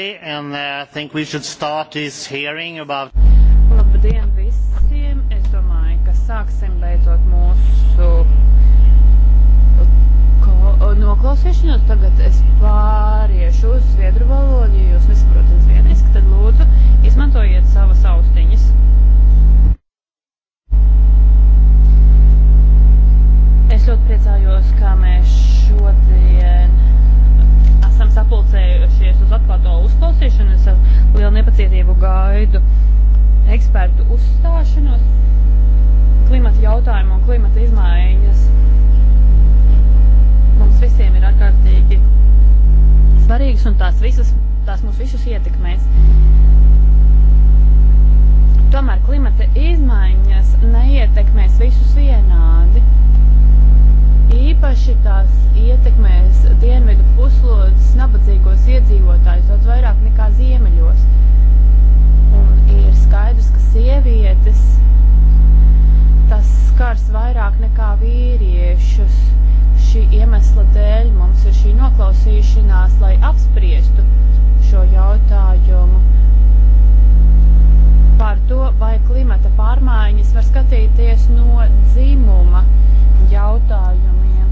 everybody, and uh, I think we should start this hearing about. Labdien visiem! Es domāju, ka sāksim beidzot mūsu noklausīšanos. Tagad es pāriešu uz zviedru valodu. Ja jūs nesaprotat zviedriski, tad lūdzu izmantojiet savas austiņas. Es ļoti priecājos, kā mēs šodien esam sapulcējušies uz atklāto uzklausīšanu. Es ar lielu nepacietību gaidu ekspertu uzstāšanos klimata jautājumu un klimata izmaiņas. Mums visiem ir ārkārtīgi svarīgas un tās visas, tās mūs visus ietekmēs. Tomēr klimata izmaiņas neietekmēs visus vienādi. Īpaši tās ietekmēs dienvidu puslodes nabadzīgos iedzīvotājus daudz vairāk nekā ziemeļos. Un ir skaidrs, ka sievietes tas skars vairāk nekā vīriešus. Šī iemesla dēļ mums ir šī noklausīšanās, lai apspriestu šo jautājumu par to, vai klimata pārmaiņas var skatīties no dzimuma jautājumiem.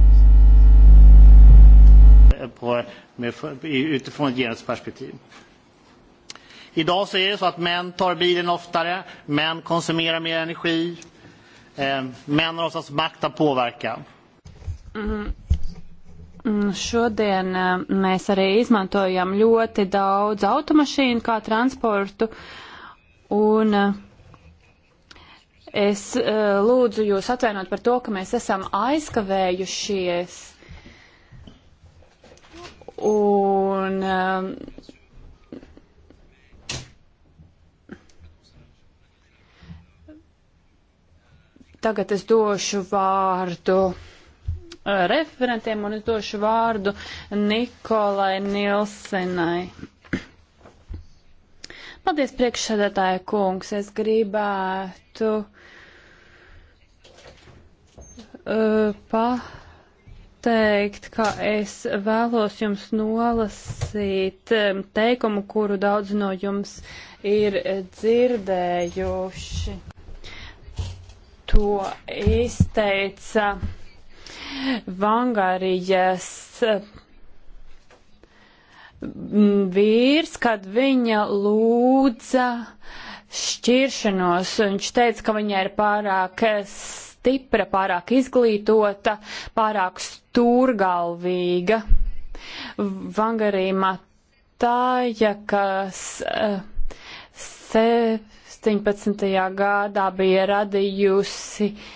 På, med, utifrån ett genusperspektiv. Idag så är det så att män tar bilen oftare, män konsumerar mer energi, eh, män har oftast makt att påverka. Mm-hmm. Mm. Šodien eh, mēs arī izmantojam ļoti daudz automašīnu kā transportu. Uh, Un eh, es eh, lūdzu jūs atvainot par to, ka mēs esam aizkavējušies. Un eh, tagad es došu vārdu referentiem un es došu vārdu Nikolai Nilsenai. Paldies, priekšsēdētāja kungs. Es gribētu uh, pateikt, ka es vēlos jums nolasīt um, teikumu, kuru daudz no jums ir dzirdējuši. To izteica Vangarijas vīrs, kad viņa lūdza šķiršanos. Viņš teica, ka viņa ir pārāk stipra, pārāk izglītota, pārāk stūrgalvīga. Vangarīma tāja, kas 17. Eh, gadā bija radījusi uh,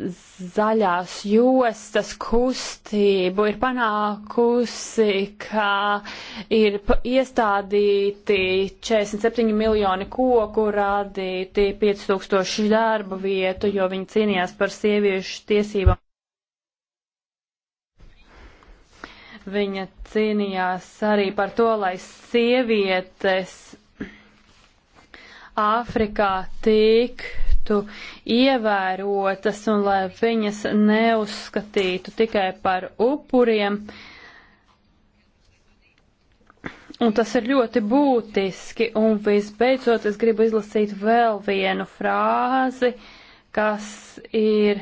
zaļās jostas kustību ir panākusi, ka ir iestādīti 47 miljoni koku, radīti 5000 darba vietu, jo viņi cīnījās par sieviešu tiesībām. Viņa cīnījās arī par to, lai sievietes Āfrikā tiktu tiktu ievērotas un lai viņas neuzskatītu tikai par upuriem. Un tas ir ļoti būtiski. Un visbeidzot, es gribu izlasīt vēl vienu frāzi, kas ir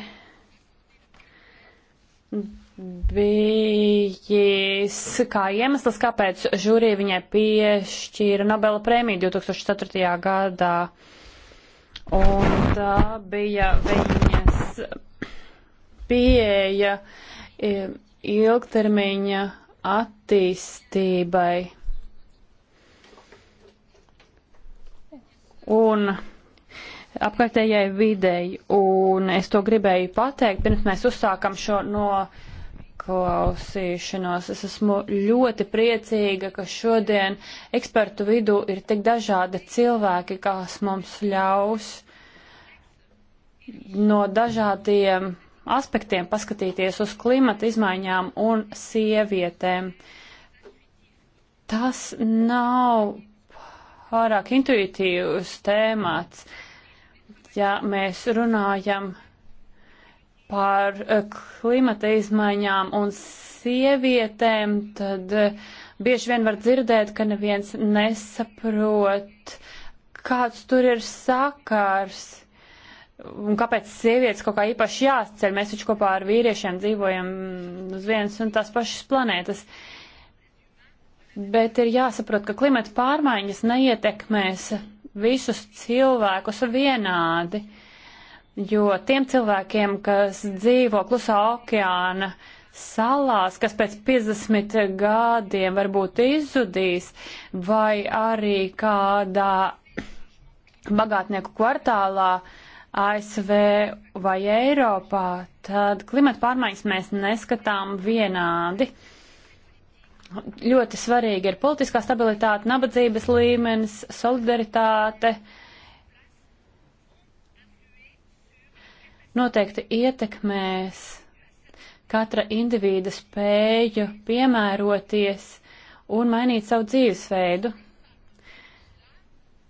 bijis kā iemesls, kāpēc žūrija viņai piešķīra Nobela prēmiju 2004. gadā. Un tā bija viņas pieeja e, ilgtermiņa attīstībai. Un apkārtējai videi, un es to gribēju pateikt, pirms mēs uzsākam šo no uh, ieklausīšanos. Es esmu ļoti priecīga, ka šodien ekspertu vidū ir tik dažādi cilvēki, kas mums ļaus no dažādiem aspektiem paskatīties uz klimata izmaiņām un sievietēm. Tas nav pārāk intuitīvs tēmats, ja mēs runājam par par eh, klimata izmaiņām un sievietēm, tad eh, bieži vien var dzirdēt, ka neviens nesaprot, kāds tur ir sakars un kāpēc sievietes kaut kā īpaši jāsceļ. Mēs taču kopā ar vīriešiem dzīvojam uz vienas un tās pašas planētas. Bet ir jāsaprot, ka klimata pārmaiņas neietekmēs visus cilvēkus vienādi. Uh, jo tiem cilvēkiem, kas dzīvo klusā okeāna salās, kas pēc 50 gadiem varbūt izzudīs, vai arī kādā bagātnieku kvartālā ASV vai Eiropā, tad klimata pārmaiņas mēs neskatām vienādi. Ļoti svarīgi ir politiskā stabilitāte, nabadzības līmenis, solidaritāte, uh, noteikti ietekmēs katra individa spēju piemēroties un mainīt savu dzīvesveidu.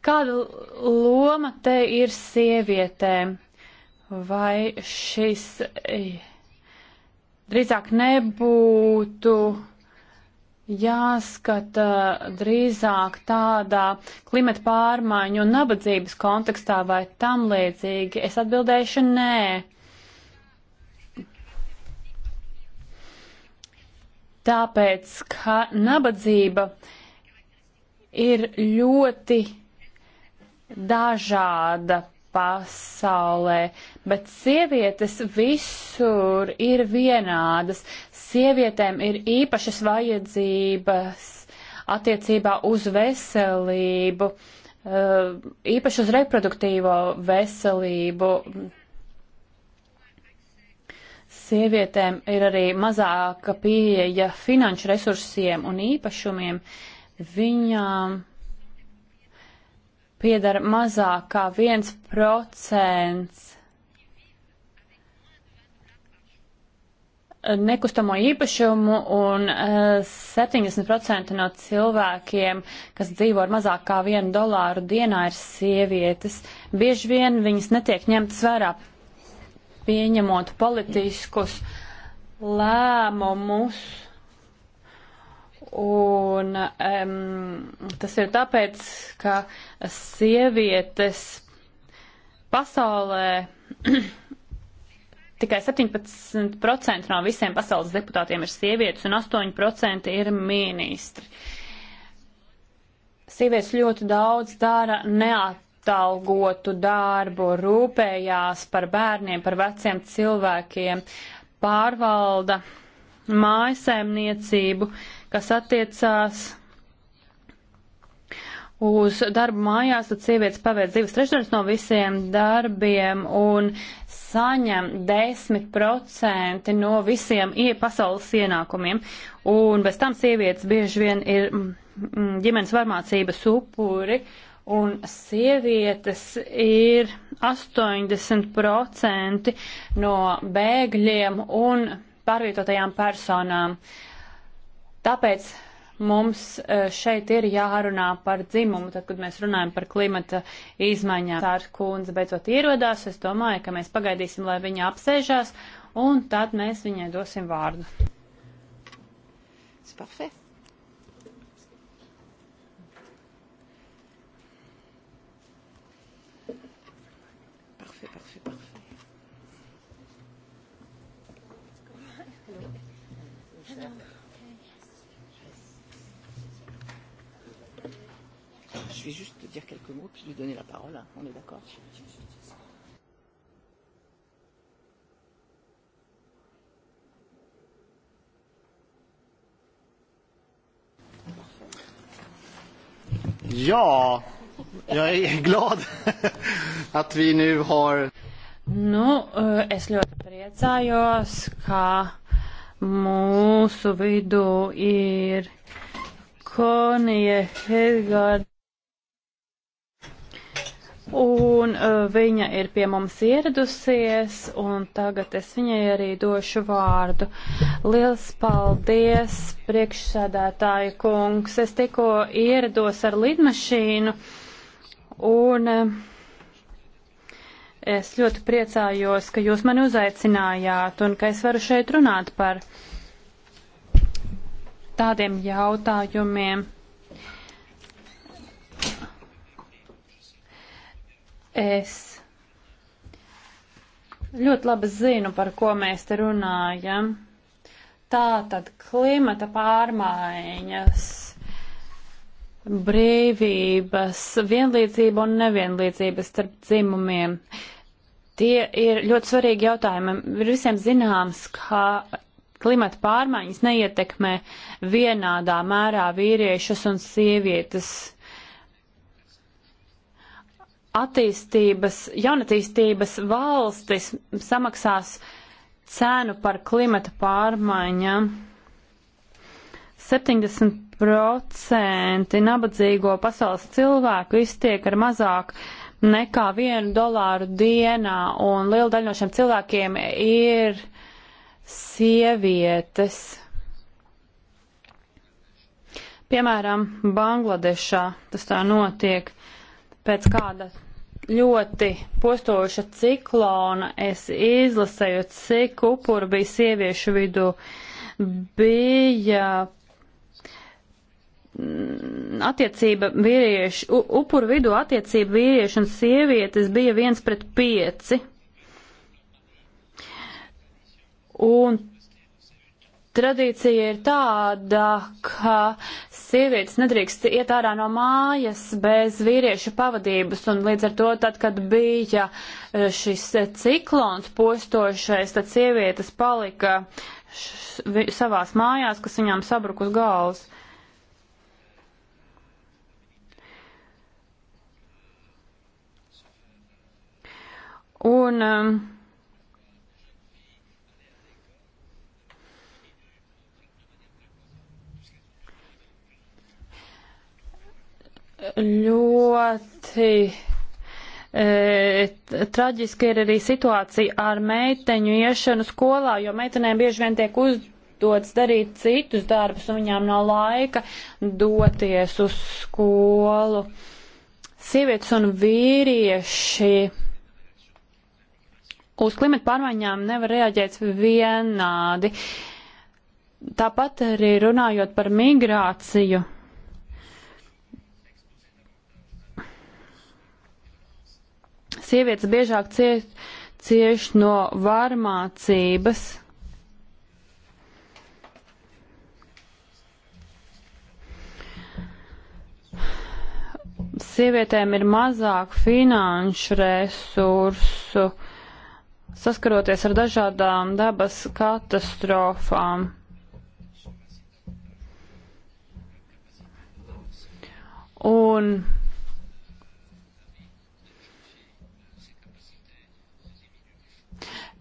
Kāda loma te ir sievietēm? Vai šis eh, drīzāk nebūtu jāskata drīzāk tādā klimata pārmaiņu un nabadzības kontekstā vai tam līdzīgi? Es atbildēšu nē. Tāpēc, ka nabadzība ir ļoti dažāda pasaulē, bet sievietes visur ir vienādas sievietēm ir īpašas vajadzības attiecībā uz veselību, eh, īpaši uz reproduktīvo veselību. Sievietēm ir arī mazāka pieeja finanšu resursiem un īpašumiem. Viņām piedara mazāk kā viens procents nekustamo īpašumu un 70% eh, no cilvēkiem, kas dzīvo ar mazāk kā vienu dolāru dienā, ir sievietes. Bieži vien viņas netiek ņemtas vērā, pieņemot politiskus lēmumus. Un um, tas ir tāpēc, ka sievietes pasaulē Tikai 17% no visiem pasaules deputātiem ir sievietes un 8% ir ministri. Sievietes ļoti daudz dara neatalgotu darbu, rūpējās par bērniem, par veciem cilvēkiem, pārvalda mājasēmniecību, kas attiecās uz darbu mājās, tad sievietes paveic divas trešdaļas no visiem darbiem, un saņem 10% no visiem pasaules ienākumiem. Un bez tam sievietes bieži vien ir mm, mm, ģimenes varmācības upuri, un sievietes ir 80% no bēgļiem un pārvietotajām personām. Tāpēc mums e, šeit ir jārunā par dzimumu, tad, kad mēs runājam par klimata izmaiņām. Tā ir kundze beidzot ierodās, es domāju, ka mēs pagaidīsim, lai viņa apsēžās, un tad mēs viņai dosim vārdu. Parfait. je vais juste te dire quelques mots puis lui donner la parole. Hein. On est d'accord Ja, jag är glad att vi nu har... Nu, eh, es ļoti priecājos, ka mūsu vidū ir Konija Hedgard Un uh, viņa ir pie mums ieradusies, un tagad es viņai arī došu vārdu. Liels paldies, priekšsēdētāja kungs. Es tikko ierados ar lidmašīnu, un uh, es ļoti priecājos, ka jūs mani uzaicinājāt, un ka es varu šeit runāt par tādiem jautājumiem Es ļoti labi zinu, par ko mēs te runājam. Tā tad klimata pārmaiņas, brīvības, vienlīdzība un nevienlīdzība starp dzimumiem. Tie ir ļoti svarīgi jautājumi. Ir visiem zināms, ka klimata pārmaiņas neietekmē vienādā mērā vīriešus un sievietes attīstības, jaunatīstības valstis samaksās cēnu par klimata pārmaiņām. 70% nabadzīgo pasaules cilvēku iztiek ar mazāk nekā vienu dolāru dienā, un liela daļa no šiem cilvēkiem ir sievietes. Piemēram, Bangladešā tas tā notiek. Uh, Pēc kāda ļoti postoša ciklona es izlasēju, cik upuru bija sieviešu vidū. Bija mm, attiecība vīriešu, upuru vidū attiecība vīriešu un sievietes bija viens pret pieci. Un tradīcija ir tāda, ka sievietes nedrīkst iet ārā no mājas bez vīriešu pavadības, un līdz ar to, tad, kad bija e, šis e, ciklons postošais, tad sievietes palika savās mājās, kas viņām sabruk uz galvas. Un um, ļoti e, traģiski ir arī situācija ar meiteņu iešanu skolā, jo meitenēm bieži vien tiek uzdots darīt citus darbus, un viņām nav laika doties uz skolu. Sievietes un vīrieši uz klimata pārmaiņām nevar reaģēt vienādi. Tāpat arī runājot par migrāciju sievietes biežāk cieš, cieš no varmācības. Sievietēm ir mazāk finanšu resursu, saskaroties ar dažādām dabas katastrofām. Un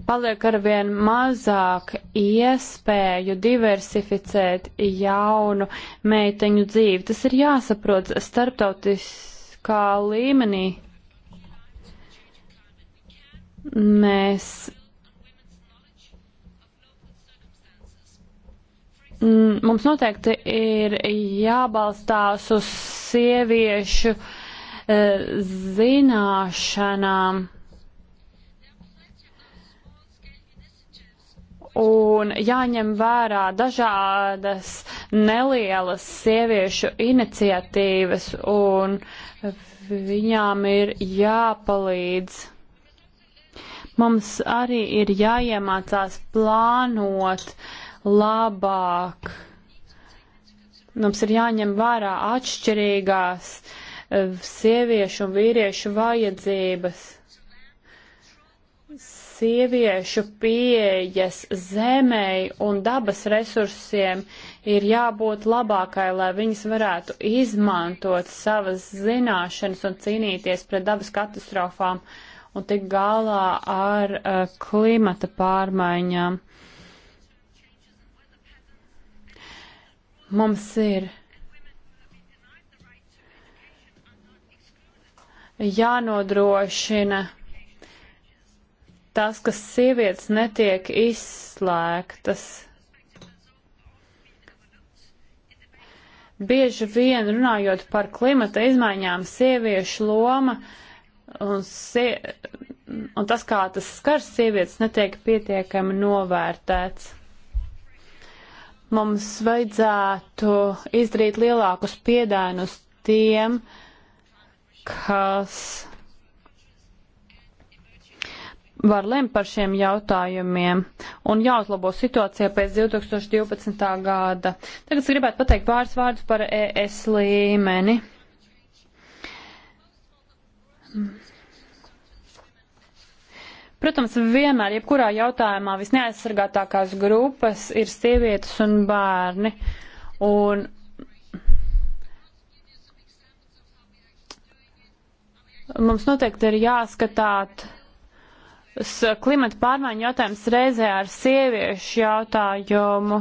paliek arvien mazāk iespēju diversificēt jaunu meiteņu dzīvi. Tas ir jāsaprot starptautiskā līmenī. Mēs mm, mums noteikti ir jābalstās uz sieviešu eh, zināšanām. un jāņem vērā dažādas nelielas sieviešu iniciatīvas, un viņām ir jāpalīdz. Mums arī ir jāiemācās plānot labāk. Mums ir jāņem vērā atšķirīgās eh, sieviešu un vīriešu vajadzības sieviešu pieejas zemei un dabas resursiem ir jābūt labākai, lai viņas varētu izmantot savas zināšanas un cīnīties pret dabas katastrofām un tik galā ar uh, klimata pārmaiņām. Mums ir jānodrošina tas, ka sievietes netiek izslēgtas. Bieži vien runājot par klimata izmaiņām, sieviešu loma un, sie un tas, kā tas skars sievietes, netiek pietiekami novērtēts. Mums vajadzētu izdarīt lielākus piedēnus tiem, kas var lemt par šiem jautājumiem un jāuzlabo situācija pēc 2012. gada. Tagad es gribētu pateikt pāris vārdus par ES līmeni. Protams, vienmēr, jebkurā jautājumā visneaizsargātākās grupas ir sievietes un bērni. Un mums noteikti ir jāskatāt Eh, klimata pārmaiņu jautājums reizē ar sieviešu jautājumu.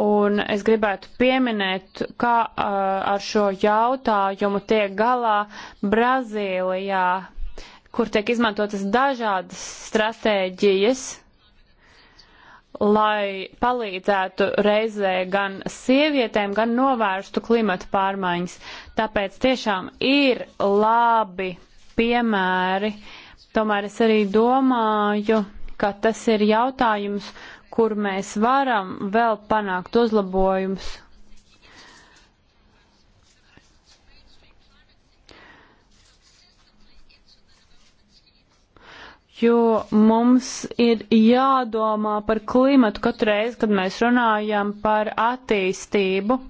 Un es gribētu pieminēt, kā uh, ar šo jautājumu tiek galā Brazīlijā, kur tiek izmantotas dažādas stratēģijas, lai palīdzētu reizē gan sievietēm, gan novērstu klimatu pārmaiņas. Tāpēc tiešām ir labi piemēri, uh, Tomēr es arī domāju, ka tas ir jautājums, kur mēs varam vēl panākt uzlabojumus. Jo mums ir jādomā par klimatu katru reizi, kad mēs runājam par attīstību.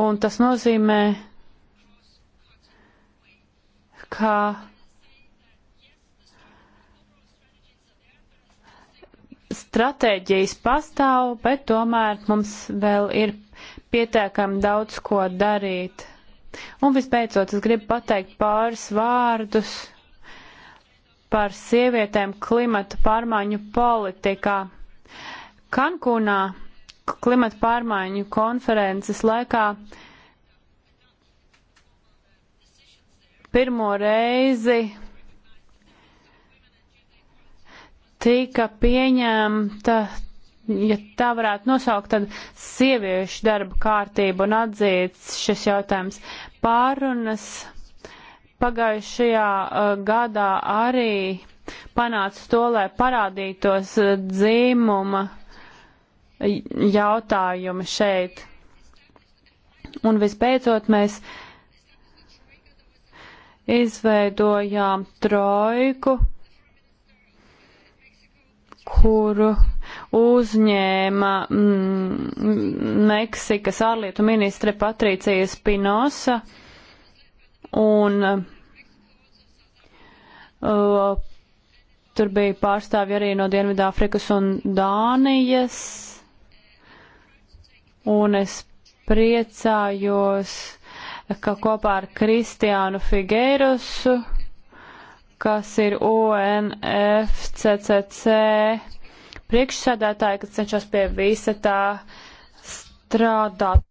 Un tas nozīmē, ka stratēģijas pastāv, bet tomēr mums vēl ir pietiekami daudz ko darīt. Un visbeidzot, es gribu pateikt pāris vārdus par sievietēm klimata pārmaiņu politikā. Kankūnā klimata pārmaiņu konferences laikā pirmo reizi tika pieņemta, ja tā varētu nosaukt, tad sieviešu darba kārtību un atzīts šis jautājums. Pārunas pagājušajā uh, gadā arī panāca to, lai parādītos uh, dzīmuma jautājumi šeit. Un visbeidzot, mēs izveidojām trojku, kuru uzņēma mm, Meksikas ārlietu ministre Patricija Spinosa un uh, tur bija pārstāvji arī no Dienvidāfrikas un Dānijas un es priecājos, ka kopā ar Kristiānu Figuerusu kas ir UNFCCC priekšsēdētāji, kas cenšas pie visa tā strādāt.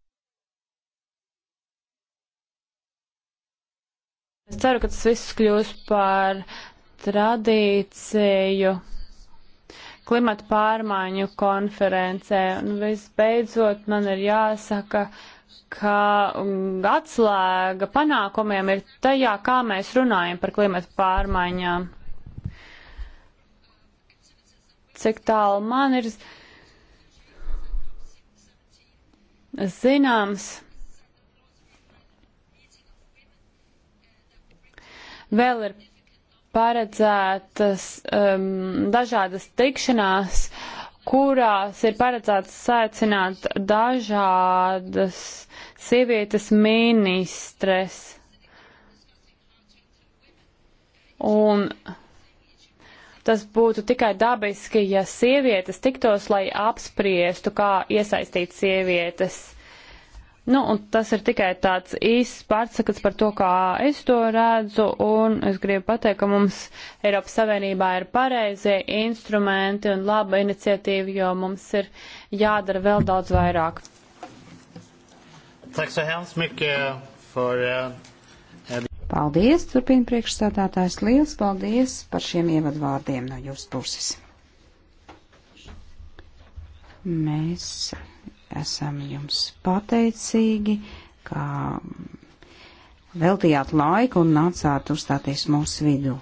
Es ceru, ka tas viss kļūs par tradīciju klimata pārmaiņu konferencē. Un visbeidzot, man ir jāsaka, uh, ka um, atslēga panākumiem ir tajā, kā mēs runājam par klimatu pārmaiņām. Cik tālu man ir zināms, vēl ir paredzētas um, dažādas tikšanās uh, kurās ir paredzēts saicināt dažādas sievietes ministres. Un tas būtu tikai dabiski, ja sievietes tiktos, lai apspriestu, kā iesaistīt sievietes Nu, un tas ir tikai tāds īsts pārsakats par to, kā es to redzu, un es gribu pateikt, ka mums Eiropas Savienībā ir pareizie instrumenti un laba iniciatīva, jo mums ir jādara vēl daudz vairāk. Eh, eh, paldies, turpina priekšstādātājs. Liels paldies par šiem ievadvārdiem no jūsu puses. Mēs esam jums pateicīgi, ka veltījāt laiku un nācāt uzstāties mūsu vidū.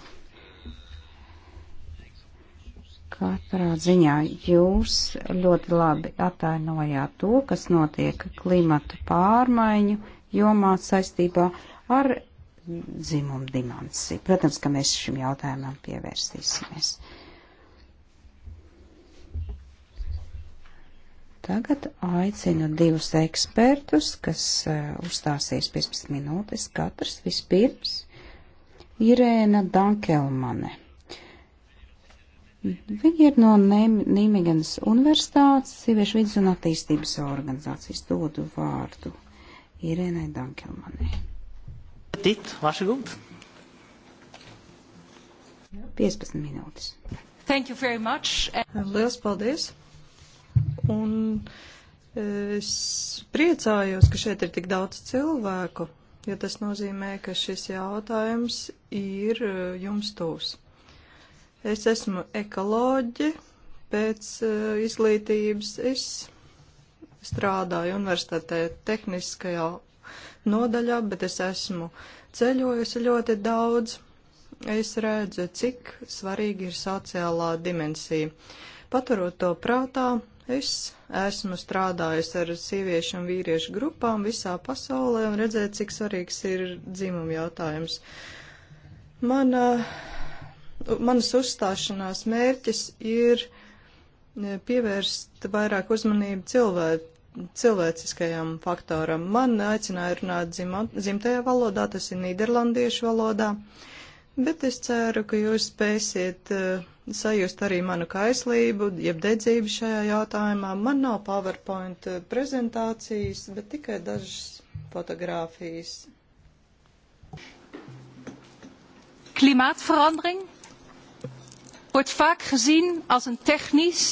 Katrā ziņā jūs ļoti labi attainojāt to, kas notiek klimatu pārmaiņu jomā saistībā ar dzimumu dimensiju. Protams, ka mēs šim jautājumam pievērsīsimies. Tagad aicinu divus ekspertus, kas uh, uzstāsies 15 minūtes katrs. Vispirms Irēna Dankelmane. Viņa ir no Nīmegenas universitātes, sieviešu vidus un attīstības organizācijas. Dodu vārdu Irēnai Dankelmanē. Tit, vaša gūt. 15 minūtes. Thank you very much. Liels paldies un e, es priecājos, ka šeit ir tik daudz cilvēku, jo tas nozīmē, ka šis jautājums ir e, jums tūs. Es esmu ekoloģi pēc e, izglītības, es strādāju universitātē tehniskajā nodaļā, bet es esmu ceļojusi ļoti daudz. Es redzu, cik svarīgi ir sociālā dimensija. Paturot to prātā, Es esmu strādājusi ar sieviešu un vīriešu grupām visā pasaulē un redzēju, cik svarīgs ir dzimuma jautājums. Mana, manas uzstāšanās mērķis ir e, pievērst vairāk uzmanību cilvē, cilvēciskajam faktoram. Man aicināja runāt dzim, dzimtajā valodā, tas ir nīderlandiešu valodā. Uh, bet es ceru, ka jūs spēsiet uh, sajust arī manu kaislību, jeb dedzību šajā jautājumā. Man nav PowerPoint eh, prezentācijas, bet tikai dažas fotogrāfijas. Klimaatverandering wordt vaak gezien als een technisch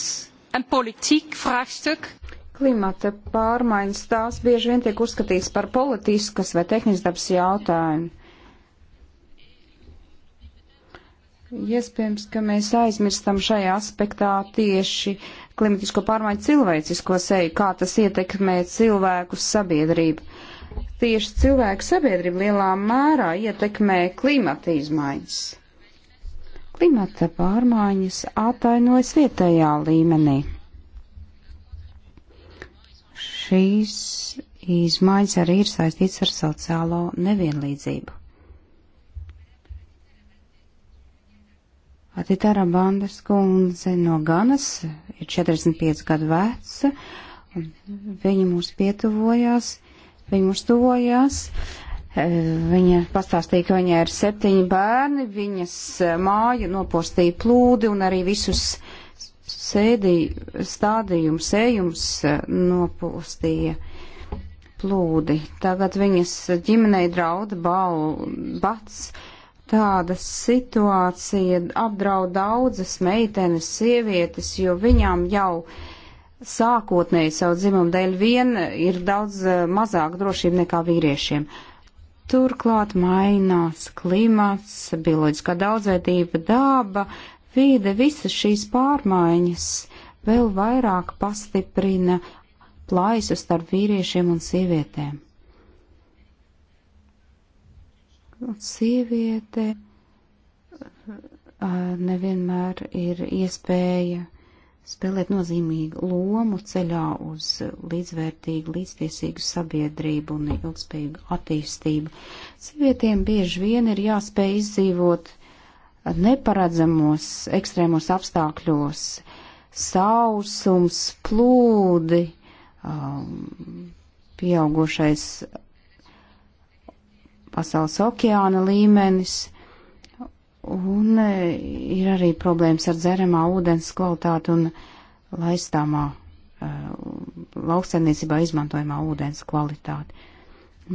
en politiek vraagstuk. Klimata pārmaiņas tās bieži vien tiek uzskatīts par politiskas vai tehnisks dabas jautājumu. Iespējams, ka mēs aizmirstam šajā aspektā tieši klimatisko pārmaiņu cilvēcisko seju, kā tas ietekmē cilvēku sabiedrību. Tieši cilvēku sabiedrība lielā mērā ietekmē klimata izmaiņas. Klimata pārmaiņas atainojas vietējā līmenī. Šīs izmaiņas arī ir saistīts ar sociālo nevienlīdzību. Atitara Bandas kundze no Ganas ir 45 gadu veca, un viņa mūs pietuvojās, viņa mūs tuvojās. E, viņa pastāstīja, ka viņai ir septiņi bērni, viņas e, māju nopostīja plūdi un arī visus sēdī, stādījums, sējums e, nopostīja plūdi. Tagad viņas ģimenei drauda bau, bats. Uh, tāda situācija apdraud daudzas meitenes, sievietes, jo viņām jau sākotnēji savu dzimumu dēļ vien ir daudz eh, mazāk drošība nekā vīriešiem. Turklāt mainās klimats, bioloģiskā daudzveidība, daba, vīde, visas šīs pārmaiņas vēl vairāk pastiprina plaisu starp vīriešiem un sievietēm. sieviete nevienmēr ir iespēja spēlēt nozīmīgu lomu ceļā uz līdzvērtīgu, līdztiesīgu sabiedrību un ilgspējīgu attīstību. Sievietēm bieži vien ir jāspēj izdzīvot neparedzamos ekstrēmos apstākļos - sausums, plūdi, um, pieaugušais pasaules okeāna līmenis. Un e, ir arī problēmas ar dzeramā ūdens kvalitāti un laistāmā e, lauksaimniecībā izmantojamā ūdens kvalitāti.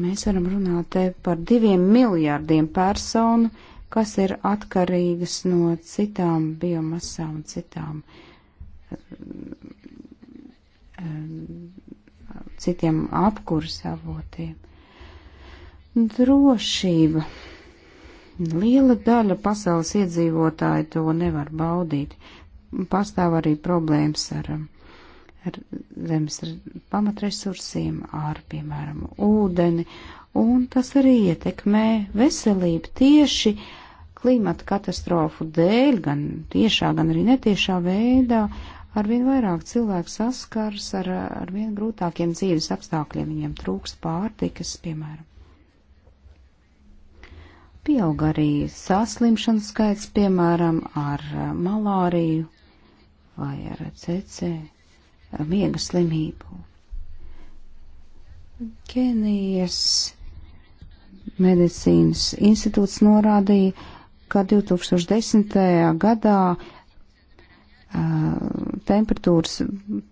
Mēs varam runāt te par diviem miljārdiem personu, kas ir atkarīgas no citām biomasām un citām, e, citiem apkurs avotiem. Drošība. Liela daļa pasaules iedzīvotāji to nevar baudīt. Pastāv arī problēmas ar, um, ar zemes pamatresursiem, ar, piemēram, ūdeni, un tas arī ietekmē veselību tieši klimata katastrofu dēļ, gan tiešā, gan arī netiešā veidā. Arvien vairāk cilvēku saskars ar, ar vien grūtākiem dzīves apstākļiem, viņiem trūkst pārtikas, piemēram. Pieaug arī saslimšanas skaits, piemēram, ar eh, malāriju vai ar CC eh, miega slimību. Kenijas medicīnas institūts norādīja, ka 2010. gadā eh, temperatūras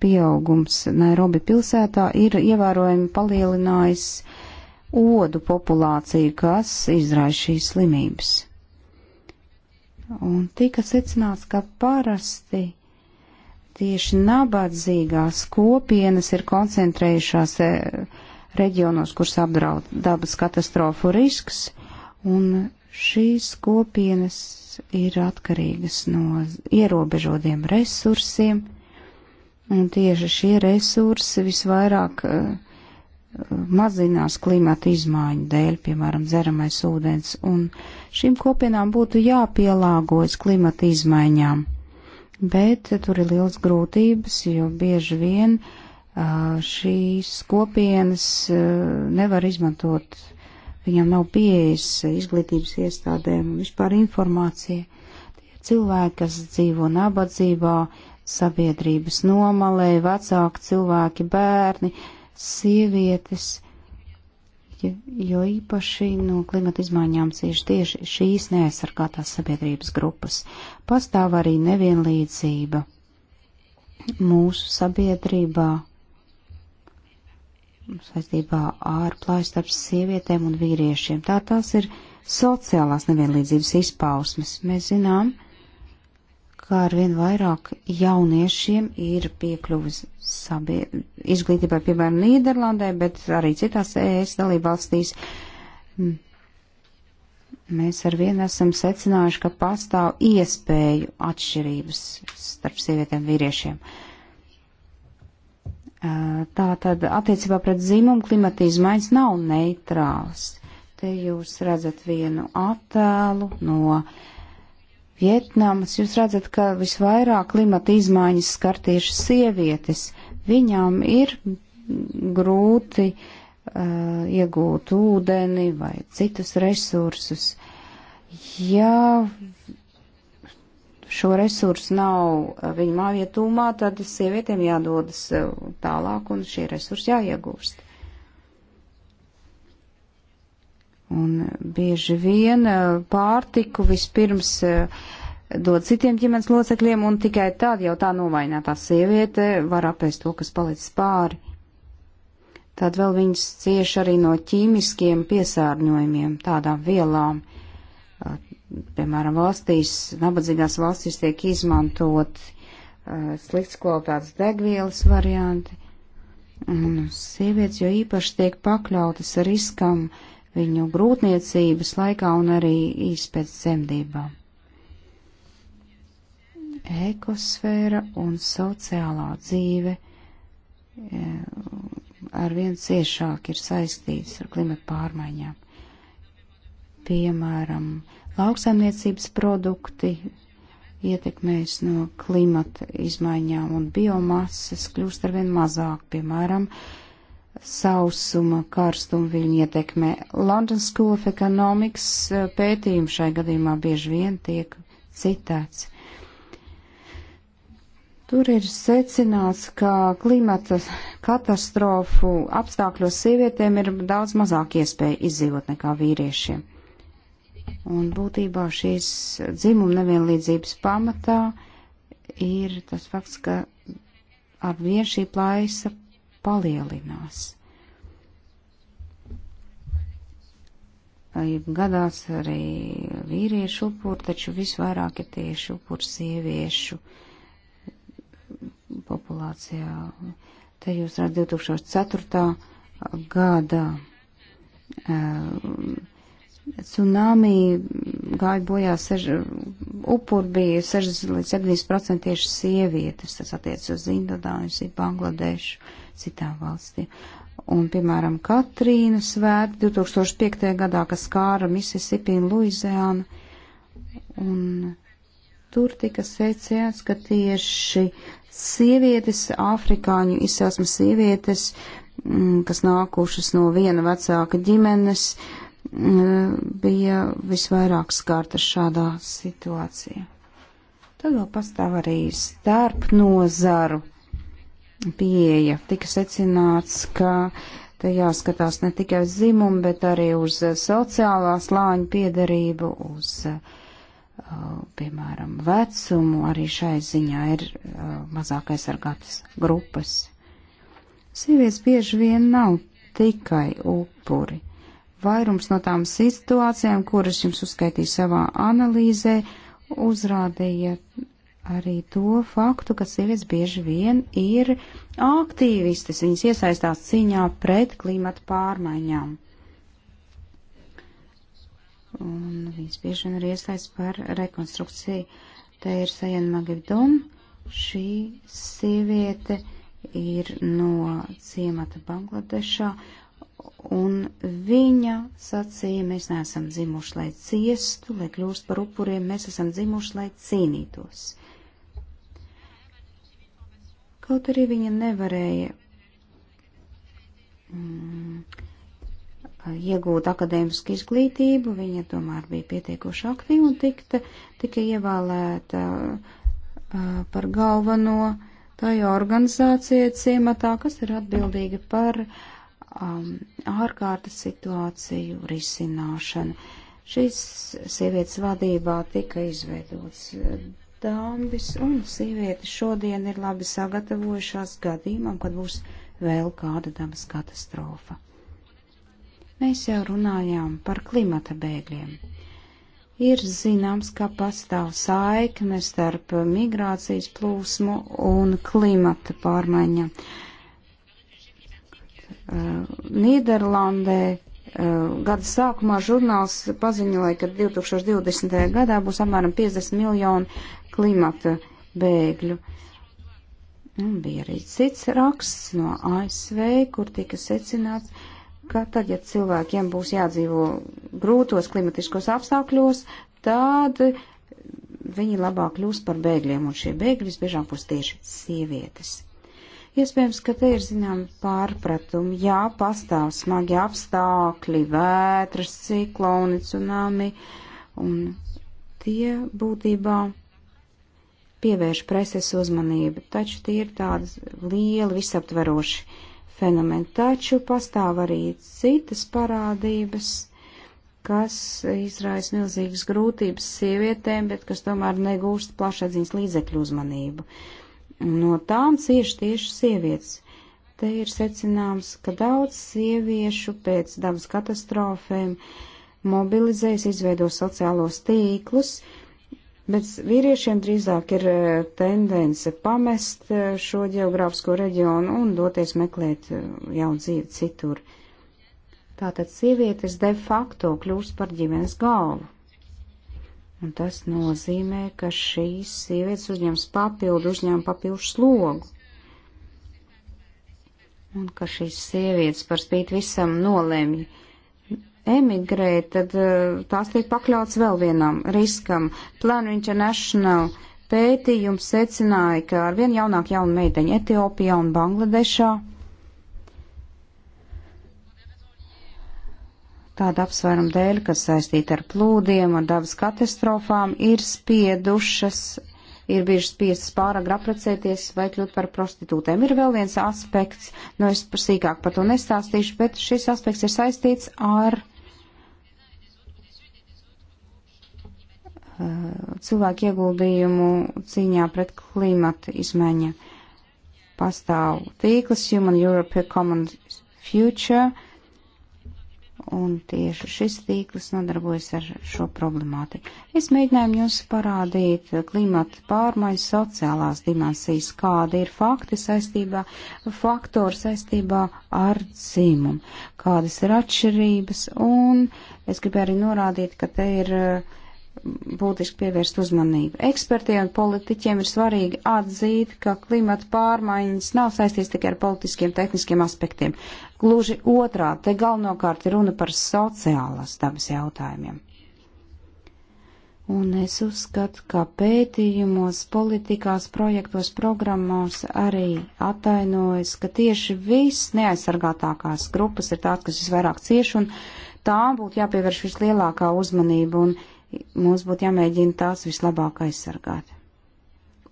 pieaugums Nairobi pilsētā ir ievērojami palielinājis uh, odu populāciju, kas izraisa šīs slimības. Un tika secināts, ka parasti tieši nabadzīgās kopienas ir koncentrējušās e, reģionos, kuras apdraud dabas katastrofu risks, un šīs kopienas ir atkarīgas no ierobežotiem resursiem, un tieši šie resursi visvairāk uh, mazinās klimata izmaiņu dēļ, piemēram, dzeramais ūdens, un šīm kopienām būtu jāpielāgojas klimata izmaiņām. Bet tur ir liels grūtības, jo bieži vien šīs kopienas nevar izmantot, viņam nav pieejas izglītības iestādēm un vispār informācija. Tie cilvēki, kas dzīvo nabadzībā, sabiedrības nomalē, vecāki cilvēki, bērni, uh, sievietes, jo īpaši no klimata izmaiņām cieši tieši šīs neaizsargātās sabiedrības grupas. Pastāv arī nevienlīdzība mūsu sabiedrībā saistībā ar plājas starp sievietēm un vīriešiem. Tā tās ir sociālās nevienlīdzības izpausmes. Mēs zinām, ka kā ar vien vairāk jauniešiem ir piekļuvis sabie... izglītībai, piemēram, Nīderlandē, bet arī citās ES dalībvalstīs. Mm. Mēs ar vienu esam secinājuši, ka pastāv iespēju atšķirības starp sievietēm vīriešiem. Tā tad attiecībā pret dzimumu klimata izmaiņas nav neitrāls. Te jūs redzat vienu attēlu no uh, Vietnamas, jūs redzat, ka visvairāk klimata izmaiņas skar tieši sievietes. Viņām ir grūti uh, iegūt ūdeni vai citus resursus. Ja šo resursu nav uh, viņa māvietumā, tad sievietēm jādodas uh, tālāk un šie resursi jāiegūst. Un bieži vien eh, pārtiku vispirms eh, dod citiem ģimenes locekļiem, un tikai tad jau tā novainātā sieviete var apēst to, kas palicis pāri. Tad vēl viņas cieš arī no ķīmiskiem piesārņojumiem, tādām vielām. Eh, piemēram, valstīs, nabadzīgās valstīs tiek izmantot slikts kvalitātes degvielas varianti, un sievietes jo īpaši tiek pakļautas riskam, uh, viņu grūtniecības laikā un arī īsi pēc zemdībām. Ekosfēra un sociālā dzīve e, ar vien ciešāk ir saistīts ar klimatu pārmaiņām. Piemēram, lauksaimniecības produkti ietekmēs no klimata izmaiņām un biomasas kļūst ar vien mazāk, piemēram, uh, sausuma, karstuma viņa ietekmē. London School of Economics eh, pētījumi šai gadījumā bieži vien tiek citēts. Tur ir secināts, ka klimata katastrofu apstākļos sievietēm ir daudz mazāk iespēja izdzīvot nekā vīriešiem. Un būtībā šīs dzimuma nevienlīdzības pamatā ir tas fakts, ka ar vien šī plaisa palielinās. Gadās arī vīriešu upuri, taču visvairāk ir tieši upuri sieviešu populācijā. Te jūs redzat 2004. gada eh, tsunami gāja bojā, sež, upuri bija 60 līdz 70% tieši sievietes, tas attiec uz Indonēziju, Bangladešu citām valstīm. Un, piemēram, Katrīna svēta 2005. gadā, kas skāra Mississippi un Luizēnu. Un tur tika secēts, ka tieši sievietes, afrikāņu izcelsmes sievietes, mm, kas nākušas no viena vecāka ģimenes, mm, bija visvairāk skārtas šādā situācijā. Tad vēl pastāv arī starp nozaru pieeja. Tika secināts, ka te jāskatās ne tikai uz zimumu, bet arī uz eh, sociālā slāņa piedarību, uz, eh, piemēram, vecumu. Arī šai ziņā ir eh, mazāk aizsargātas grupas. Sievietes bieži vien nav tikai upuri. Vairums no tām situācijām, kuras jums uzskaitīju savā analīzē, uzrādīja arī to faktu, ka sievietes bieži vien ir aktīvistes, viņas iesaistās cīņā pret klimatu pārmaiņām. Un viņas bieži vien ir iesaist par rekonstrukciju. Te ir Sajana Magivdum, šī sieviete ir no ciemata Bangladešā, un viņa sacīja, mēs neesam dzimuši, lai ciestu, lai kļūst par upuriem, mēs esam dzimuši, lai cīnītos. Uh, Kaut arī viņa nevarēja mm, iegūt akadēmisku izglītību, viņa tomēr bija pietiekoši aktīva un tikta, tika ievēlēta uh, par galveno tajā organizācijā ciematā, kas ir atbildīga par um, ārkārtas situāciju risināšanu. Šīs sievietes vadībā tika izveidots Dāmas un sievietes šodien ir labi sagatavojušās gadījumam, kad būs vēl kāda dabas katastrofa. Mēs jau runājām par klimata bēgļiem. Ir zināms, ka pastāv saikne starp migrācijas plūsmu un klimata pārmaiņa. Uh, Nīderlandē uh, gada sākumā žurnāls paziņoja, ka 2020. gadā būs apmēram 50 miljoni klimata bēgļu. Un bija arī cits raksts no ASV, kur tika secināts, ka tad, ja cilvēkiem būs jādzīvo grūtos klimatiskos apstākļos, tad viņi labāk kļūs par bēgļiem, un šie bēgļi visbiežāk būs tieši sievietes. Iespējams, ka te ir zinām pārpratumi, jā, pastāv smagi apstākļi, vētras, cikloni, tsunami, un tie būtībā pievērš preses uzmanību, taču tie ir tādi lieli, visaptveroši fenomeni. Taču pastāv arī citas parādības, kas izraisa milzīgas grūtības sievietēm, bet kas tomēr negūst plašsaziņas līdzekļu uzmanību. No tām cieši tieši sievietes. Te ir secināms, ka daudz sieviešu pēc dabas katastrofēm mobilizējas, izveido sociālos tīklus, uh, bet vīriešiem drīzāk ir e, tendence pamest e, šo geogrāfisko reģionu un doties meklēt e, jaunu dzīvi citur. Tātad sievietes de facto kļūst par ģimenes galvu. Un tas nozīmē, ka šīs sievietes uzņems papildu, uzņem papildu slogu. Un ka šīs sievietes par spīti visam nolēmja emigrē, tad eh, tās tiek pakļauts vēl vienam riskam. Plan International pētījums secināja, ka ar vien jaunāk jaunu meiteņu Etiopijā un Bangladešā tāda apsvēruma dēļ, kas saistīta ar plūdiem un dabas katastrofām, ir spiedušas, ir bijušas spiestas pārāk apprecēties vai kļūt par prostitūtēm. Ir vēl viens aspekts, nu es sīkāk par to nestāstīšu, bet šis aspekts ir saistīts ar cilvēku ieguldījumu cīņā pret klimata izmaiņa. Pastāv tīkls Human Europe Common Future, un tieši šis tīkls nodarbojas ar šo problemātiku. Es mēģināju jums parādīt klimata pārmaiņas sociālās dimensijas, kāda ir fakti saistībā, faktori saistībā ar dzimumu, kādas ir atšķirības, un es gribēju arī norādīt, ka te ir uh, būtiski pievērst uzmanību. Ekspertiem un politiķiem ir svarīgi atzīt, ka klimata pārmaiņas nav saistīts tikai ar politiskiem, tehniskiem aspektiem. Gluži otrā, te galvenokārt ir runa par sociālās dabas jautājumiem. Un es uzskatu, ka pētījumos, politikās, projektos, programmās arī atainojas, ka tieši viss neaizsargātākās grupas ir tās, kas visvairāk cieši, un tām būtu jāpievērš vislielākā uzmanība. Un mums būtu jāmēģina tās vislabāk aizsargāt.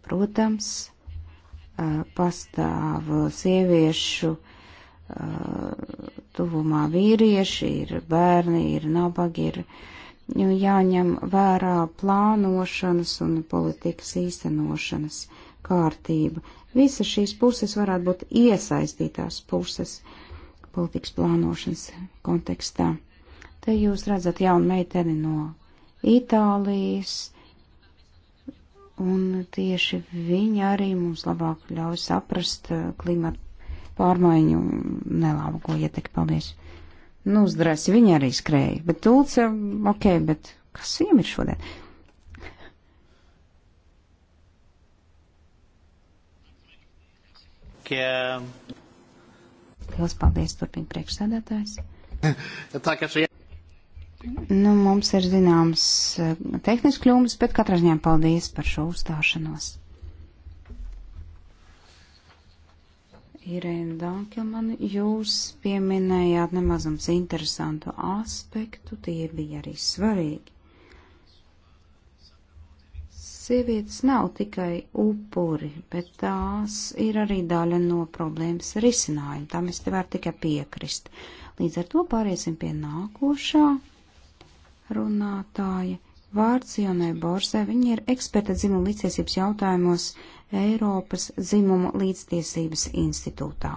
Protams, pastāv sieviešu tuvumā vīrieši, ir bērni, ir nabagi, ir nu, jāņem vērā plānošanas un politikas īstenošanas kārtība. Visas šīs puses varētu būt iesaistītās puses politikas plānošanas kontekstā. Te jūs redzat jaunu meiteni no Itālijas, un tieši viņi arī mums labāk ļauj saprast eh, klimatu pārmaiņu nelābuko ietekmi. Paldies! Nu, uzdrasi, viņi arī skrēja, bet tulce, ok, bet kas viņam ir šodien? Liels paldies, turpina priekšsēdētājs. Nu, mums ir zināms eh, tehnisks kļūmes, bet katrā ziņā paldies par šo uzstāšanos. Irēna Dankelman, jūs pieminējāt nemazums interesantu aspektu, tie bija arī svarīgi. Sievietes nav tikai upuri, bet tās ir arī daļa no problēmas risinājuma. Tam es te varu tikai piekrist. Līdz ar to pāriesim pie nākošā runātāja vārds Jonai Borsai. Viņa ir eksperta dzimuma līdztiesības jautājumos Eiropas dzimuma līdztiesības institūtā.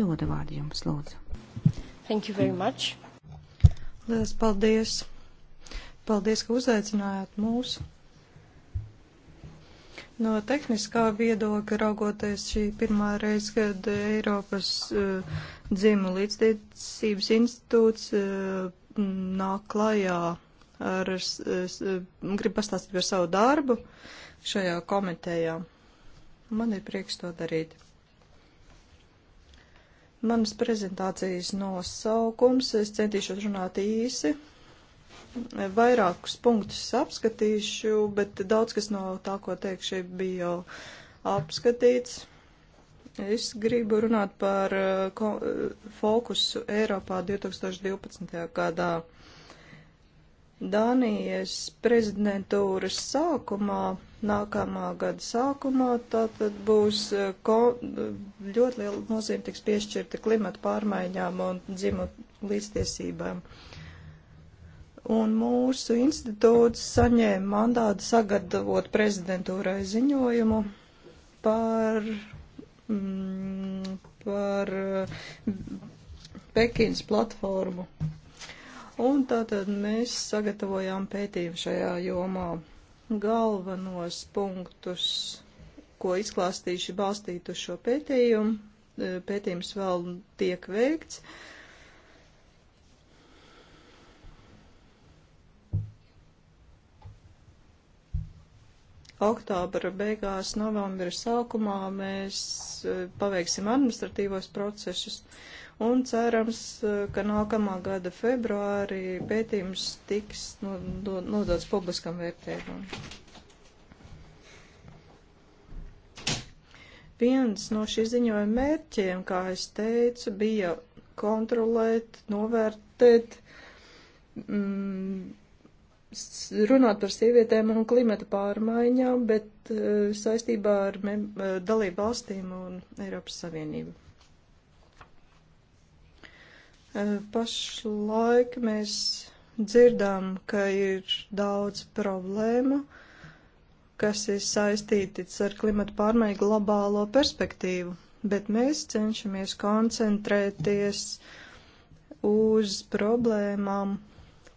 Dodu vārdu jums, lūdzu. Thank you very much. Lielas paldies. Paldies, ka uzaicinājāt mūsu. No tehniskā viedokļa raugoties šī pirmā reize, kad Eiropas uh, dzimuma līdztiecības institūts uh, nāk klajā ar, uh, grib pastāstīt par savu darbu šajā komitejā. Man ir prieks to darīt. Manas prezentācijas nosaukums, es centīšos runāt īsi, vairākus punktus apskatīšu, bet daudz kas no tā, ko teikšu, bija jau apskatīts. Es gribu runāt par uh, uh, fokusu Eiropā 2012. gadā. Dānijas prezidentūras sākumā, nākamā gada sākumā, tātad būs uh, ko, ļoti liela nozīme tiks piešķirta klimata pārmaiņām un dzimu līdztiesībām. Uh, un mūsu institūts saņēma mandātu sagatavot prezidentūrai ziņojumu par, mm, par mm, Pekīnas platformu. Un tātad mēs sagatavojām pētījumu šajā jomā galvenos punktus, ko izklāstīšu balstītu šo pētījumu. E, pētījums vēl tiek veikts. Uh, oktobra beigās, novembra sākumā mēs e, paveiksim administratīvos procesus un cerams, e, ka nākamā gada februārī pētījums tiks nodots publiskam vērtējumam. Viens no šī ziņojuma mērķiem, kā es teicu, bija kontrolēt, novērtēt mm, runāt par sievietēm un klimata pārmaiņām, bet eh, saistībā ar eh, dalību valstīm un Eiropas Savienību. Eh, pašlaik mēs dzirdām, ka ir daudz problēmu, kas ir saistītas ar klimata pārmaiņu globālo perspektīvu, bet mēs cenšamies koncentrēties uz problēmām,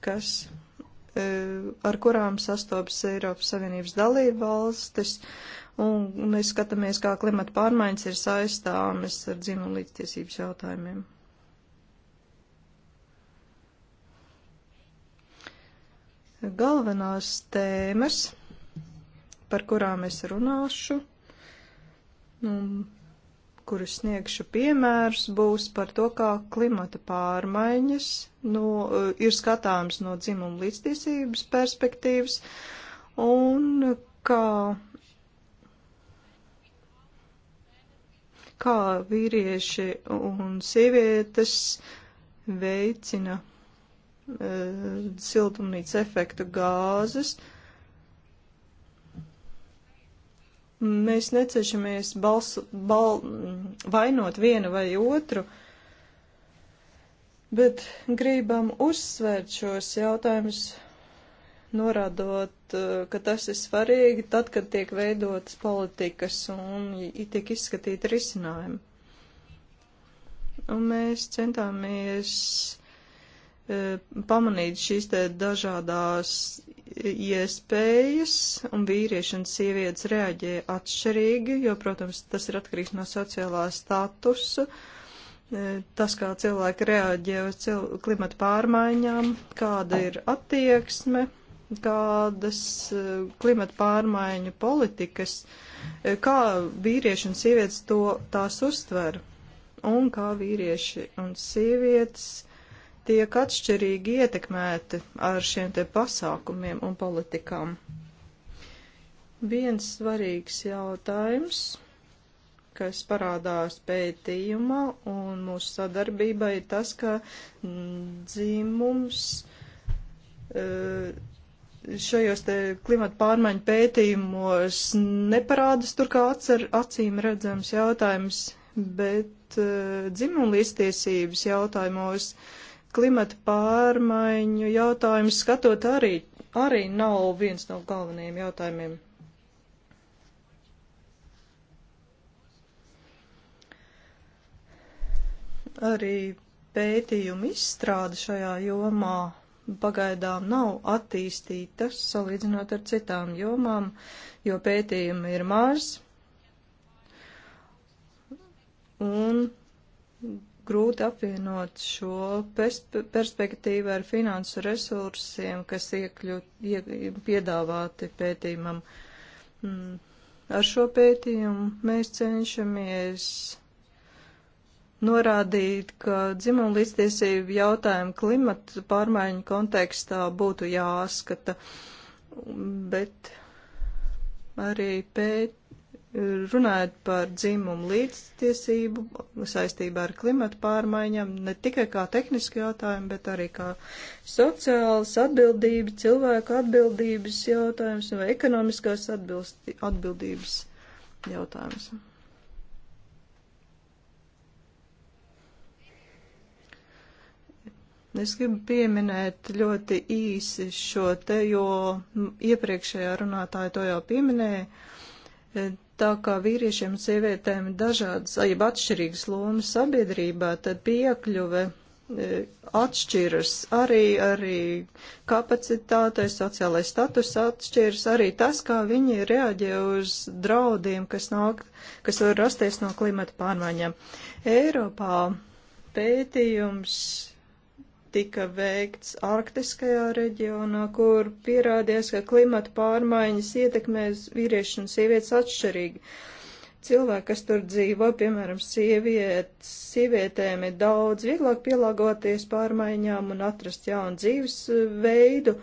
kas E, ar kurām sastopas Eiropas Savienības dalība valstis, un mēs skatāmies, kā klimata pārmaiņas ir saistāmas ar dzimumu līdztiesības jautājumiem. Galvenās tēmas, par kurām es runāšu, nu, kurus sniegšu piemērus, būs par to, kā klimata pārmaiņas no, eh, ir skatāms no dzimuma līdztiesības perspektīvas un kā, kā vīrieši un sievietes veicina e, siltumnīca efekta gāzes. E, Mēs necešamies balsu, bal, vainot vienu vai otru, bet gribam uzsvērt šos jautājumus, norādot, eh, ka tas ir svarīgi tad, kad tiek veidotas politikas un tiek izskatīti risinājumi. Un mēs centāmies eh, pamanīt šīs te dažādās iespējas, un vīrieši un sievietes reaģē atšķirīgi, jo, protams, tas ir atkarīgs no sociālā statusa, e, tas, kā cilvēki reaģē uz cil klimata pārmaiņām, kāda ir attieksme, kādas e, klimata pārmaiņu politikas, e, kā vīrieši un sievietes to tās uztver, un kā vīrieši un sievietes tiek atšķirīgi ietekmēti ar šiem te pasākumiem un politikām. Viens svarīgs jautājums, kas parādās pētījumā un mūsu sadarbībā, ir tas, ka mm, dzimums eh, šajos te klimata pārmaiņu pētījumos neparādas tur kā atcer, acīm redzams jautājums, bet eh, dzimuma līdztiesības jautājumos uh, klimata pārmaiņu jautājums skatot arī, arī nav viens no galvenajiem jautājumiem. Arī pētījumu izstrāde šajā jomā pagaidām nav attīstītas salīdzinot ar citām jomām, jo pētījumi ir maz. Un grūti apvienot šo perspe perspektīvu ar finansu resursiem, kas iekļūt, ie, piedāvāti pētījumam. Mm. Ar šo pētījumu mēs cenšamies norādīt, ka dzimuma līdztiesību jautājumu klimata pārmaiņu kontekstā būtu jāskata, bet arī pēt runājot par dzimumu līdztiesību saistībā ar klimatu pārmaiņām, ne tikai kā tehniski jautājumi, bet arī kā sociālas atbildības, cilvēku atbildības jautājums vai ekonomiskās atbilst, atbildības jautājums. Es gribu pieminēt ļoti īsi šo te, jo iepriekšējā runātāja to jau pieminēja tā kā vīriešiem un sievietēm dažādas, jeb atšķirīgas lomas sabiedrībā, tad piekļuve e, atšķiras arī, arī kapacitātei, sociālais status atšķiras, arī tas, kā viņi reaģē uz draudiem, kas, nāk, kas var rasties no klimata pārmaiņām. Eiropā pētījums tika veikts arktiskajā reģionā, kur pierādījās, ka klimata pārmaiņas ietekmēs vīriešu un sievietes atšķirīgi. Cilvēki, kas tur dzīvo, piemēram, sievietes, sievietēm ir daudz vieglāk pielāgoties pārmaiņām un atrast jaunu dzīves eh, veidu,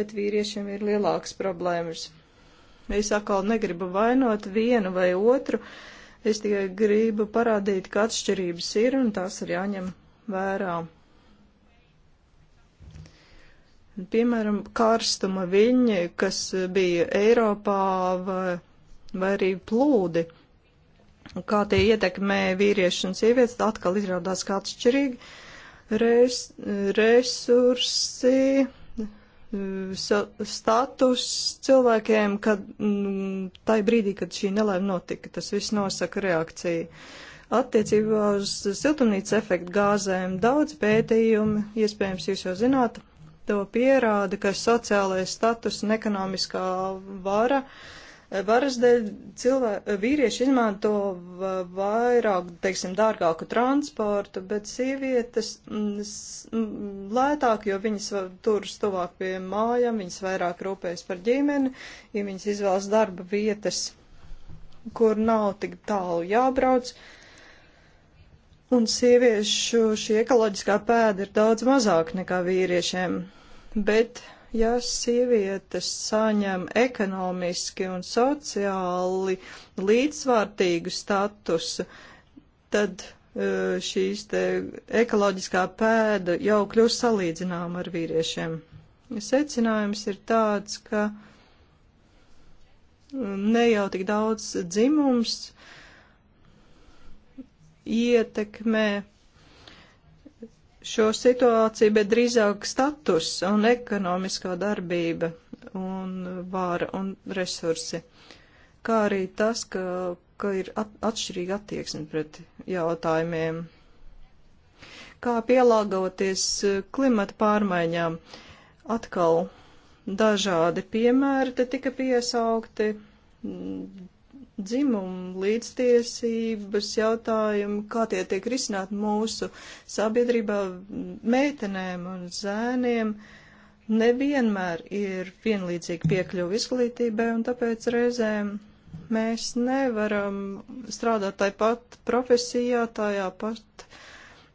bet vīriešiem ir lielākas problēmas. Es atkal negribu vainot vienu vai otru, es tikai gribu parādīt, ka atšķirības ir un tās ir jāņem vērā. Piemēram, karstuma viļņi, kas bija Eiropā vai, vai arī plūdi, kā tie ietekmē vīriešu un sievietes, atkal izrādās kā atšķirīgi. Res, resursi, status cilvēkiem, kad mm, tai brīdī, kad šī nelēma notika, tas viss nosaka reakciju. Attiecībā uz siltumnīca efektu gāzēm daudz pētījumi, iespējams, jūs jau zināt, to pierāda, ka sociālais status un ekonomiskā vara, varas dēļ cilvē, vīrieši izmanto vairāk, teiksim, dārgāku transportu, bet sievietes mm, mm, lētāk, jo viņas turas tuvāk pie mājām, viņas vairāk rūpējas par ģimeni, ja viņas izvēlas darba vietas, kur nav tik tālu jābrauc. Uh, Un sieviešu šī ekoloģiskā pēda ir daudz mazāk nekā vīriešiem. Bet, ja sievietes saņem ekonomiski un sociāli līdzvārtīgu statusu, tad e, šīs te ekoloģiskā pēda jau kļūst salīdzināma ar vīriešiem. Secinājums ir tāds, ka mm, ne jau tik daudz dzimums ietekmē šo situāciju, bet drīzāk status un ekonomiskā darbība un vāra un resursi, kā arī tas, ka, ka ir at, atšķirīga attieksme pret jautājumiem. Kā pielāgoties klimata pārmaiņām, atkal dažādi piemēri te tika piesaukti, dzimumu līdztiesības jautājumi, kā tie tiek risināti mūsu sabiedrībā meitenēm un zēniem, nevienmēr ir vienlīdzīgi piekļuvi izglītībai, un tāpēc reizēm mēs nevaram strādāt tāpat profesijā, tajā pat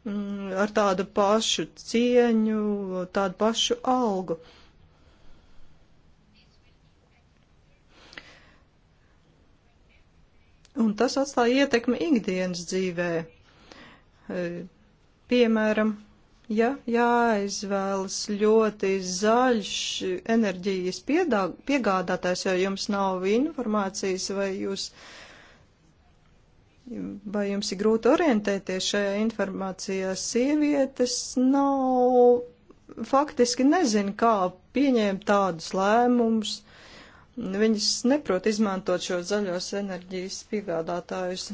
mm, ar tādu pašu cieņu, tādu pašu algu. Uh, Un tas atstāja ietekmi ikdienas dzīvē. E, piemēram, ja jāizvēlas ļoti zaļš enerģijas piedā, piegādātājs, jo jums nav informācijas vai jūs, vai jums ir grūti orientēties šajā informācijā, sievietes nav, faktiski nezin, kā pieņēma tādus lēmumus Viņas neprot izmantot šo zaļos enerģijas piegādātājus.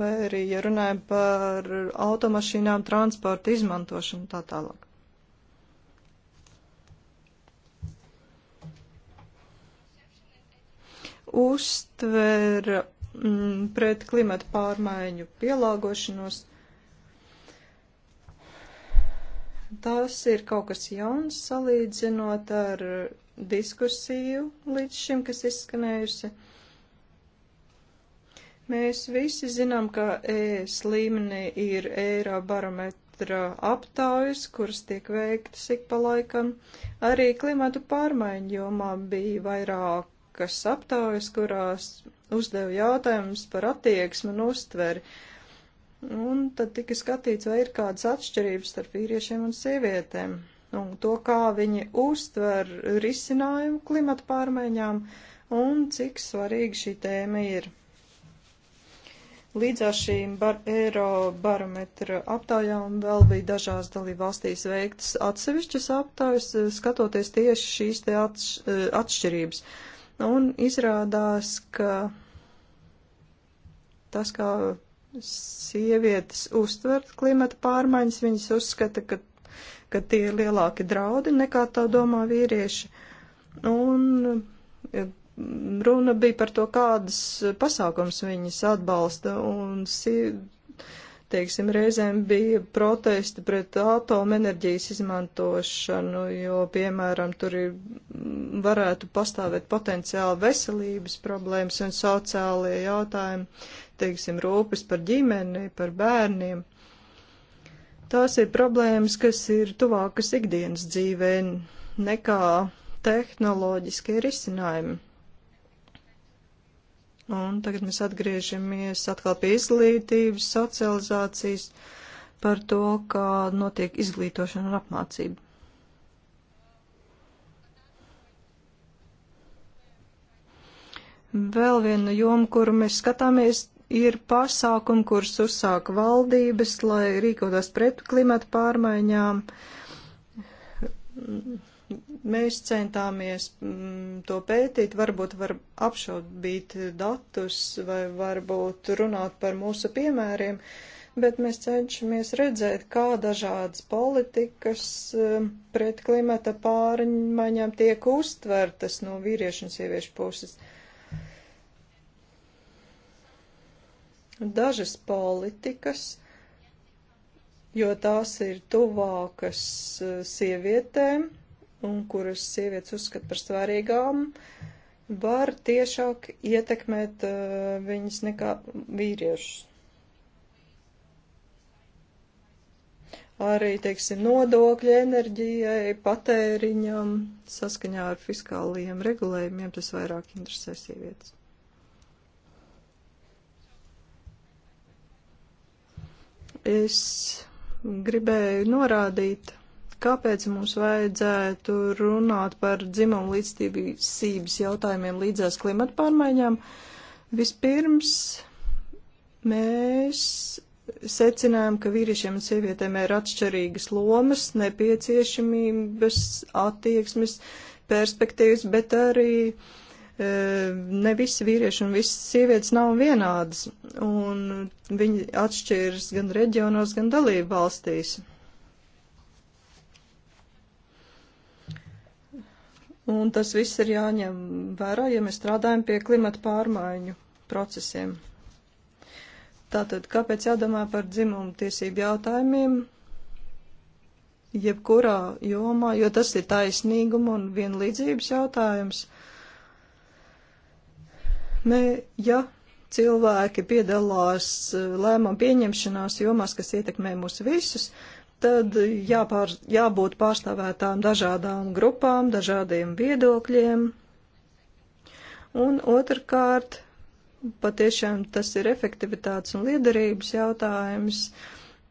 Vai arī, ja runājam par automašīnām, transporta izmantošanu tā tālāk. Uztver m, mm, pret klimata pārmaiņu pielāgošanos. Tas ir kaut kas jauns salīdzinot ar diskusiju līdz šim, kas izskanējusi. Mēs visi zinām, ka ES līmenī ir eiro barometra aptaujas, kuras tiek veiktas ik pa laikam. Arī klimatu pārmaiņu jomā bija vairākas aptaujas, kurās uzdeva jautājumus par attieksmi un uztveri. Un tad tika skatīts, vai ir kādas atšķirības starp vīriešiem un sievietēm un to, kā viņi uztver risinājumu klimata pārmaiņām un cik svarīga šī tēma ir. Līdz ar šīm bar eiro barometra aptaujām vēl bija dažās dalībvalstīs veiktas atsevišķas aptaujas, eh, skatoties tieši šīs te atš eh, atšķirības. Un izrādās, ka tas, kā sievietes uztver klimata pārmaiņas, viņas uzskata, ka ka tie ir lielāki draudi nekā tā domā vīrieši. Un runa bija par to, kādas pasākums viņas atbalsta. Un, teiksim, reizēm bija protesti pret atomenerģijas izmantošanu, jo, piemēram, tur ir, varētu pastāvēt potenciāli veselības problēmas un sociālie jautājumi, teiksim, rūpes par ģimeni, par bērniem. Tās ir problēmas, kas ir tuvākas ikdienas dzīvē nekā tehnoloģiskie risinājumi. Un tagad mēs atgriežamies atkal pie izglītības, socializācijas, par to, kā notiek izglītošana un apmācība. Vēl viena joma, kuru mēs skatāmies, ir pasākumi, kurus uzsāk valdības, lai rīkotos pret klimata pārmaiņām. Mēs centāmies mm, to pētīt, varbūt var apšaubīt datus vai varbūt runāt par mūsu piemēriem, bet mēs cenšamies redzēt, kā dažādas politikas mm, pret klimata pārmaiņām tiek uztvertas no vīriešu un sieviešu puses. dažas politikas, jo tās ir tuvākas eh, sievietēm un kuras sievietes uzskata par svarīgām, var tiešāk ietekmēt uh, viņas nekā vīriešus. Arī, teiksim, nodokļi enerģijai, patēriņam, saskaņā ar fiskālajiem regulējumiem, tas vairāk interesē sievietes. es gribēju norādīt, kāpēc mums vajadzētu runāt par dzimumu līdztiesības jautājumiem līdzās klimata pārmaiņām. Vispirms mēs secinājām, ka vīriešiem un sievietēm ir atšķirīgas lomas, nepieciešamības, attieksmes, perspektīvas, bet arī uh, E, ne visi vīrieši un visas sievietes nav vienādas, un viņi atšķiras gan reģionos, gan dalību valstīs. Un tas viss ir jāņem vērā, ja mēs strādājam pie klimata pārmaiņu procesiem. Tātad, kāpēc jādomā par dzimumu tiesību jautājumiem? Jebkurā jomā, jo tas ir taisnīguma un vienlīdzības jautājums Mē, ja cilvēki piedalās e, lēmumu pieņemšanās jomās, kas ietekmē mūs visus, tad jāpār, jābūt pārstāvētām dažādām grupām, dažādiem viedokļiem. Un otrkārt, patiešām tas ir efektivitātes un liederības jautājums,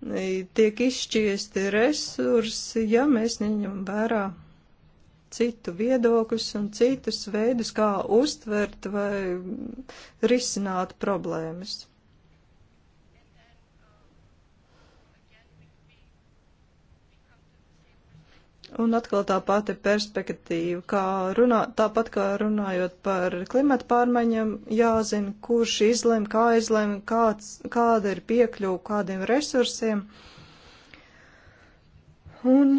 e, tiek izšķiesti resursi, ja mēs neņemam vērā citu viedokļus un citus veidus, kā uztvert vai risināt problēmas. Un atkal tā pati perspektīva, kā runā, tāpat kā runājot par klimatu pārmaiņam, jāzina, kurš izlem, kā izlem, kāds, kāda ir piekļuva kādiem resursiem. Uh, un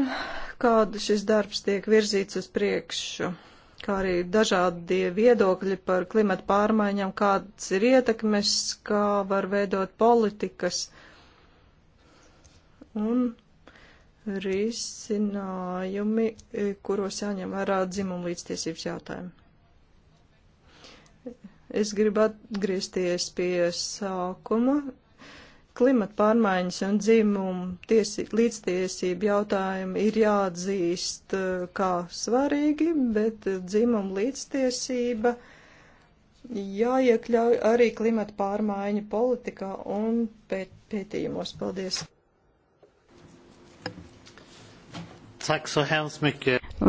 kāda šis darbs tiek virzīts uz priekšu, kā arī dažādie viedokļi par klimatu pārmaiņām, kādas ir ietekmes, kā var veidot politikas un risinājumi, kuros jāņem vērā dzimumu līdztiesības jautājumi. Es gribu atgriezties pie sākuma, klimata pārmaiņas un dzimumu tiesi, līdztiesību jautājumi ir jāatzīst eh, kā svarīgi, bet eh, dzimumu līdztiesība jāiekļauj arī klimata pārmaiņu politikā un pēt, pētījumos. Paldies!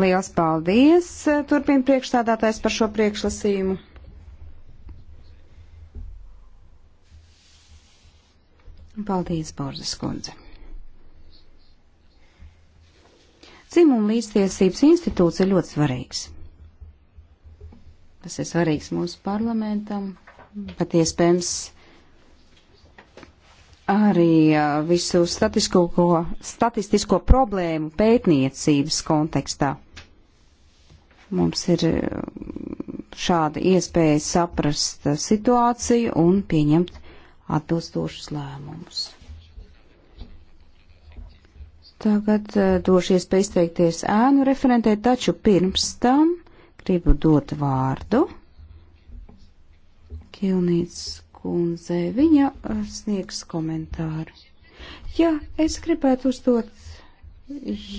Liels paldies! Eh, turpin priekšstādātājs par šo priekšlasījumu. Paldies, Borzas kundze. Dzimuma līdztiesības institūts ir ļoti svarīgs. Tas ir svarīgs mūsu parlamentam, pat iespējams arī visu statistisko, statistisko problēmu pētniecības kontekstā. Mums ir šāda iespēja saprast situāciju un pieņemt atbilstošus lēmumus. Tagad eh, došu iespēju izteikties ēnu referentē, taču pirms tam gribu dot vārdu Kilnīts kundze. Viņa eh, sniegs komentāru. Jā, es gribētu uzdot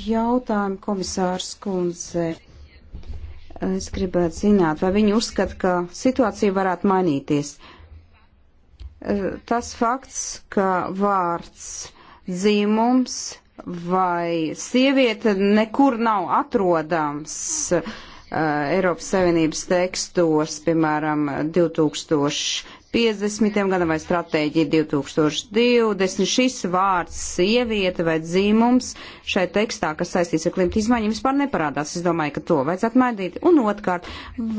jautājumu komisārs kundze. Es gribētu zināt, vai viņi uzskata, ka situācija varētu mainīties. Uh, tas fakts, ka vārds dzīmums vai sieviete nekur nav atrodams uh, Eiropas Savienības tekstos, piemēram, 2050. gadam vai stratēģija 2020. Šis vārds sieviete vai dzīmums šai tekstā, kas saistīts ar klimatu izmaiņām, vispār neparādās. Es domāju, ka to vajadzētu mainīt. Un otrkārt,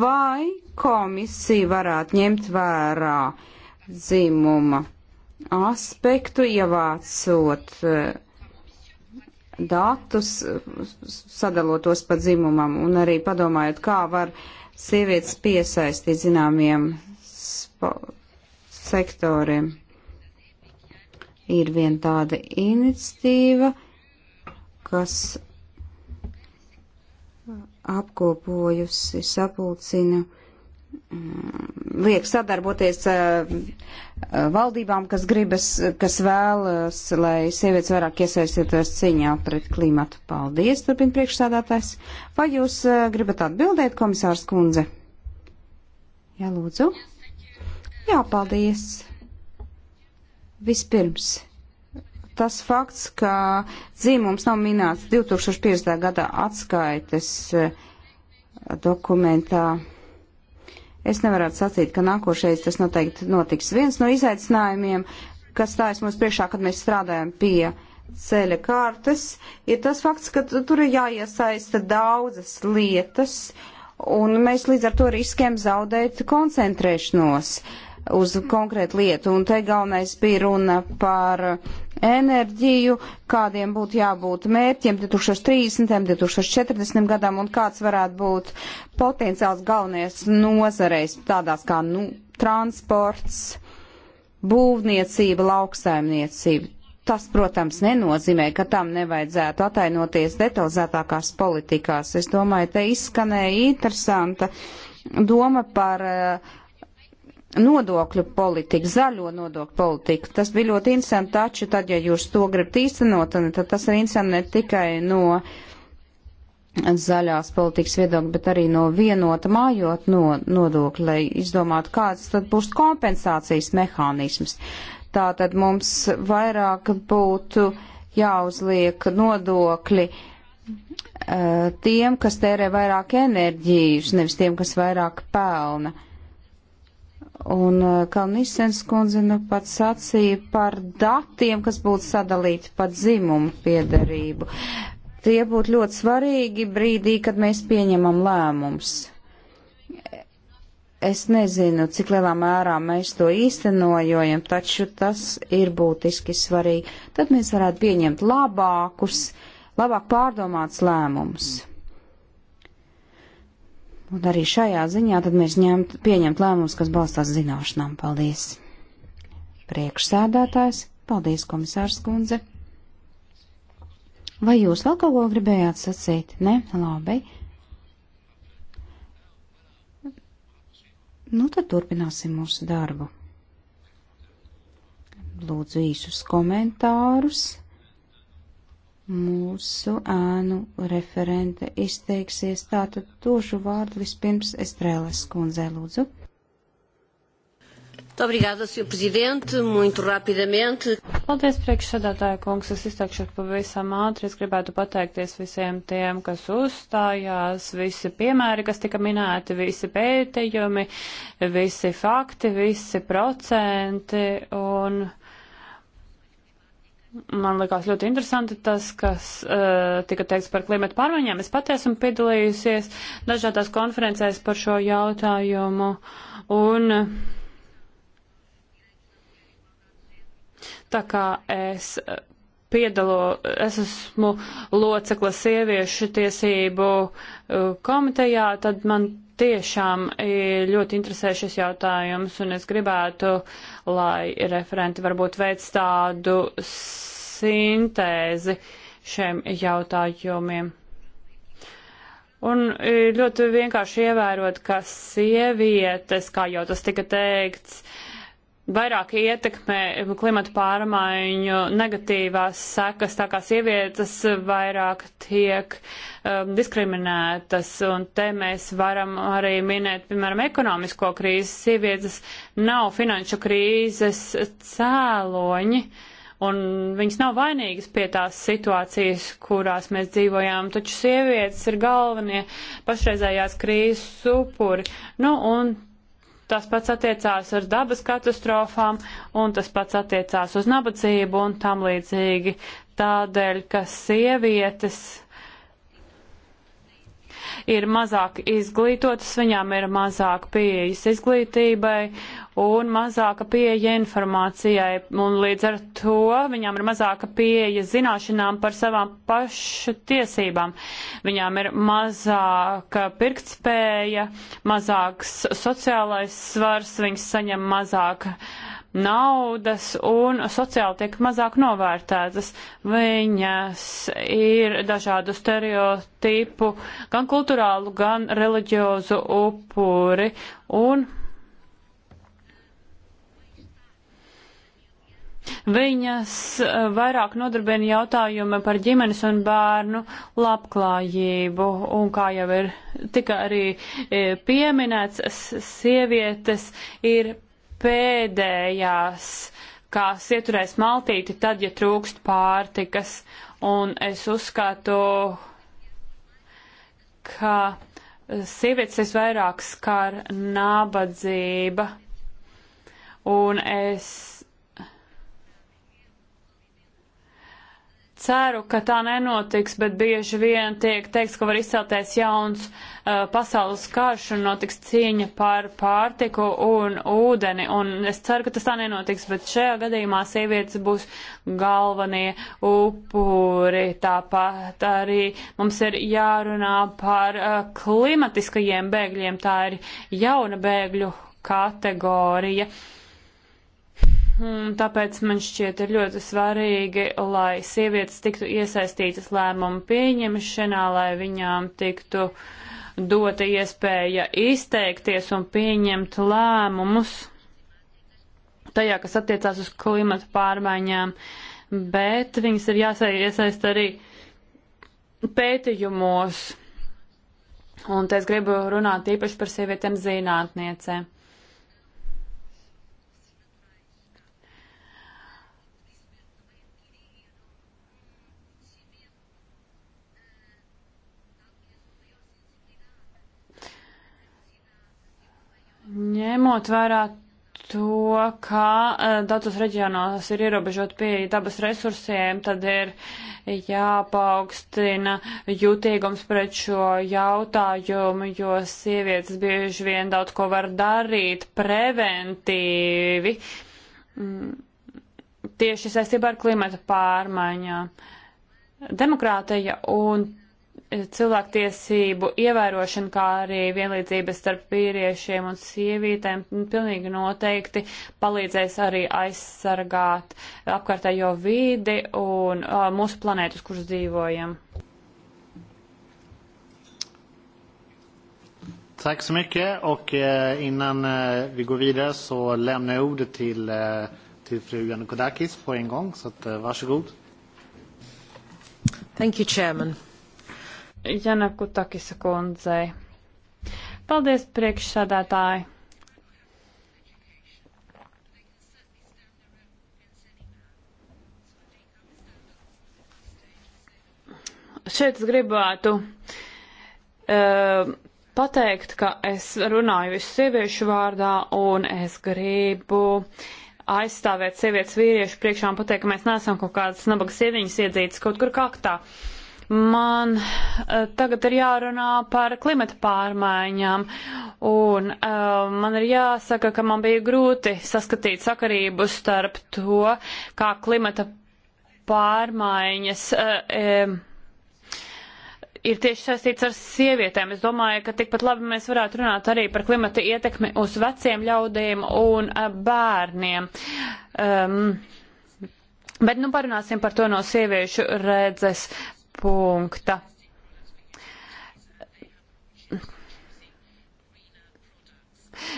vai komisija varētu ņemt vērā uh, dzīmuma aspektu, ievācot eh, datus, sadalot tos pa dzimumam un arī padomājot, kā var sievietes piesaistīt zināmiem sektoriem. Ir viena tāda iniciatīva, kas apkopojusi sapulcina uh, Mm, liek sadarboties eh, eh, valdībām, kas gribas, kas vēlas, lai sievietes vairāk iesaistītos cīņā pret klimatu. Paldies, turpina priekšsādātājs. Vai jūs eh, gribat atbildēt, komisārs kundze? Jā, lūdzu. Jā, paldies. Vispirms. Tas fakts, ka dzīmums nav minēts 2050. gadā atskaites dokumentā Es nevarētu sacīt, ka nākošais tas noteikti notiks. Viens no izaicinājumiem, kas stājas mums priekšā, kad mēs strādājam pie ceļa kārtas, ir tas fakts, ka tur ir jāiesaista daudzas lietas, un mēs līdz ar to riskiem zaudēt koncentrēšanos. Uh, uz konkrētu lietu. Un te galvenais bija runa par enerģiju, kādiem būtu jābūt mērķiem 2030, 2040 gadam un kāds varētu būt potenciāls galvenais nozareis, tādās kā nu, transports, būvniecība, lauksaimniecība. Tas, protams, nenozīmē, ka tam nevajadzētu atainoties detalizētākās politikās. Es domāju, te izskanēja interesanta doma par uh, nodokļu politiku, zaļo nodokļu politiku. Tas bija ļoti interesanti, taču tad, ja jūs to gribat īstenot, tad tas ir interesanti ne tikai no zaļās politikas viedokļa, bet arī no vienota mājot no nodokļa, lai izdomātu, kāds tad būs kompensācijas mehānisms. Tātad mums vairāk būtu jāuzliek nodokļi eh, tiem, kas tērē vairāk enerģijas, nevis tiem, kas vairāk pelna. Uh, Un uh, Kalnišens kundze nu pat sacīja par datiem, kas būtu sadalīti pa dzimumu piedarību. Tie būtu ļoti svarīgi brīdī, kad mēs pieņemam lēmums. Es nezinu, cik lielā mērā mēs to īstenojam, taču tas ir būtiski svarīgi. Tad mēs varētu pieņemt labākus, labāk pārdomāts lēmumus. Mm. Un arī šajā ziņā tad mēs ņemt, pieņemt lēmumus, kas balstās zināšanām. Paldies! Priekšsēdētājs, paldies, komisārs kundze! Vai jūs vēl kaut ko gribējāt sacīt? Nē, labi. Nu, tad turpināsim mūsu darbu. Lūdzu īsus komentārus Mūsu ēnu referente izteiksies, tātad došu vārdu vispirms Estrēlas kundzē, lūdzu. Obrigada, Sr. Presidente, muito rapidamente. Paldies, priekšsēdētāja kungs, es izteikšu pavisam ātri. Es gribētu pateikties visiem tiem, kas uzstājās, visi piemēri, kas tika minēti, visi pētījumi, visi fakti, visi procenti un. Man likās ļoti interesanti tas, kas uh, tika teikts par klimatu pārmaiņām. Es pati esmu piedalījusies dažādās konferencēs par šo jautājumu. Un tā kā es piedalo, es esmu locekla sieviešu tiesību eh, komitejā, tad man tiešām ļoti interesē šis jautājums, un es gribētu, lai referenti varbūt veic tādu sintēzi šiem jautājumiem. Un ļoti vienkārši ievērot, ka sievietes, kā jau tas tika teikts, vairāk ietekmē klimatu pārmaiņu negatīvās sekas, tā kā sievietes vairāk tiek um, diskriminētas, un te mēs varam arī minēt, piemēram, ekonomisko krīzi. Sievietes nav finanšu krīzes cēloņi, un viņas nav vainīgas pie tās situācijas, kurās mēs dzīvojām, taču sievietes ir galvenie pašreizējās krīzes upuri. Nu, un Tas pats attiecās uz dabas katastrofām, un tas pats attiecās uz nabadzību un tam līdzīgi. Tādēļ, ka sievietes ir mazāk izglītotas, viņām ir mazāk pieejas izglītībai, un mazāka pieeja informācijai, un līdz ar to viņām ir mazāka pieeja zināšanām par savām pašu tiesībām. Viņām ir mazāka pirktspēja, mazāks sociālais svars, viņas saņem mazāk naudas un sociāli tiek mazāk novērtētas. Viņas ir dažādu stereotipu, gan kulturālu, gan reliģiozu upuri, un Viņas eh, vairāk nodarbina jautājumi par ģimenes un bērnu labklājību, un kā jau ir tika arī eh, pieminēts, sievietes ir pēdējās, kas ieturēs maltīti tad, ja trūkst pārtikas, un es uzskatu, ka eh, sievietes visvairāk skar nabadzība, un es ceru, ka tā nenotiks, bet bieži vien tiek teiks, ka var izcelties jauns uh, pasaules karš un notiks cīņa par pārtiku un ūdeni. Un es ceru, ka tas tā nenotiks, bet šajā gadījumā sievietes būs galvenie upuri. Tāpat arī mums ir jārunā par uh, klimatiskajiem bēgļiem. Tā ir jauna bēgļu kategorija. Uh, Un tāpēc man šķiet ir ļoti svarīgi, lai sievietes tiktu iesaistītas lēmumu pieņemšanā, lai viņām tiktu dota iespēja izteikties un pieņemt lēmumus tajā, kas attiecās uz klimatu pārmaiņām, bet viņas ir jāiesaist arī pētījumos. Un te es gribu runāt īpaši par sievietēm zinātniecēm. Ņemot vērā to, ka e, daudzos reģionos ir ierobežot pieeja dabas resursiem, tad ir jāpaukstina jūtīgums pret šo jautājumu, jo sievietes bieži vien daudz ko var darīt preventīvi mm, tieši saistībā ar klimata pārmaiņām. Demokrātija un cilvēktiesību ievērošana, kā arī vienlīdzība starp vīriešiem un sievietēm pilnīgi noteikti palīdzēs arī aizsargāt apkārtējo vīdi un uh, mūsu planētas, kuras dzīvojam. Tack så mycket och eh, innan eh, vi går vidare så lämnar jag ordet till, eh, till fru Yanokodakis på en gång. Så att, eh, varsågod. Thank you, Chairman. Janaku Takisa kundzei. Paldies, priekšsādātāji! Šeit es gribētu uh, pateikt, ka es runāju visu sieviešu vārdā un es gribu uh, aizstāvēt sievietes vīriešu priekšā un pateikt, ka mēs neesam kaut kādas nabaga sieviņas iedzītas kaut kur kaktā. Uh, Man uh, tagad ir jārunā par klimata pārmaiņām, un uh, man ir jāsaka, ka man bija grūti saskatīt sakarību starp to, kā klimata pārmaiņas. Uh, um, Ir tieši saistīts ar sievietēm. Es domāju, ka tikpat labi mēs varētu runāt arī par klimata ietekmi uz veciem ļaudīm un uh, bērniem. Um, Bet nu parunāsim par to no sieviešu redzes punkta.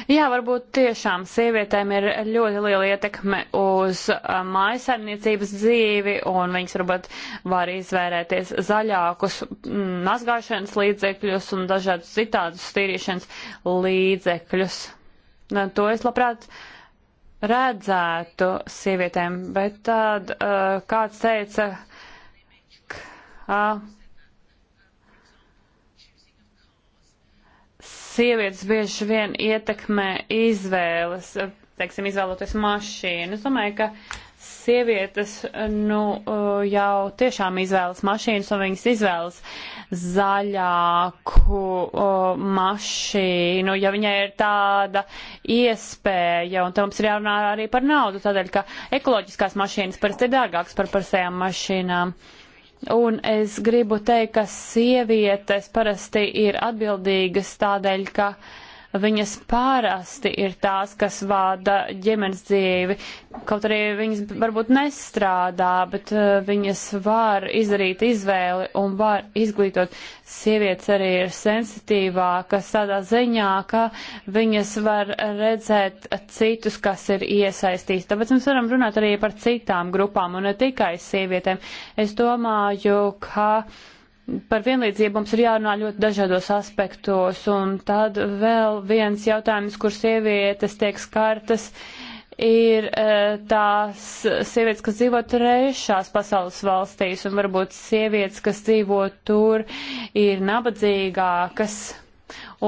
Jā, varbūt tiešām sievietēm ir ļoti liela ietekme uz uh, mājasaimniecības dzīvi, un viņas varbūt var izvērēties zaļākus mm, mazgāšanas līdzekļus un dažādus citādus stīrīšanas līdzekļus. Nu, to es labprāt redzētu sievietēm, bet tad uh, kāds teica, Uh, sievietes bieži vien ietekmē izvēles, teiksim, izvēloties mašīnu. Es domāju, ka sievietes nu, jau tiešām izvēlas mašīnas un viņas izvēlas zaļāku o, mašīnu, ja viņai ir tāda iespēja, un te mums ir jārunā arī par naudu, tādēļ, ka ekoloģiskās mašīnas parasti ir dārgākas par parasējām mašīnām. Uh, Un es gribu teikt, ka sievietes parasti ir atbildīgas tādēļ, ka uh, Viņas pārasti ir tās, kas vāda ģimenes dzīvi. Kaut arī viņas varbūt nestrādā, bet uh, viņas var izdarīt izvēli un var izglītot. Sievietes arī ir sensitīvākas tādā ziņā, ka viņas var redzēt citus, kas ir iesaistīts. Tāpēc mēs varam runāt arī par citām grupām un ne tikai sievietēm. Es domāju, ka. Uh, par vienlīdzību mums ir jārunā ļoti dažādos aspektos, un tad vēl viens jautājums, kur sievietes tiek skartas, ir e, tās sievietes, kas dzīvo trešās pasaules valstīs, un varbūt sievietes, kas dzīvo tur, ir nabadzīgākas.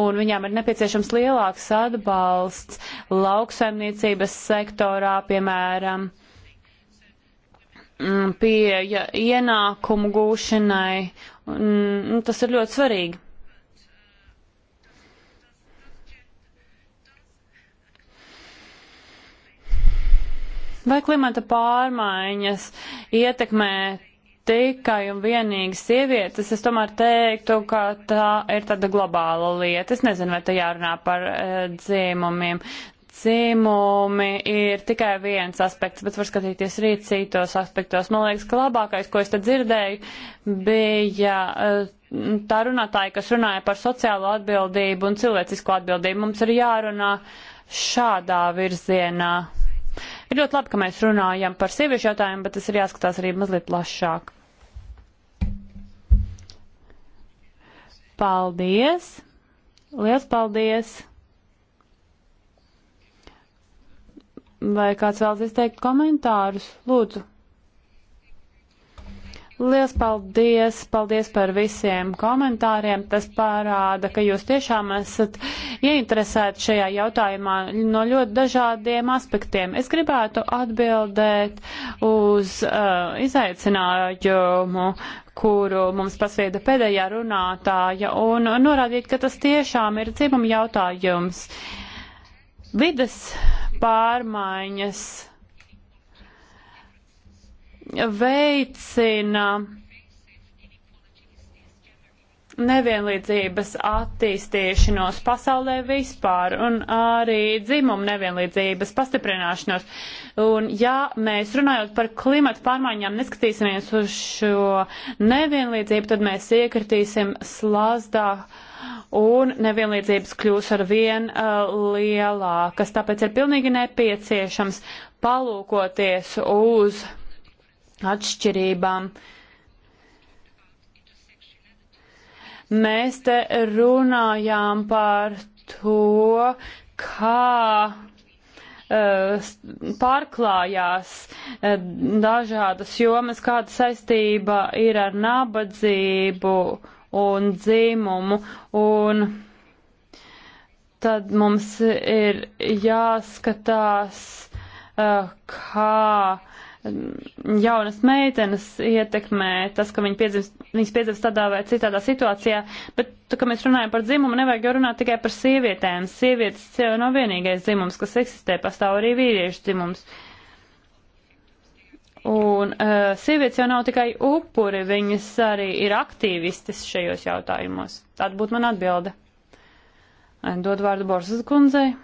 Un viņām ir nepieciešams lielāks atbalsts lauksaimniecības sektorā, piemēram, pie ja, ienākumu gūšanai Un, nu, tas ir ļoti svarīgi. Vai klimata pārmaiņas ietekmē tikai un vienīgi sievietes, es tomēr teiktu, ka tā ir tāda globāla lieta. Es nezinu, vai te jārunā par uh, eh, dzīmumiem dzimumi ir tikai viens aspekts, bet var skatīties arī citos aspektos. Man liekas, ka labākais, ko es te dzirdēju, bija eh, tā runātāja, kas runāja par sociālo atbildību un cilvēcisko atbildību. Mums ir jārunā šādā virzienā. Ir ļoti labi, ka mēs runājam par sieviešu jautājumu, bet tas ir jāskatās arī mazliet plašāk. Paldies! Lielas paldies! Vai kāds vēlas izteikt komentārus? Lūdzu. Lielas paldies! Paldies par visiem komentāriem. Tas parāda, ka jūs tiešām esat ieinteresēti šajā jautājumā no ļoti dažādiem aspektiem. Es gribētu atbildēt uz uh, izaicinājumu, kuru mums pasvieda pēdējā runātāja, un norādīt, ka tas tiešām ir dzimuma jautājums. Uh, vidas pārmaiņas veicina nevienlīdzības attīstīšanos pasaulē vispār un arī dzimumu nevienlīdzības pastiprināšanos. Un ja mēs runājot par klimatu pārmaiņām neskatīsimies uz šo nevienlīdzību, tad mēs iekritīsim slazdā uh, un nevienlīdzības kļūs ar vien uh, lielākas. Tāpēc ir pilnīgi nepieciešams palūkoties uz atšķirībām. Mēs te runājām par to, kā uh, pārklājās uh, dažādas jomas, kāda saistība ir ar nabadzību un dzīmumu. Un tad mums ir jāskatās, eh, kā jaunas meitenes ietekmē tas, ka viņi piedzimst, viņas piedzimst tādā vai citādā situācijā, bet, tā, ka mēs runājam par dzimumu, nevajag jau runāt tikai par sievietēm. Sievietes jau nav vienīgais dzimums, kas eksistē, pastāv arī vīriešu dzimums. Uh, Un uh, sievietes jau nav tikai upuri, viņas arī ir aktīvistes šajos jautājumos. Tāda būtu man atbilde. Eh, dod vārdu Borsas kundzei.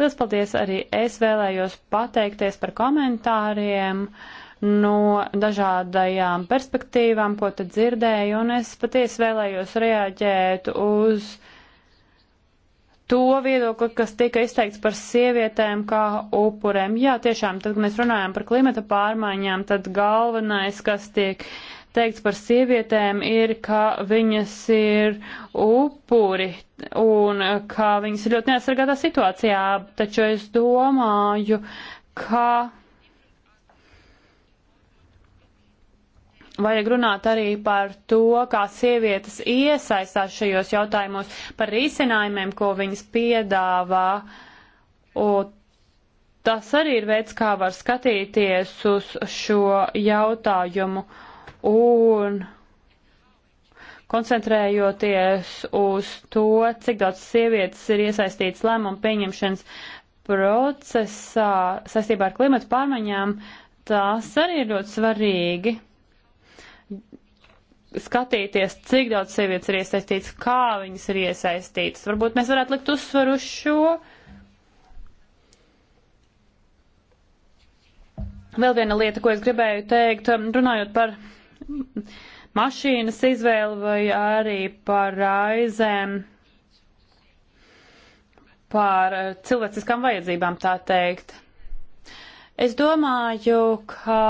Liels paldies arī es vēlējos pateikties par komentāriem no dažādajām perspektīvām, ko te dzirdēju, un es patiesi vēlējos reaģēt uz uh, to viedokli, kas tika izteikts par sievietēm kā upurēm. Jā, tiešām, tad, kad mēs runājam par klimata pārmaiņām, tad galvenais, kas tiek teikts par sievietēm, ir, ka viņas ir upuri un ka viņas ir ļoti neaizsargātā situācijā. Taču es domāju, ka vajag runāt arī par to, kā sievietes iesaistās šajos jautājumos, par risinājumiem, ko viņas piedāvā. Un tas arī ir veids, kā var skatīties uz šo jautājumu un koncentrējoties uz to, cik daudz sievietes ir iesaistīts lēmumu pieņemšanas procesā saistībā ar klimatu pārmaiņām, tas arī ir ļoti svarīgi skatīties, cik daudz sievietes ir iesaistītas, kā viņas ir iesaistītas. Varbūt mēs varētu likt uzsvaru uz šo. Vēl viena lieta, ko es gribēju teikt, um, runājot par mašīnas izvēli vai arī par aizēm, par uh, cilvēciskām vajadzībām tā teikt. Es domāju, ka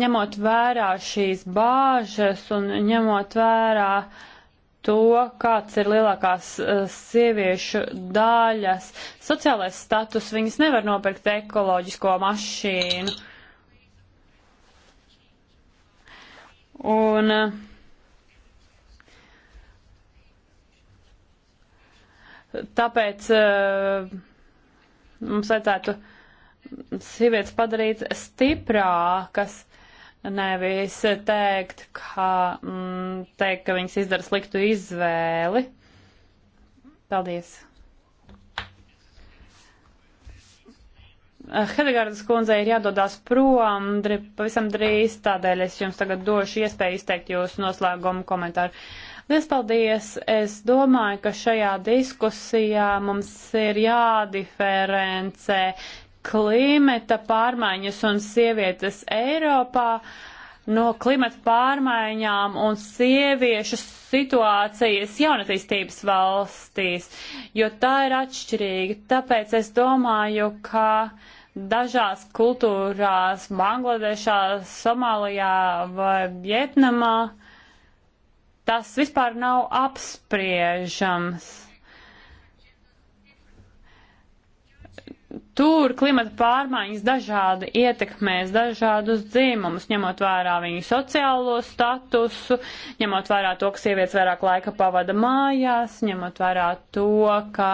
ņemot vērā šīs bāžas un ņemot vērā to, kāds ir lielākās uh, sieviešu daļas sociālais status, viņas nevar nopirkt ekoloģisko mašīnu. Un uh, tāpēc uh, mums vajadzētu sievietes padarīt stiprākas. Nevis teikt, ka, mm, teikt, ka viņas izdara sliktu izvēli. Paldies. Eh, Hedegārdas kundzei ir jādodās prom dri, pavisam drīz, tādēļ es jums tagad došu iespēju izteikt jūsu noslēgumu komentāru. Lies paldies! Es domāju, ka šajā diskusijā mums ir jādiferencē klimata pārmaiņas un sievietes Eiropā, no klimata pārmaiņām un sieviešu situācijas jaunatīstības valstīs, jo tā ir atšķirīga. Tāpēc es domāju, ka dažās kultūrās, Bangladešā, Somālijā vai Vietnamā, tas vispār nav apspriežams tur klimata pārmaiņas dažādi ietekmēs dažādus dzīmumus, ņemot vērā viņu sociālo statusu, ņemot vērā to, ka sievietes vairāk laika pavada mājās, ņemot vērā to, ka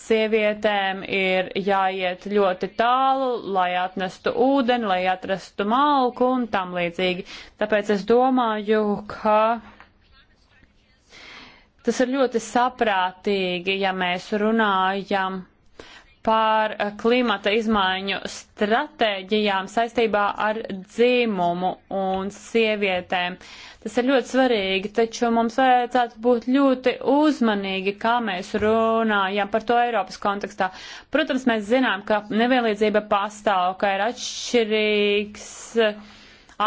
sievietēm ir jāiet ļoti tālu, lai atnestu ūdeni, lai atrastu malku un tam līdzīgi. Tāpēc es domāju, ka tas ir ļoti saprātīgi, ja mēs runājam par eh, klimata izmaiņu stratēģijām saistībā ar dzīmumu un sievietēm. Tas ir ļoti svarīgi, taču mums vajadzētu būt ļoti uzmanīgi, kā mēs runājam par to Eiropas kontekstā. Protams, mēs zinām, ka nevienlīdzība pastāv, ka ir atšķirīgs eh,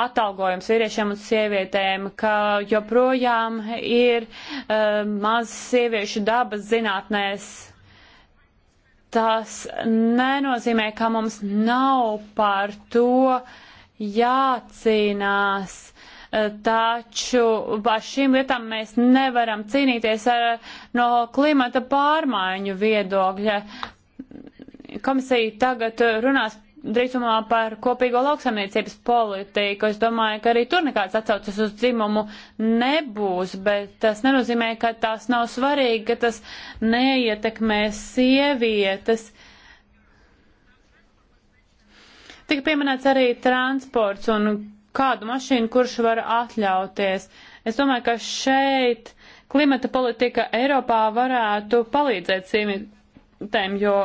atalgojums vīriešiem un sievietēm, ka joprojām ir uh, maz sieviešu dabas zinātnēs tas nenozīmē, ka mums nav par to jācīnās. Taču par šīm lietām mēs nevaram cīnīties ar, no klimata pārmaiņu viedokļa. Komisija tagad runās drīzumā par kopīgo lauksamniecības politiku. Es domāju, ka arī tur nekāds atsaucas uz dzimumu nebūs, bet tas nenozīmē, ka tās nav svarīgi, ka tas neietekmē sievietes. Tik pieminēts arī transports un kādu mašīnu kurš var atļauties. Es domāju, ka šeit klimata politika Eiropā varētu palīdzēt sievietēm, jo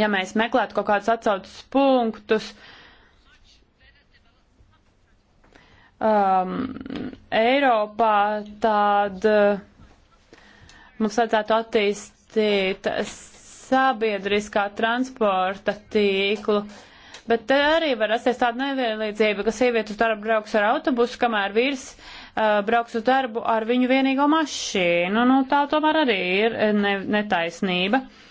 ja mēs meklētu kaut kādus atsaucus punktus, um, Eiropā, tad uh, mums vajadzētu attīstīt sabiedriskā transporta tīklu. Bet te arī var rasties tāda nevienlīdzība, ka sievietes uz darbu brauks ar autobusu, kamēr vīrs uh, brauks uz darbu ar viņu vienīgo mašīnu. Nu, tā tomēr arī ir ne, netaisnība. Uh,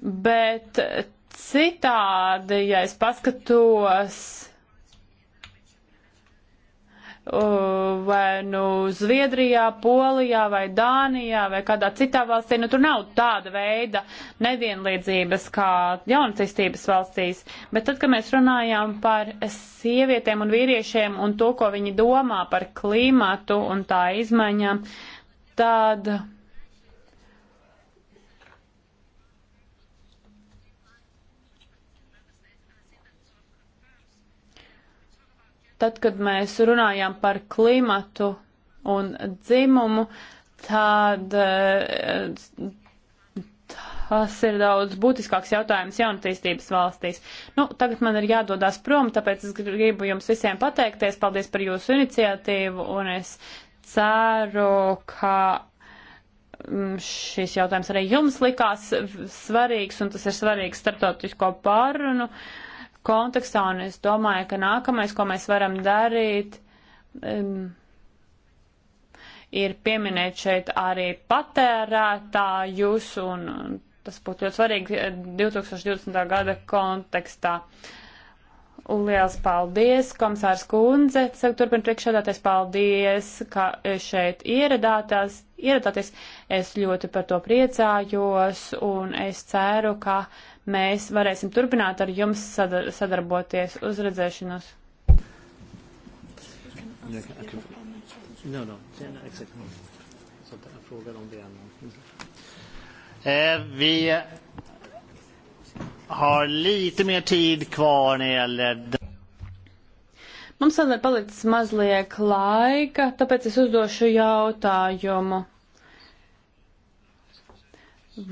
bet citādi, ja es paskatos vai nu Zviedrijā, Polijā vai Dānijā vai kādā citā valstī, nu tur nav tāda veida nevienlīdzības kā jaunacistības valstīs. Bet tad, kad mēs runājām par sievietēm un vīriešiem un to, ko viņi domā par klimatu un tā izmaiņām, tad. Tāda Tad, kad mēs runājām par klimatu un dzimumu, tad eh, tas ir daudz būtiskāks jautājums jaunatīstības valstīs. Nu, tagad man ir jādodās prom, tāpēc es gribu jums visiem pateikties. Paldies par jūsu iniciatīvu un es ceru, ka mm, šis jautājums arī jums likās svarīgs un tas ir svarīgs starptautisko pārunu. Uh, kontekstā, un es domāju, ka nākamais, ko mēs varam darīt, um, ir pieminēt šeit arī patērētājus, un tas būtu ļoti svarīgi 2020. Eh, gada kontekstā. Liels paldies, komisārs Kundze, saka turpin priekšādāties, paldies, ka šeit ieradātās, ieradāties. Es ļoti par to priecājos, un es ceru, ka mēs varēsim turpināt ar jums sadar sadarboties uzredzēšanos. No, no, exactly. Så jag frågar om det är någonting. Vi har lite mer tid kvar när det gäller Mums vēl ir palicis mazliet laika, tāpēc es uzdošu jautājumu.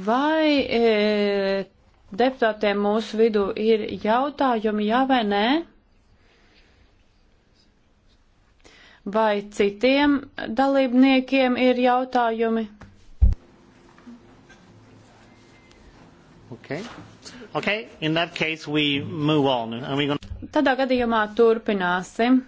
Vai e, deputātiem mūsu vidū ir jautājumi, jā vai nē? Vai citiem dalībniekiem ir jautājumi? Okay. Okay, in that case we move on. Are we gonna... Tādā gadījumā turpināsim.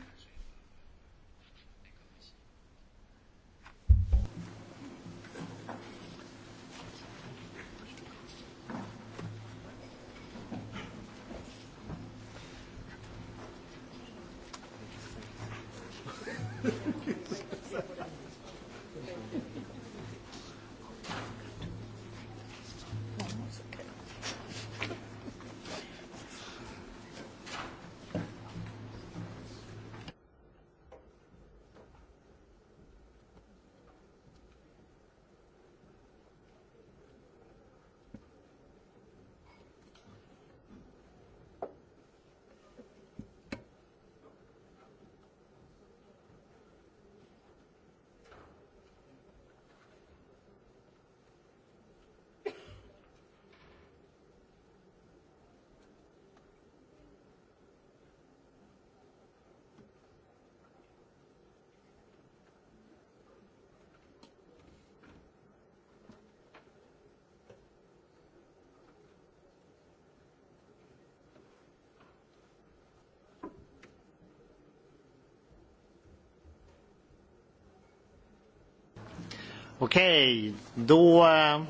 Okei, okay, do eh,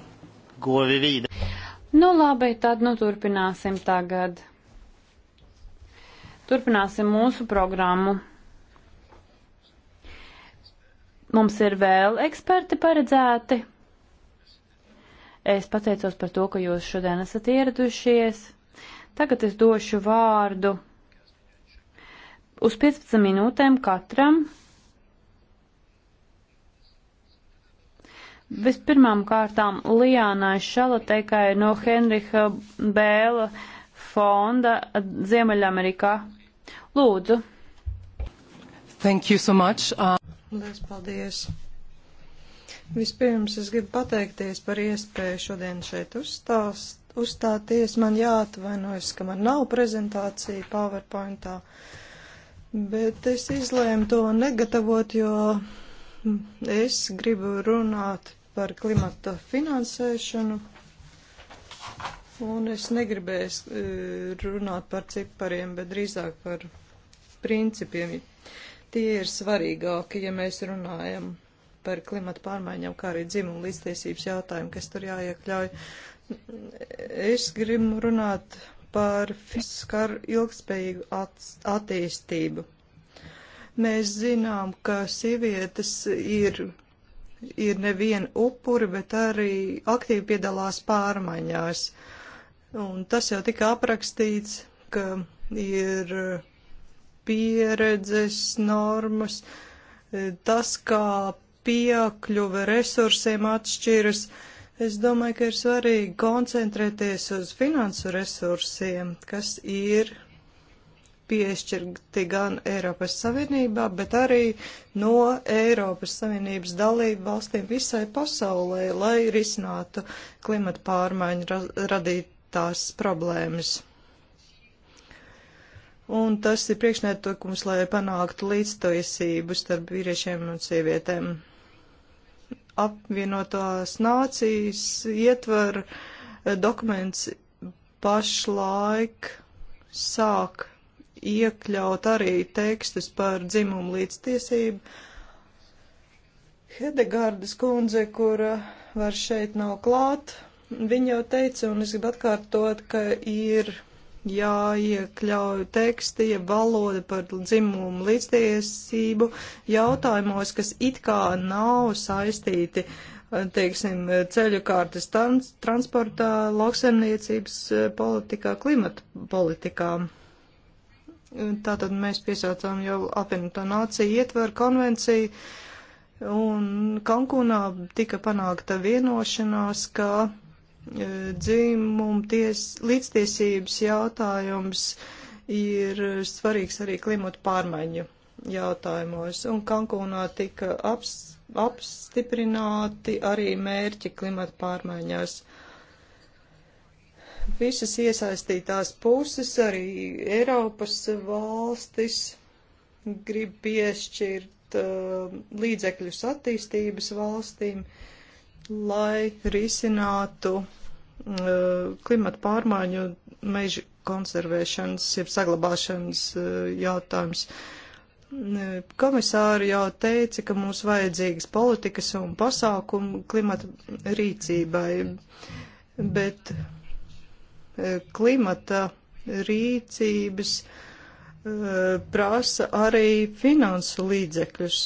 govi vīda. Nu labi, tad nu turpināsim tagad. Turpināsim mūsu programmu. Mums ir vēl eksperti paredzēti. Es pateicos par to, ka jūs šodien esat ieradušies. Tagad es došu vārdu uz 15 minūtēm katram Vispirmām kārtām Lijānai Šalatekai no Henriha Bēla fonda Ziemeļamerikā. Lūdzu. Thank you so much. Uh... Lies, paldies. Vispirms es gribu pateikties par iespēju šodien šeit uzstāst, uzstāties. Man jāatvainojas, ka man nav prezentācija PowerPointā, bet es izlēmu to negatavot, jo es gribu runāt par klimata finansēšanu. Un es negribēju e, runāt par cipariem, bet drīzāk par principiem. Tie ir svarīgāki, ja mēs runājam par klimata pārmaiņām, kā arī dzimumu līdztiesības jautājumu, kas tur jāiekļauj. Es gribu runāt par fiskaru ilgspējīgu attīstību. Mēs zinām, ka sievietes ir ir nevien upuri, bet arī aktīvi piedalās pārmaiņās. Un tas jau tika aprakstīts, ka ir pieredzes normas, tas, kā piekļuve resursiem atšķiras. Es domāju, ka ir svarīgi koncentrēties uz finansu resursiem, kas ir piešķirti gan Eiropas Savienībā, bet arī no Eiropas Savienības dalību valstīm visai pasaulē, lai risinātu klimata pārmaiņu ra radītās problēmas. Un tas ir priekšnietukums, lai panāktu līdztoisību starp vīriešiem un sievietēm. Apvienotās nācijas ietver eh, dokuments pašlaik sāk iekļaut arī tekstus par dzimumu līdztiesību. Hedegardas kundze, kura uh, var šeit nav klāt, viņa jau teica, un es gribu atkārtot, ka ir jāiekļauj teksti, ja valoda par dzimumu līdztiesību jautājumos, kas it kā nav saistīti, uh, teiksim, ceļu kārtas trans transportā, lauksaimniecības uh, politikā, klimata politikā. Tātad mēs piesaucām jau apvienoto nāciju ietveru konvenciju, un Kankūnā tika panākta vienošanās, ka e, dzimumu ties, līdztiesības jautājums ir svarīgs arī klimatu pārmaiņu jautājumos, un Kankūnā tika aps, apstiprināti arī mērķi klimata pārmaiņās visas iesaistītās puses, arī Eiropas valstis grib piešķirt uh, līdzekļus attīstības valstīm, lai risinātu uh, klimata pārmaiņu mežu konservēšanas, jeb saglabāšanas uh, jautājums. Uh, komisāri jau teica, ka mums vajadzīgas politikas un pasākumu klimata rīcībai, bet uh, klimata rīcības e, prasa arī finansu līdzekļus.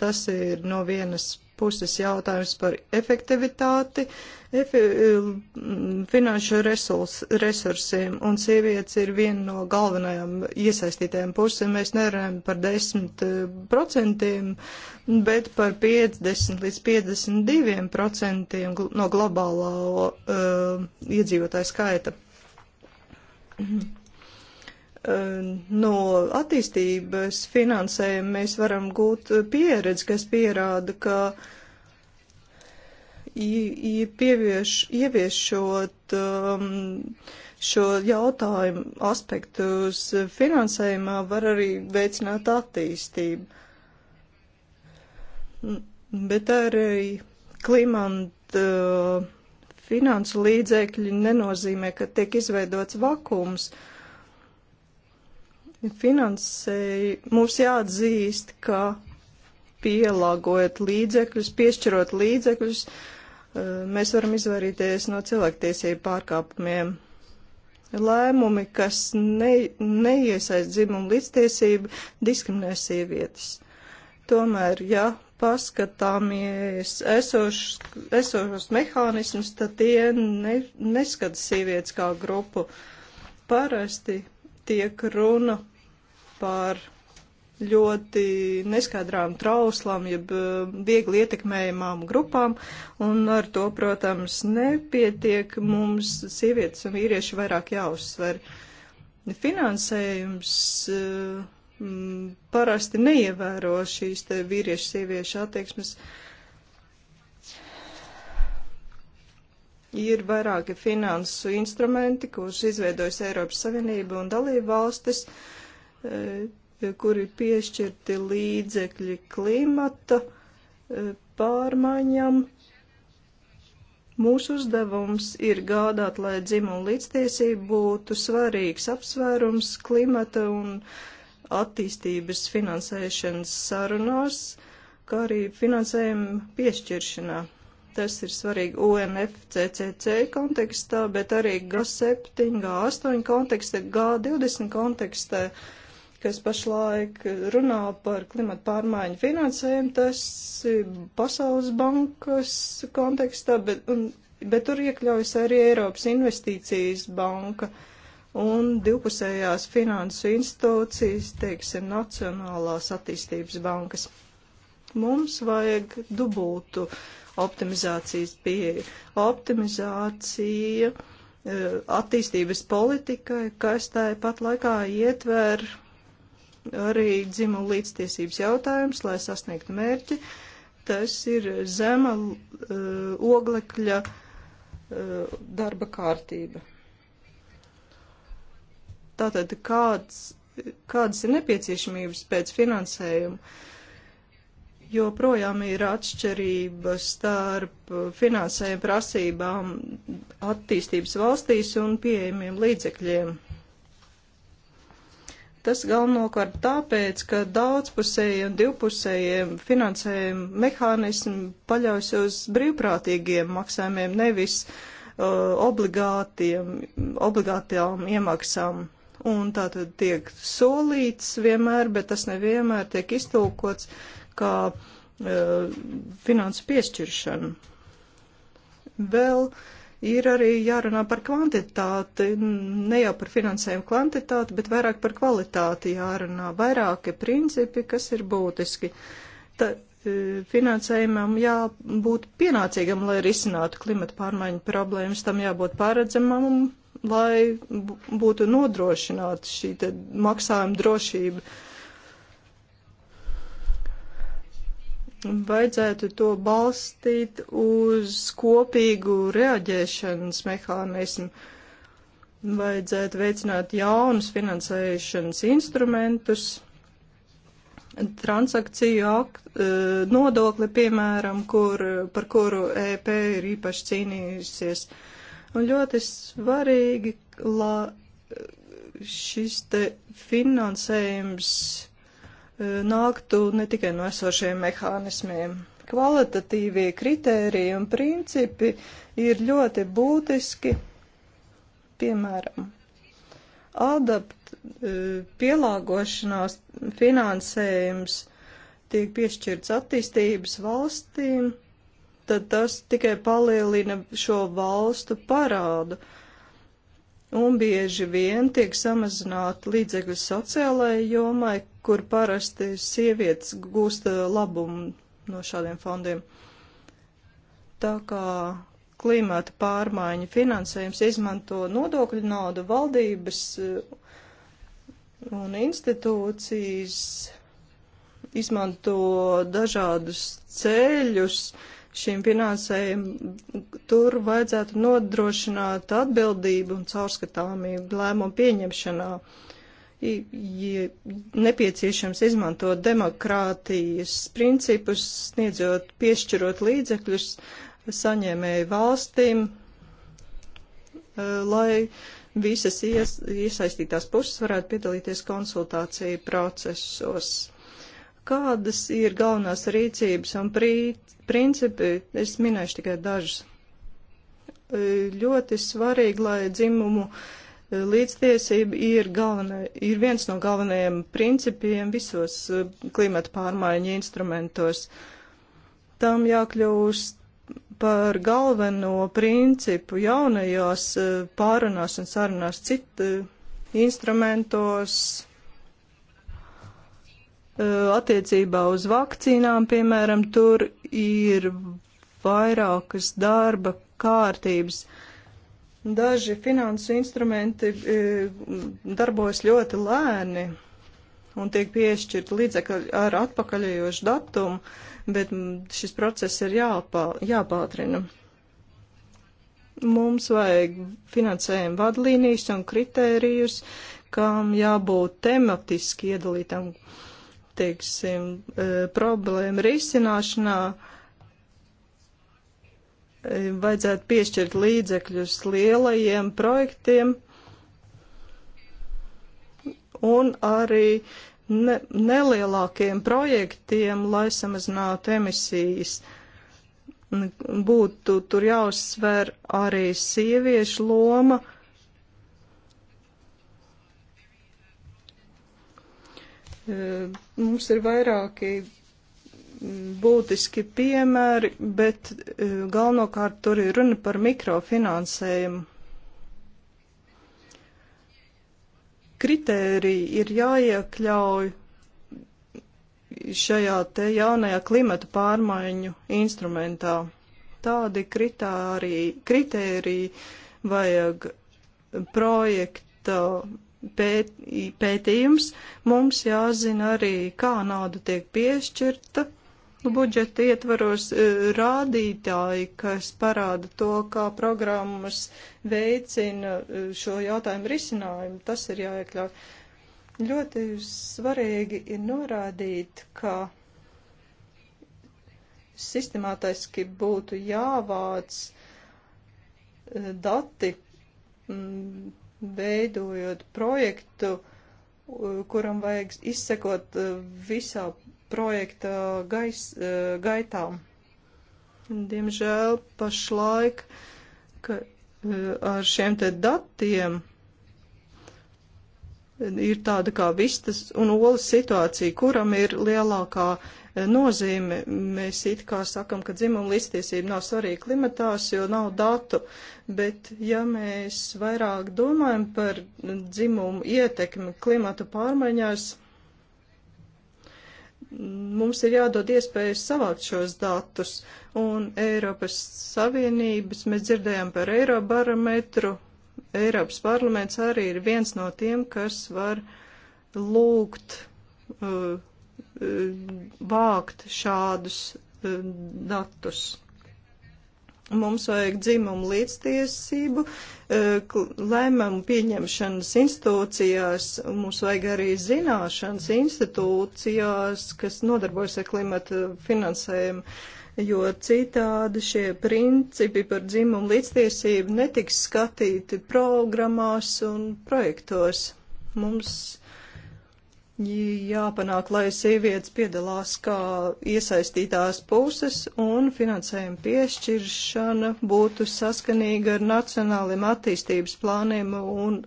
Tas ir no vienas puses jautājums par efektivitāti, uh, Mm, finanšu resurs, resursiem, un sievietes ir viena no galvenajām iesaistītajām pusēm. Mēs nerunājam par 10%, eh, bet par 50 līdz 52% no globālā uh, iedzīvotāja skaita. Eh, no attīstības finansējuma mēs varam gūt pieredzi, kas pierāda, ka uh, ievieš, ieviešot um, šo jautājumu aspektu uz finansējumā, var arī veicināt attīstību. Bet arī klimata uh, finansu līdzekļi nenozīmē, ka tiek izveidots vakums. Finansēji mums jāatzīst, ka pielāgojot līdzekļus, piešķirot līdzekļus, uh, Eh, mēs varam izvairīties no cilvēktiesību pārkāpumiem. Lēmumi, kas ne, neiesaist dzimumu līdztiesību, diskriminē sievietes. Tomēr, ja paskatāmies esošos, esošos mehānismus, tad tie ne, neskata sievietes kā grupu. Parasti tiek runa par ļoti neskaidrām trauslām, jeb eh, viegli ietekmējumām grupām, un ar to, protams, nepietiek mums sievietes un vīrieši vairāk jāuzsver. Finansējums eh, parasti neievēro šīs te vīriešu sieviešu attieksmes. Ir vairāki finansu instrumenti, kurus izveidojas Eiropas Savienība un dalība valstis eh, kur ir piešķirti līdzekļi klimata e, pārmaiņam. Mūsu uzdevums ir gādāt, lai dzimuma līdztiesība būtu svarīgs apsvērums klimata un attīstības finansēšanas sarunās, kā arī finansējuma piešķiršanā. Tas ir svarīgi UNFCCC kontekstā, bet arī G7, G8 kontekstā, G20 kontekstā. Uh, kas pašlaik runā par klimatu pārmaiņu finansējumu, tas Pasaules bankas kontekstā, bet, un, bet tur iekļaujas arī Eiropas investīcijas banka un divpusējās finansu institūcijas, teiksim, Nacionālās attīstības bankas. Mums vajag dubultu optimizācijas pieeja. Optimizācija eh, attīstības politikai, kas tāpat laikā ietver arī dzimumu līdztiesības jautājums, lai sasniegtu mērķi. Tas ir zema uh, oglekļa uh, darba kārtība. Tātad kāds, kādas ir nepieciešamības pēc finansējuma? Jo projām ir atšķirība starp finansējuma prasībām attīstības valstīs un pieejamiem līdzekļiem Tas galvenokārt tāpēc, ka daudzpusējie un divpusējie finansējuma mehānismi paļaujas uz brīvprātīgiem maksājumiem, nevis uh, obligātām iemaksām. Un tā tad tiek solīts vienmēr, bet tas nevienmēr tiek iztulkots kā uh, finansu piešķiršana. Vēl uh, ir arī jārunā par kvantitāti, ne jau par finansējumu kvantitāti, bet vairāk par kvalitāti jārunā, vairāki principi, kas ir būtiski. Ta, e, finansējumam jābūt pienācīgam, lai risinātu klimata pārmaiņu problēmas, tam jābūt paredzamam, lai būtu nodrošināta šī maksājuma drošība. Uh, vajadzētu to balstīt uz kopīgu reaģēšanas mehānismu. Vajadzētu veicināt jaunus finansēšanas instrumentus, transakciju akt, eh, nodokli, piemēram, kur, par kuru EP ir īpaši cīnījusies. Un ļoti svarīgi, lai šis te finansējums E, nāktu ne tikai no esošiem mehānismiem. Kvalitatīvie kritēriji un principi ir ļoti būtiski, piemēram, adapt, e, pielāgošanās finansējums tiek piešķirts attīstības valstīm, tad tas tikai palielina šo valstu parādu. Un bieži vien tiek samazināta līdzekļu sociālajai jomai, kur parasti sievietes gūst eh, labumu no šādiem fondiem. Tā kā klimata pārmaiņu finansējums izmanto nodokļu naudu valdības eh, un institūcijas, izmanto dažādus ceļus šim finansējumam, tur vajadzētu nodrošināt atbildību un caurskatāmību lēmumu pieņemšanā. Uh, nepieciešams izmantot demokrātijas principus, sniedzot, piešķirot līdzekļus saņēmēju valstīm, eh, lai visas ies, iesaistītās puses varētu piedalīties konsultāciju procesos. Kādas ir galvenās rīcības un prī, principi? Es minēšu tikai dažus. Eh, ļoti svarīgi, lai dzimumu uh, Līdztiesība ir, galvenā, ir viens no galvenajiem principiem visos eh, klimata pārmaiņu instrumentos. Tam jākļūst par galveno principu jaunajās eh, pārunās un sarunās citu eh, instrumentos attiecībā uz vakcīnām, piemēram, tur ir vairākas darba kārtības. Uh, Daži finansu instrumenti e, darbojas ļoti lēni un tiek piešķirta līdzekļi ar atpakaļējošu datumu, bet šis process ir jāpā, jāpātrina. Mums vajag finansējumu vadlīnijas un kritērijus, kam jābūt tematiski iedalītam, teiksim, e, problēmu risināšanā vajadzētu piešķirt līdzekļus lielajiem projektiem un arī ne, nelielākiem projektiem, lai samazinātu emisijas. Būtu tur jāuzsver arī sieviešu loma. E, mums ir vairāki būtiski piemēri, bet e, galvenokārt tur ir runa par mikrofinansējumu. Kritēriji ir jāiekļauj šajā te jaunajā klimata pārmaiņu instrumentā. Tādi kritāriji, kritēriji vajag projekta pēt, pētījums. Mums jāzina arī, kā nauda tiek piešķirta Nu, budžeta ietvaros e, rādītāji, kas parāda to, kā programmas veicina e, šo jautājumu risinājumu. Tas ir jāiekļauj. Ļoti svarīgi ir norādīt, ka sistemātiski būtu jāvāc e, dati, veidojot projektu, kuram vajag izsekot visā projekta gais, eh, gaitā. Diemžēl pašlaik ka, eh, ar šiem te datiem ir tāda kā vistas un olas situācija, kuram ir lielākā eh, nozīme. Mēs it kā sakam, ka dzimuma līdztiesība nav svarīga klimatās, jo nav datu, bet ja mēs vairāk domājam par dzimumu ietekmi klimata pārmaiņās, mums ir jādod iespējas savākt šos datus. Un Eiropas Savienības mēs dzirdējām par Eirobarometru. Eiropas parlaments arī ir viens no tiem, kas var lūgt uh, uh, vākt šādus uh, datus. Mums vajag dzimumu līdztiesību, e, lēmumu pieņemšanas institūcijās, mums vajag arī zināšanas institūcijās, kas nodarbojas ar klimata finansējumu, jo citādi šie principi par dzimumu līdztiesību netiks skatīti programmās un projektos. Mums jāpanāk, lai sievietes piedalās kā iesaistītās puses un finansējuma piešķiršana būtu saskanīga ar nacionāliem attīstības plāniem un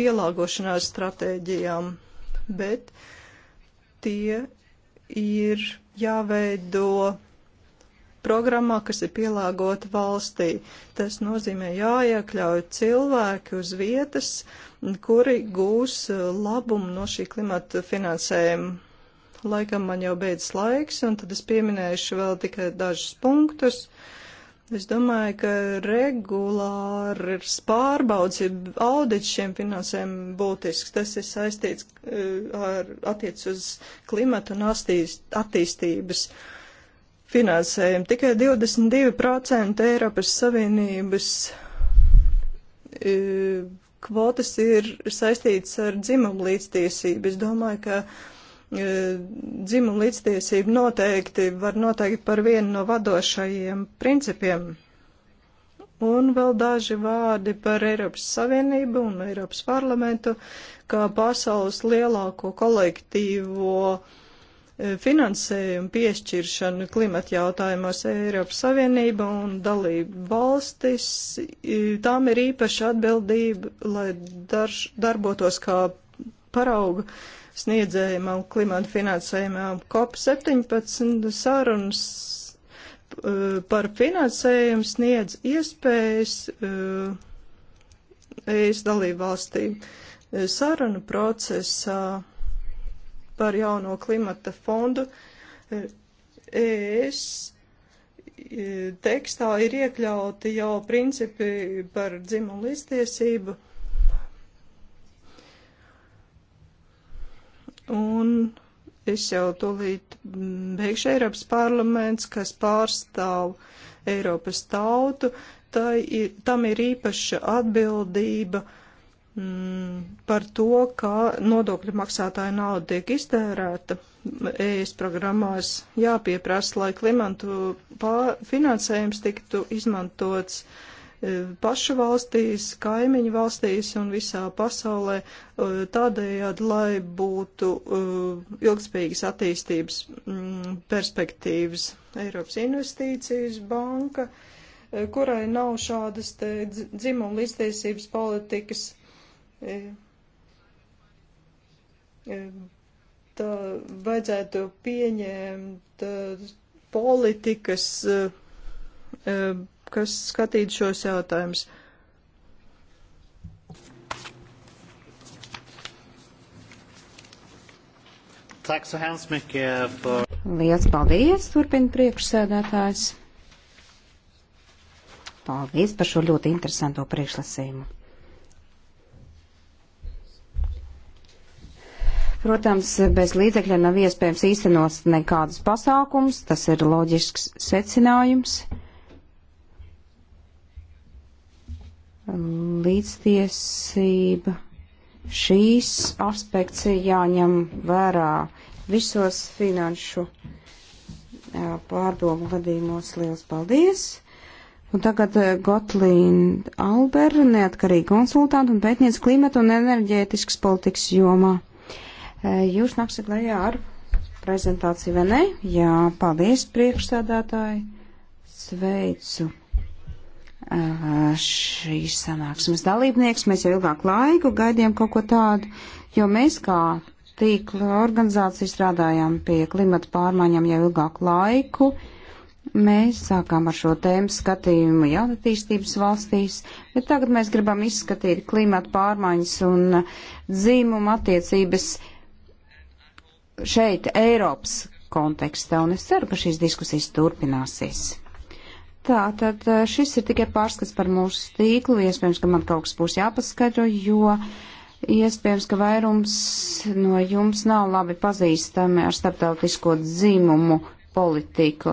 pielāgošanās stratēģijām. Bet tie ir jāveido programmā, kas ir pielāgota valstī. Tas nozīmē jāiekļauj cilvēki uz vietas, kuri gūs labumu no šī klimata finansējuma. Laikam man jau beidzas laiks, un tad es pieminēšu vēl tikai dažus punktus. Es domāju, ka regulārs pārbaudas, ja audits šiem finansēm būtisks, tas ir saistīts eh, ar attiec uz klimatu un attīstības. Uh, finansējumu. Tikai 22% Eiropas Savienības e, kvotas ir saistītas ar dzimumu līdztiesību. Es domāju, ka e, dzimumu līdztiesība noteikti var noteikt par vienu no vadošajiem principiem. Un vēl daži vārdi par Eiropas Savienību un Eiropas parlamentu, kā pasaules lielāko kolektīvo uh, E, finansējumu piešķiršanu klimata jautājumos Eiropas Savienība un dalība valstis, tām ir īpaša atbildība, lai darš, darbotos kā parauga sniedzējumā un klimata finansējumā. COP17 sarunas e, par finansējumu sniedz iespējas ES dalību valstīm e, sarunu procesā par jauno klimata fondu. ES e, tekstā ir iekļauti jau principi par dzimumu līdztiesību. Un es jau tūlīt beigšu Eiropas parlaments, kas pārstāv Eiropas tautu, tai ir, tam ir īpaša atbildība uh, Mm, par to, kā nodokļu maksātāja nauda tiek iztērēta ES programmās, jāpieprasa, lai klimatu finansējums tiktu izmantots e, pašu valstīs, kaimiņu valstīs un visā pasaulē, e, tādējādi, lai būtu e, ilgspējīgas attīstības mm, perspektīvas. Eiropas investīcijas banka, kurai nav šādas dzimuma līdztiesības politikas E, e, tā vajadzētu pieņemt e, politikas, kas skatītu šos jautājumus. Liels paldies, turpina priekšsēdētājs. Paldies par šo ļoti interesanto priekšlasījumu. Protams, bez līdzekļa nav iespējams īstenot nekādas pasākums, tas ir loģisks secinājums. Līdztiesība. Šīs aspekts ir jāņem vērā visos finanšu pārdomu gadījumos. Liels paldies! Un tagad Gotlīna Alberta, neatkarīga konsultanta un pētniece klimata un enerģētiskas politikas jomā. Jūs nāksiet lejā ar prezentāciju, vai ne? Jā, paldies priekšsēdētāji. Sveicu šīs sanāksmes dalībnieks. Mēs jau ilgāk laiku gaidījām kaut ko tādu, jo mēs kā tīkla organizācija strādājām pie klimata pārmaiņām jau ilgāku laiku. Mēs sākām ar šo tēmu skatījumu jaunatīstības valstīs, bet tagad mēs gribam izskatīt klimata pārmaiņas un dzīmumu attiecības šeit Eiropas kontekstā, un es ceru, ka šīs diskusijas turpināsies. Tā, tad eh, šis ir tikai pārskats par mūsu tīklu, iespējams, ka man kaut kas būs jāpaskaidro, jo iespējams, ka vairums no jums nav labi pazīstami ar starptautisko dzimumu politiku,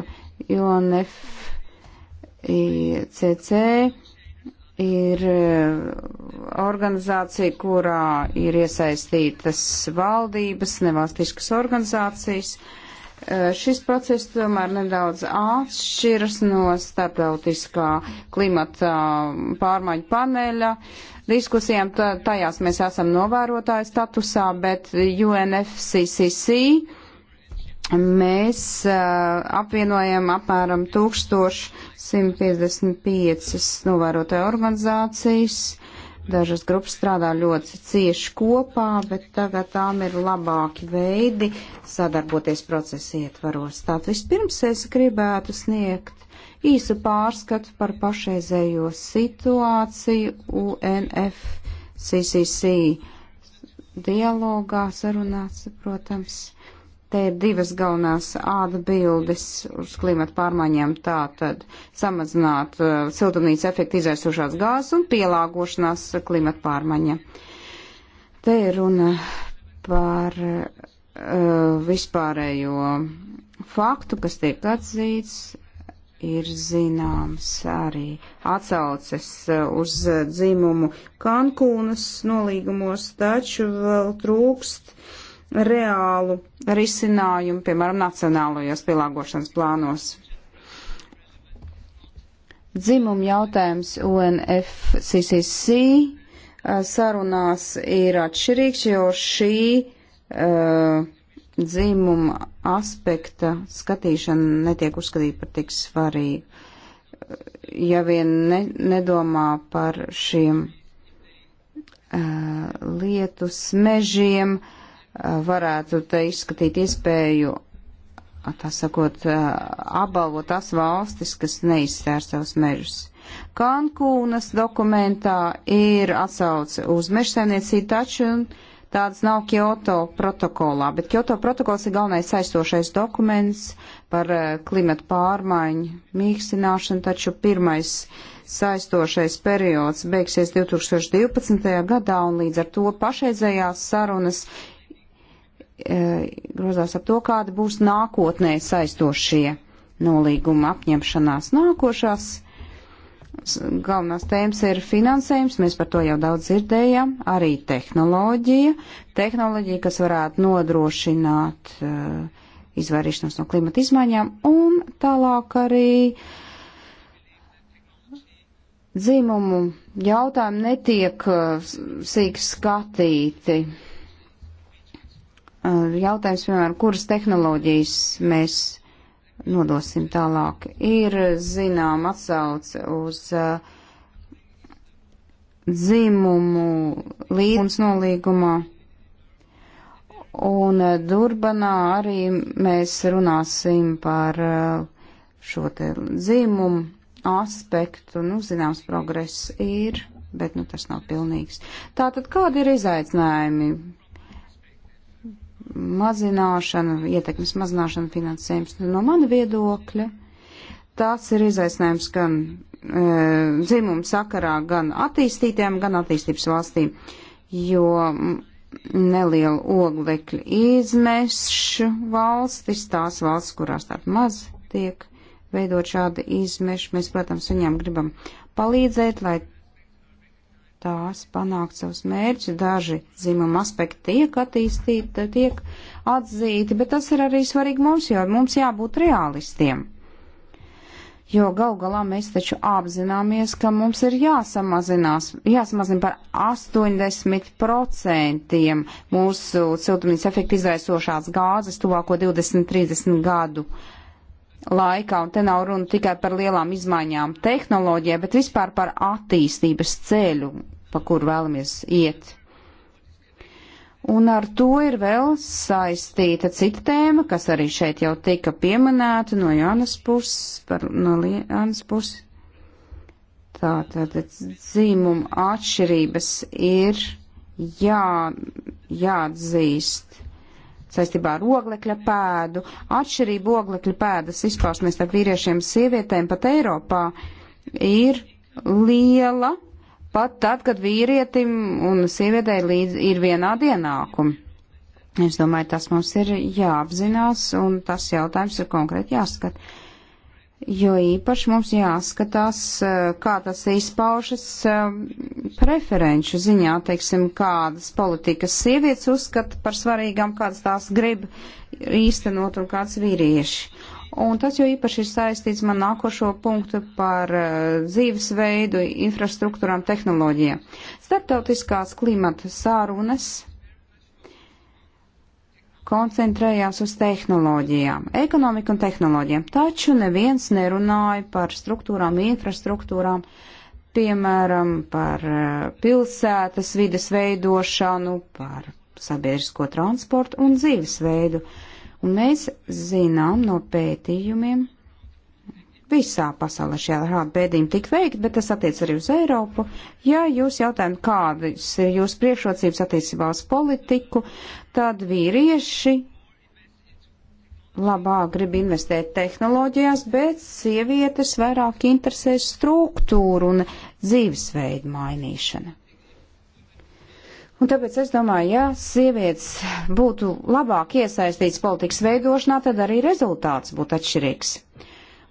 jo NFCC ir e, organizācija, kurā ir iesaistītas valdības, nevalstiskas organizācijas. E, šis process tomēr nedaudz atšķiras no starptautiskā klimata pārmaiņu paneļa diskusijām. Tajās mēs esam novērotāju statusā, bet UNFCCC mēs apvienojam apmēram 1155 novērotāju organizācijas. Dažas grupas strādā ļoti cieši kopā, bet tagad tām ir labāki veidi sadarboties procesa ietvaros. Tātad vispirms es gribētu sniegt īsu pārskatu par pašreizējo situāciju UNFCCC dialogā sarunāts, protams. Uh, Te ir divas galvenās atbildes uz klimatu pārmaiņām. Tā tad samazināt uh, siltumnīca efektu izraisošās gāzes un pielāgošanās klimatu pārmaiņām. Te ir runa par uh, vispārējo faktu, kas tiek atzīts, ir zināms arī atsauces uh, uz dzimumu Kankūnas nolīgumos, taču vēl trūkst uh, reālu risinājumu, piemēram, nacionālajos pielāgošanas plānos. Dzimuma jautājums UNFCCC sarunās ir atšķirīgs, jo šī uh, dzimuma aspekta skatīšana netiek uzskatīta par tik svarīgu. Ja vien ne, nedomā par šiem uh, lietu smežiem, uh, varētu te izskatīt iespēju, tā sakot, apbalvot tās valstis, kas neizsēr savus mežus. Kankūnas dokumentā ir atsauce uz mežsaimniecību, taču tāds nav Kyoto protokolā, bet Kyoto protokols ir galvenais saistošais dokuments par eh, klimatu pārmaiņu mīkstināšanu, taču pirmais saistošais periods beigsies 2012. gadā, un līdz ar to pašreizējās sarunas E, grozās ap to, kāda būs nākotnē saistošie nolīguma apņemšanās nākošās. Galvenās tēmas ir finansējums, mēs par to jau daudz dzirdējām, arī tehnoloģija, tehnoloģija, kas varētu nodrošināt uh, izvairīšanos no klimata izmaiņām, un tālāk arī dzimumu jautājumi netiek uh, sīk skatīti jautājums, piemēram, kuras tehnoloģijas mēs nodosim tālāk, ir zinām atsauce uz uh, dzimumu līgums nolīgumā. Un uh, Durbanā arī mēs runāsim par uh, šo te dzimumu aspektu, nu, zināms, progress ir, bet, nu, tas nav pilnīgs. Tātad, kādi ir izaicinājumi mazināšana, ietekmes mazināšana finansējums. Nu, no mana viedokļa tāds ir izaicinājums gan e, dzimumu sakarā, gan attīstītām, gan attīstības valstīm, jo neliela oglekļa izmešu valstis, tās valstis, kurās tād maz tiek veidot šādi izmeši, mēs, protams, viņām gribam palīdzēt, lai tās panākt savus mērķus. Daži zīmuma aspekti tiek attīstīti, tiek atzīti, bet tas ir arī svarīgi mums, jo mums jābūt realistiem. Jo gal galā mēs taču apzināmies, ka mums ir jāsamazinās, jāsamazina par 80% mūsu siltumnīca efekta izraisošās gāzes tuvāko 20-30 gadu laikā, un te nav runa tikai par lielām izmaiņām tehnoloģijā, bet vispār par attīstības ceļu, pa kur vēlamies iet. Un ar to ir vēl saistīta cita tēma, kas arī šeit jau tika pieminēta no Jānas puses, par, no Jānas puses. Tā tad dzīmuma atšķirības ir jā, jāatzīst saistībā ar oglekļa pēdu. Atšķirība oglekļa pēdas izpausmēs starp vīriešiem un sievietēm pat Eiropā ir liela, pat tad, kad vīrietim un sievietei līdz ir vienādi ienākumi. Es domāju, tas mums ir jāapzinās, un tas jautājums ir konkrēti jāskat. Uh, jo īpaši mums jāskatās, eh, kā tas izpaužas eh, preferenču ziņā, teiksim, kādas politikas sievietes uzskata par svarīgām, kādas tās grib īstenot un kāds vīrieši. Un tas jau īpaši ir saistīts man nākošo punktu par eh, dzīvesveidu, infrastruktūrām, tehnoloģijām. Starptautiskās klimata sārunas koncentrējās uz tehnoloģijām, ekonomiku un tehnoloģijām, taču neviens nerunāja par struktūrām, infrastruktūrām, piemēram, par eh, pilsētas vides veidošanu, par sabiedrisko transportu un dzīvesveidu. Un mēs zinām no pētījumiem, visā pasaulē šie rādu pēdījumi tik veikti, bet tas attiec arī uz Eiropu. Ja jūs jautājat, kādas ir jūsu priekšrocības attiecībā uz politiku, tad vīrieši labāk grib investēt tehnoloģijās, bet sievietes vairāk interesē struktūru un dzīvesveidu mainīšana. Un tāpēc es domāju, ja sievietes būtu labāk iesaistīts politikas veidošanā, tad arī rezultāts būtu atšķirīgs.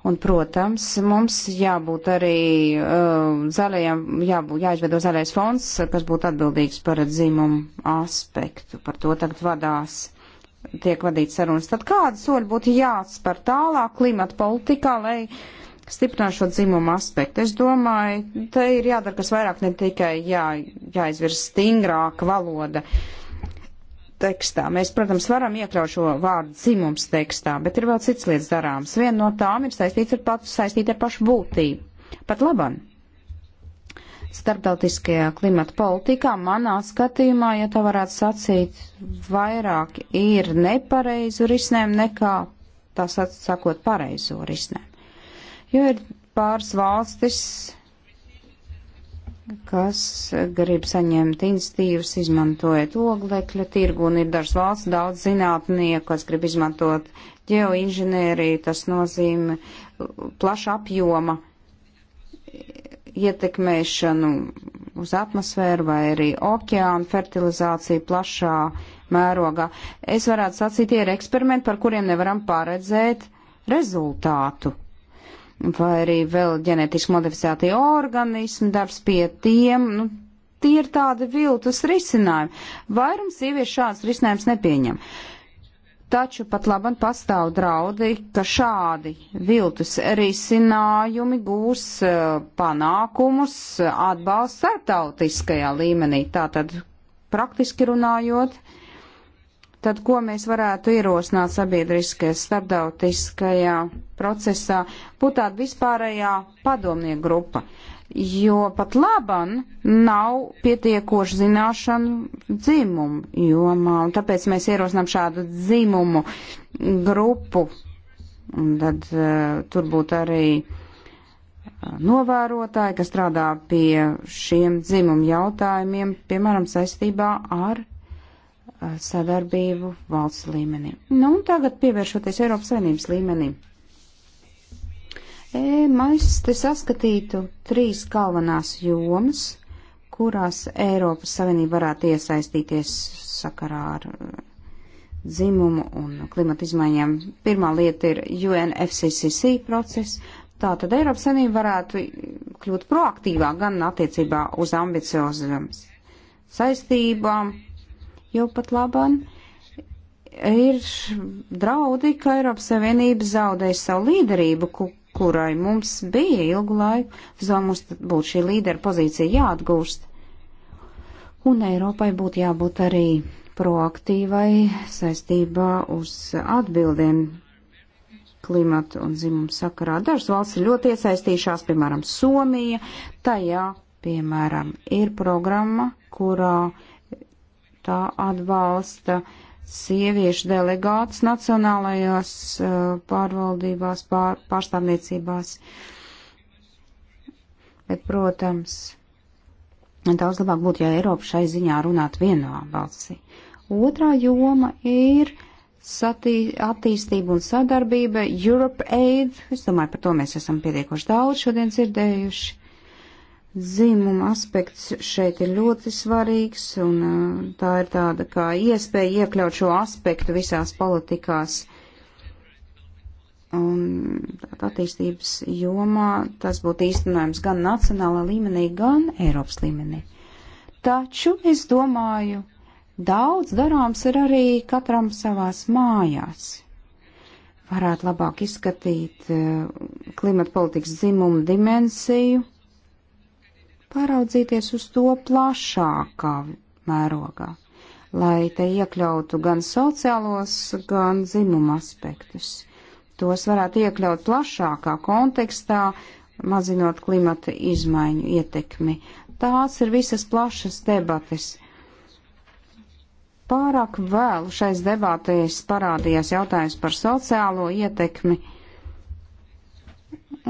Un, protams, mums jābūt arī uh, zaļajam, jābūt, jāizveido zaļais fonds, kas būtu atbildīgs par dzimumu aspektu. Par to tagad vadās, tiek vadīts sarunas. Tad kādas soļi būtu jāspēr tālāk klimata politikā, lai stiprinātu šo dzimumu aspektu? Es domāju, te ir jādara kas vairāk, ne tikai jā, jāizvirs stingrāka valoda. Uh, tekstā. Mēs, protams, varam iekļaut šo vārdu dzimums tekstā, bet ir vēl cits lietas darāms. Viena no tām ir saistīta ar, pat, saistīta ar pašu būtību. Pat laban. Starptautiskajā klimata politikā, manā skatījumā, ja tā varētu sacīt, vairāk ir nepareizu risinājumu nekā, tā sakot, pareizo risinājumu. Jo ir pāris valstis, kas grib saņemt institīvas, izmantojot oglekļa tirgu, un ir dažs valsts daudz zinātnieku, kas grib izmantot ģeoinženēriju, tas nozīmē plaša apjoma ietekmēšanu uz atmosfēru vai arī okeānu fertilizāciju plašā mērogā. Es varētu sacīt, tie ir eksperimenti, par kuriem nevaram paredzēt rezultātu vai arī vēl ģenētiski modificētie organismi, darbs pie tiem. Nu, tie ir tādi viltus risinājumi. Vairums sieviešu šāds risinājums nepieņem. Taču pat labam pastāv draudi, ka šādi viltus risinājumi gūs eh, panākumus eh, atbalsts starptautiskajā līmenī. Tātad praktiski runājot, uh, Tad, ko mēs varētu ierosināt sabiedriskajā starptautiskajā procesā, būtu tāda vispārējā padomnieku grupa, jo pat laban nav pietiekoši zināšanu dzimumu jomā, un tāpēc mēs ierosinām šādu dzimumu grupu, un tad uh, tur būtu arī eh, novērotāji, kas strādā pie šiem dzimumu jautājumiem, piemēram, saistībā ar Uh, sadarbību valsts līmenī. Nu, un tagad pievēršoties Eiropas Savienības līmenī. E, mēs te saskatītu trīs galvenās jomas, kurās Eiropas Savienība varētu iesaistīties sakarā ar uh, dzimumu un klimatu izmaiņām. Pirmā lieta ir UNFCCC process. Tā tad Eiropas Savienība varētu kļūt proaktīvāk gan attiecībā uz ambiciozām saistībām, jo pat labāk ir draudi, ka Eiropas Savienība zaudēs savu līderību, ku, kurai mums bija ilgu laiku, vēl mums būtu šī līdera pozīcija jāatgūst. Un Eiropai būtu jābūt arī proaktīvai saistībā uz atbildēm klimatu un zimumu sakarā. Dažas valsts ir ļoti iesaistījušās, piemēram, Somija. Tajā, piemēram, ir programma, kurā tā atbalsta sieviešu delegātus nacionālajās uh, pārvaldībās, pār, pārstāvniecībās. Bet, protams, daudz labāk būtu, ja Eiropa šai ziņā runātu vienā balsī. Otrā joma ir satī, attīstība un sadarbība, Europe Aid. Es domāju, par to mēs esam pietiekoši daudz šodien dzirdējuši. Zīmuma aspekts šeit ir ļoti svarīgs, un uh, tā ir tāda kā iespēja iekļaut šo aspektu visās politikās. Un attīstības jomā tas būtu īstenojams gan nacionālā līmenī, gan Eiropas līmenī. Taču, es domāju, daudz darāms ir arī katram savās mājās. Varētu labāk izskatīt uh, klimata politikas dzimumu dimensiju paraudzīties uz to plašākā mērogā, lai te iekļautu gan sociālos, gan dzimuma aspektus. Tos varētu iekļaut plašākā kontekstā, mazinot klimata izmaiņu ietekmi. Tās ir visas plašas debates. Pārāk vēlu šais debatēs parādījās jautājums par sociālo ietekmi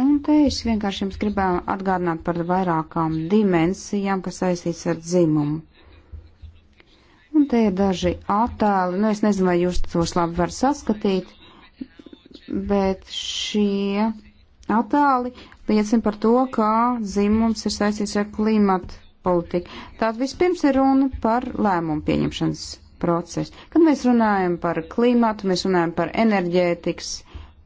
Un te es vienkārši jums gribēju atgādināt par vairākām dimensijām, kas saistīts ar dzimumu. Un te ir daži attēli, nu es nezinu, vai jūs tos labi var saskatīt, bet šie attēli liecina par to, kā dzimums ir saistīts ar klimatu politiku. Tātad vispirms ir runa par lēmumu pieņemšanas procesu. Kad mēs runājam par klimatu, mēs runājam par enerģētikas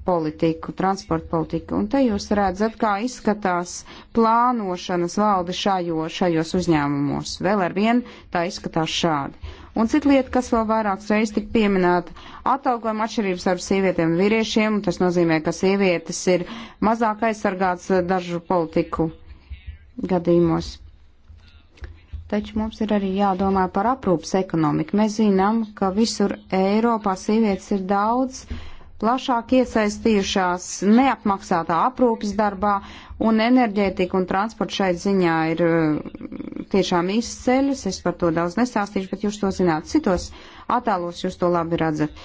politiku, transporta politiku. Un te jūs redzat, kā izskatās plānošanas valde šajo, šajos uzņēmumos. Vēl ar vienu tā izskatās šādi. Un cita lieta, kas vēl vairākas reizes tika pieminēta - atalgojuma atšķirības starp sievietēm un vīriešiem. Un tas nozīmē, ka sievietes ir mazāk aizsargāts dažu politiku gadījumos. Taču mums ir arī jādomā par aprūpas ekonomiku. Mēs zinām, ka visur Eiropā sievietes ir daudz plašāk iesaistījušās neapmaksātā aprūpes darbā, un enerģētika un transports šai ziņā ir eh, tiešām izceļas. Es par to daudz nestāstīšu, bet jūs to zināt. Citos attēlos jūs to labi redzat.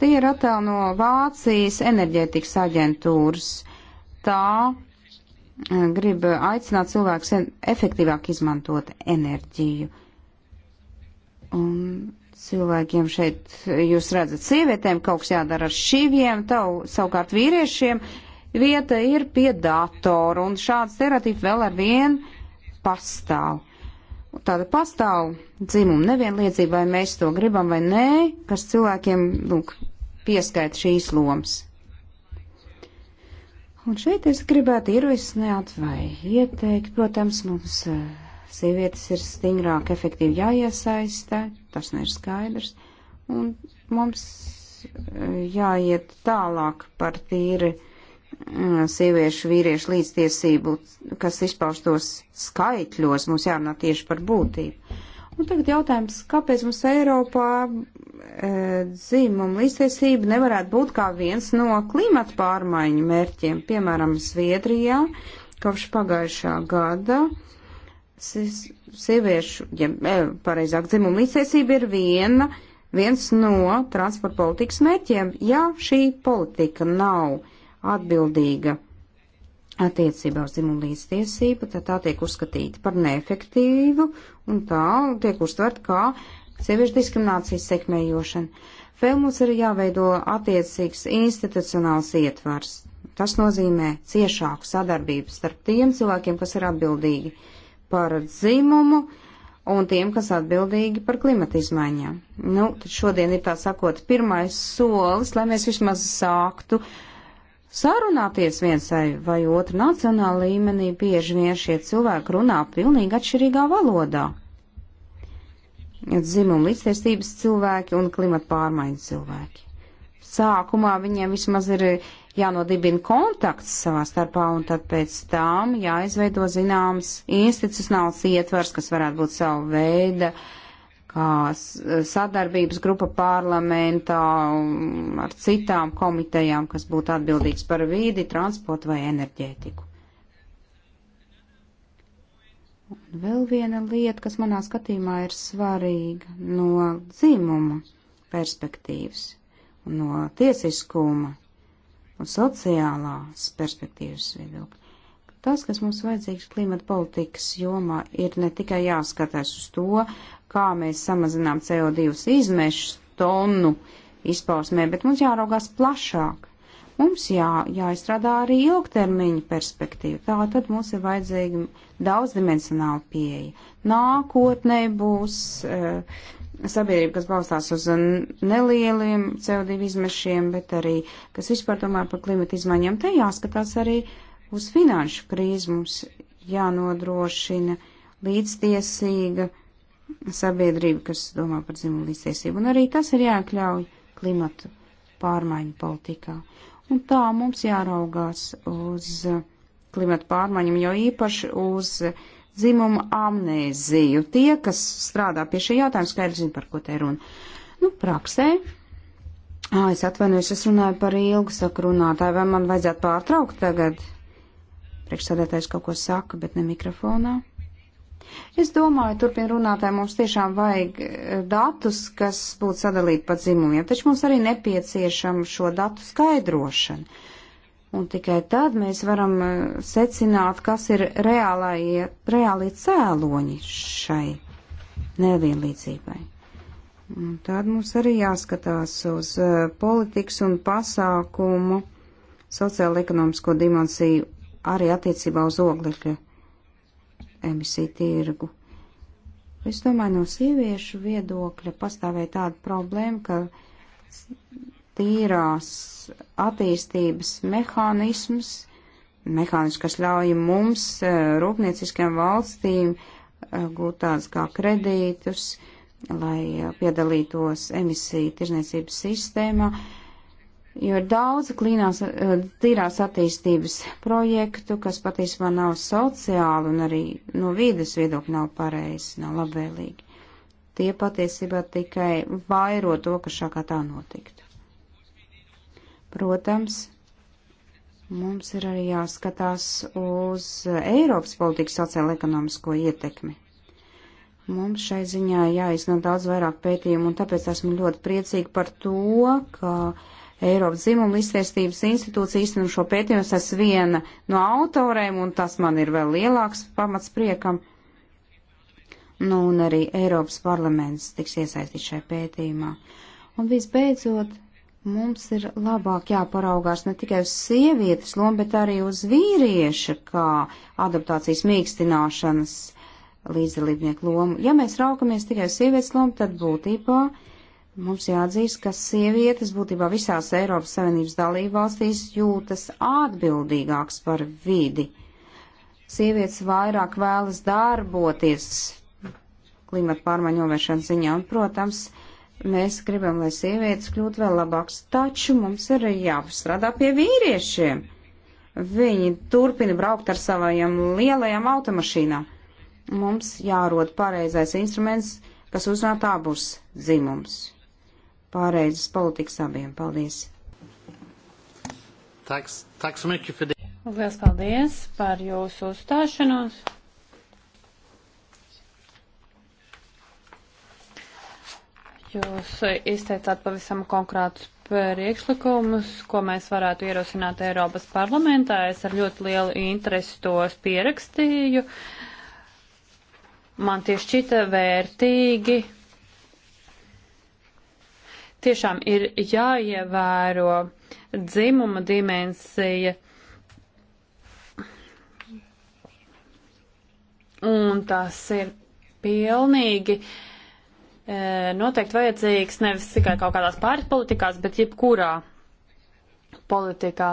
Tie ir attēli no Vācijas enerģētikas aģentūras. Tā eh, grib aicināt cilvēkus efektīvāk izmantot enerģiju. Un cilvēkiem šeit, jūs redzat, sievietēm kaut kas jādara ar šīviem, tavu, savukārt vīriešiem vieta ir pie datora, un šāds stereotips vēl ar vienu pastāv. Tāda pastāv dzimuma nevienlīdzība, vai mēs to gribam vai nē, kas cilvēkiem, lūk, pieskaita šīs lomas. Un šeit es gribētu ierosināt vai ieteikt, protams, mums eh, Sievietes ir stingrāk, efektīvi jāiesaista, tas nav skaidrs. Un mums e, jāiet tālāk par tīri e, sieviešu vīriešu līdztiesību, kas izpaustos skaitļos, mums jārunā tieši par būtību. Un tagad jautājums, kāpēc mums Eiropā e, dzimuma līdztiesība nevarētu būt kā viens no klimata pārmaiņu mērķiem, piemēram, Zviedrijā, kopš pagājušā gada. E, sieviešu, ja e, pareizāk dzimumu līdztiesība ir viena, viens no transporta politikas mērķiem. Ja šī politika nav atbildīga attiecībā uz dzimumu līdztiesību, tad tā tiek uzskatīta par neefektīvu un tā tiek uztvert kā sieviešu diskriminācijas sekmējošana. Vēl mums ir jāveido attiecīgs institucionāls ietvars. Tas nozīmē ciešāku sadarbību starp tiem cilvēkiem, kas ir atbildīgi uh, par dzimumu un tiem, kas atbildīgi par klimata izmaiņām. Nu, tad šodien ir tā sakot pirmais solis, lai mēs vismaz sāktu sarunāties viens vai otru nacionāla līmenī. Bieži vien šie cilvēki runā pilnīgi atšķirīgā valodā. Dzimuma līdztiesības cilvēki un klimata pārmaiņu cilvēki. Sākumā viņiem vismaz ir jānodibina kontakts savā starpā, un tad pēc tām jāizveido zināms institucionāls ietvers, kas varētu būt savu veidu, kā sadarbības grupa parlamentā ar citām komitejām, kas būtu atbildīgs par vīdi, transportu vai enerģētiku. Un vēl viena lieta, kas manā skatījumā ir svarīga no dzimuma perspektīvas un no tiesiskuma un sociālās perspektīvas viedokļa. Tas, kas mums vajadzīgs klimata politikas jomā, ir ne tikai jāskatās uz to, kā mēs samazinām CO2 izmešus tonu izpausmē, bet mums jāraugās plašāk. Mums jā, jāizstrādā arī ilgtermiņa perspektīva. Tā tad mums ir vajadzīga daudzdimensionāla pieeja. Nākotnē būs. Uh, sabiedrība, kas balstās uz nelieliem CO2 izmešiem, bet arī, kas vispār domā par klimatu izmaiņām, te jāskatās arī uz finanšu krīzi. Mums jānodrošina līdztiesīga sabiedrība, kas domā par dzimumu līdztiesību. Un arī tas ir jākļauj klimatu pārmaiņu politikā. Un tā mums jāraugās uz klimatu pārmaiņu, jo īpaši uz uh, dzimuma amnēziju. Tie, kas strādā pie šī jautājuma, skaidri zina, par ko te runa. Nu, praksē. Ā, es atvainojos, es runāju par ilgu saku runātāju, vai man vajadzētu pārtraukt tagad? Priekšsēdētājs kaut ko saka, bet ne mikrofonā. Es domāju, turpin runātāji, mums tiešām vajag datus, kas būtu sadalīti pa dzimumiem, taču mums arī nepieciešama šo datu skaidrošana Un tikai tad mēs varam eh, secināt, kas ir reālai, reāli cēloņi šai nevienlīdzībai. Un tad mums arī jāskatās uz eh, politikas un pasākumu sociāla-ekonomisko dimensiju arī attiecībā uz oglekļa emisiju tirgu. Es domāju, no sieviešu viedokļa pastāvēja tāda problēma, ka tīrās attīstības mehānisms, mehānisms, kas ļauj mums, eh, rūpnieciskiem valstīm, eh, gūt tādus kā kredītus, lai eh, piedalītos emisiju tirzniecības sistēmā, jo ir daudz klīnās, tīrās attīstības projektu, kas patiesībā nav sociāli un arī no vīdes viedokļa nav pareizi, nav labvēlīgi. Tie patiesībā tikai vairo to, ka šā kā tā notiktu. Protams, mums ir arī jāskatās uz Eiropas politikas sociāla-ekonomisko ietekmi. Mums šai ziņā jāizsniedz daudz vairāk pētījumu, un tāpēc esmu ļoti priecīga par to, ka Eiropas dzimuma iztiestības institūcija īstenot šo pētījumu. Es esmu viena no autoriem, un tas man ir vēl lielāks pamats priekam. Nu, un arī Eiropas parlaments tiks iesaistīts šajā pētījumā. Un visbeidzot, Mums ir labāk jāparaugās ne tikai uz sievietes lomu, bet arī uz vīrieša kā adaptācijas mīkstināšanas līdzdalībnieku lomu. Ja mēs raugamies tikai uz sievietes lomu, tad būtībā mums jāatzīst, ka sievietes būtībā visās Eiropas Savienības dalībvalstīs jūtas atbildīgāks par vidi. Sievietes vairāk vēlas darboties klimata pārmaiņu novēršanas ziņā un, protams, Mēs gribam, lai sievietes kļūtu vēl labākas, taču mums ir jāpastrādā pie vīriešiem. Viņi turpina braukt ar savajām lielajām automašīnām. Mums jārod pareizais instruments, kas uzrunāt abus dzimums. Pārējais politikas abiem. Paldies! Taks, taks Lielas paldies par jūsu uzstāšanos! Jūs izteicāt pavisam konkrētus priekšlikumus, ko mēs varētu ierosināt Eiropas parlamentā. Es ar ļoti lielu interesi tos pierakstīju. Man tie šķita vērtīgi. Tiešām ir jāievēro dzimuma dimensija. Un tas ir pilnīgi uh, E, noteikti vajadzīgs nevis tikai kaut kādās pārpolitikās, bet jebkurā politikā.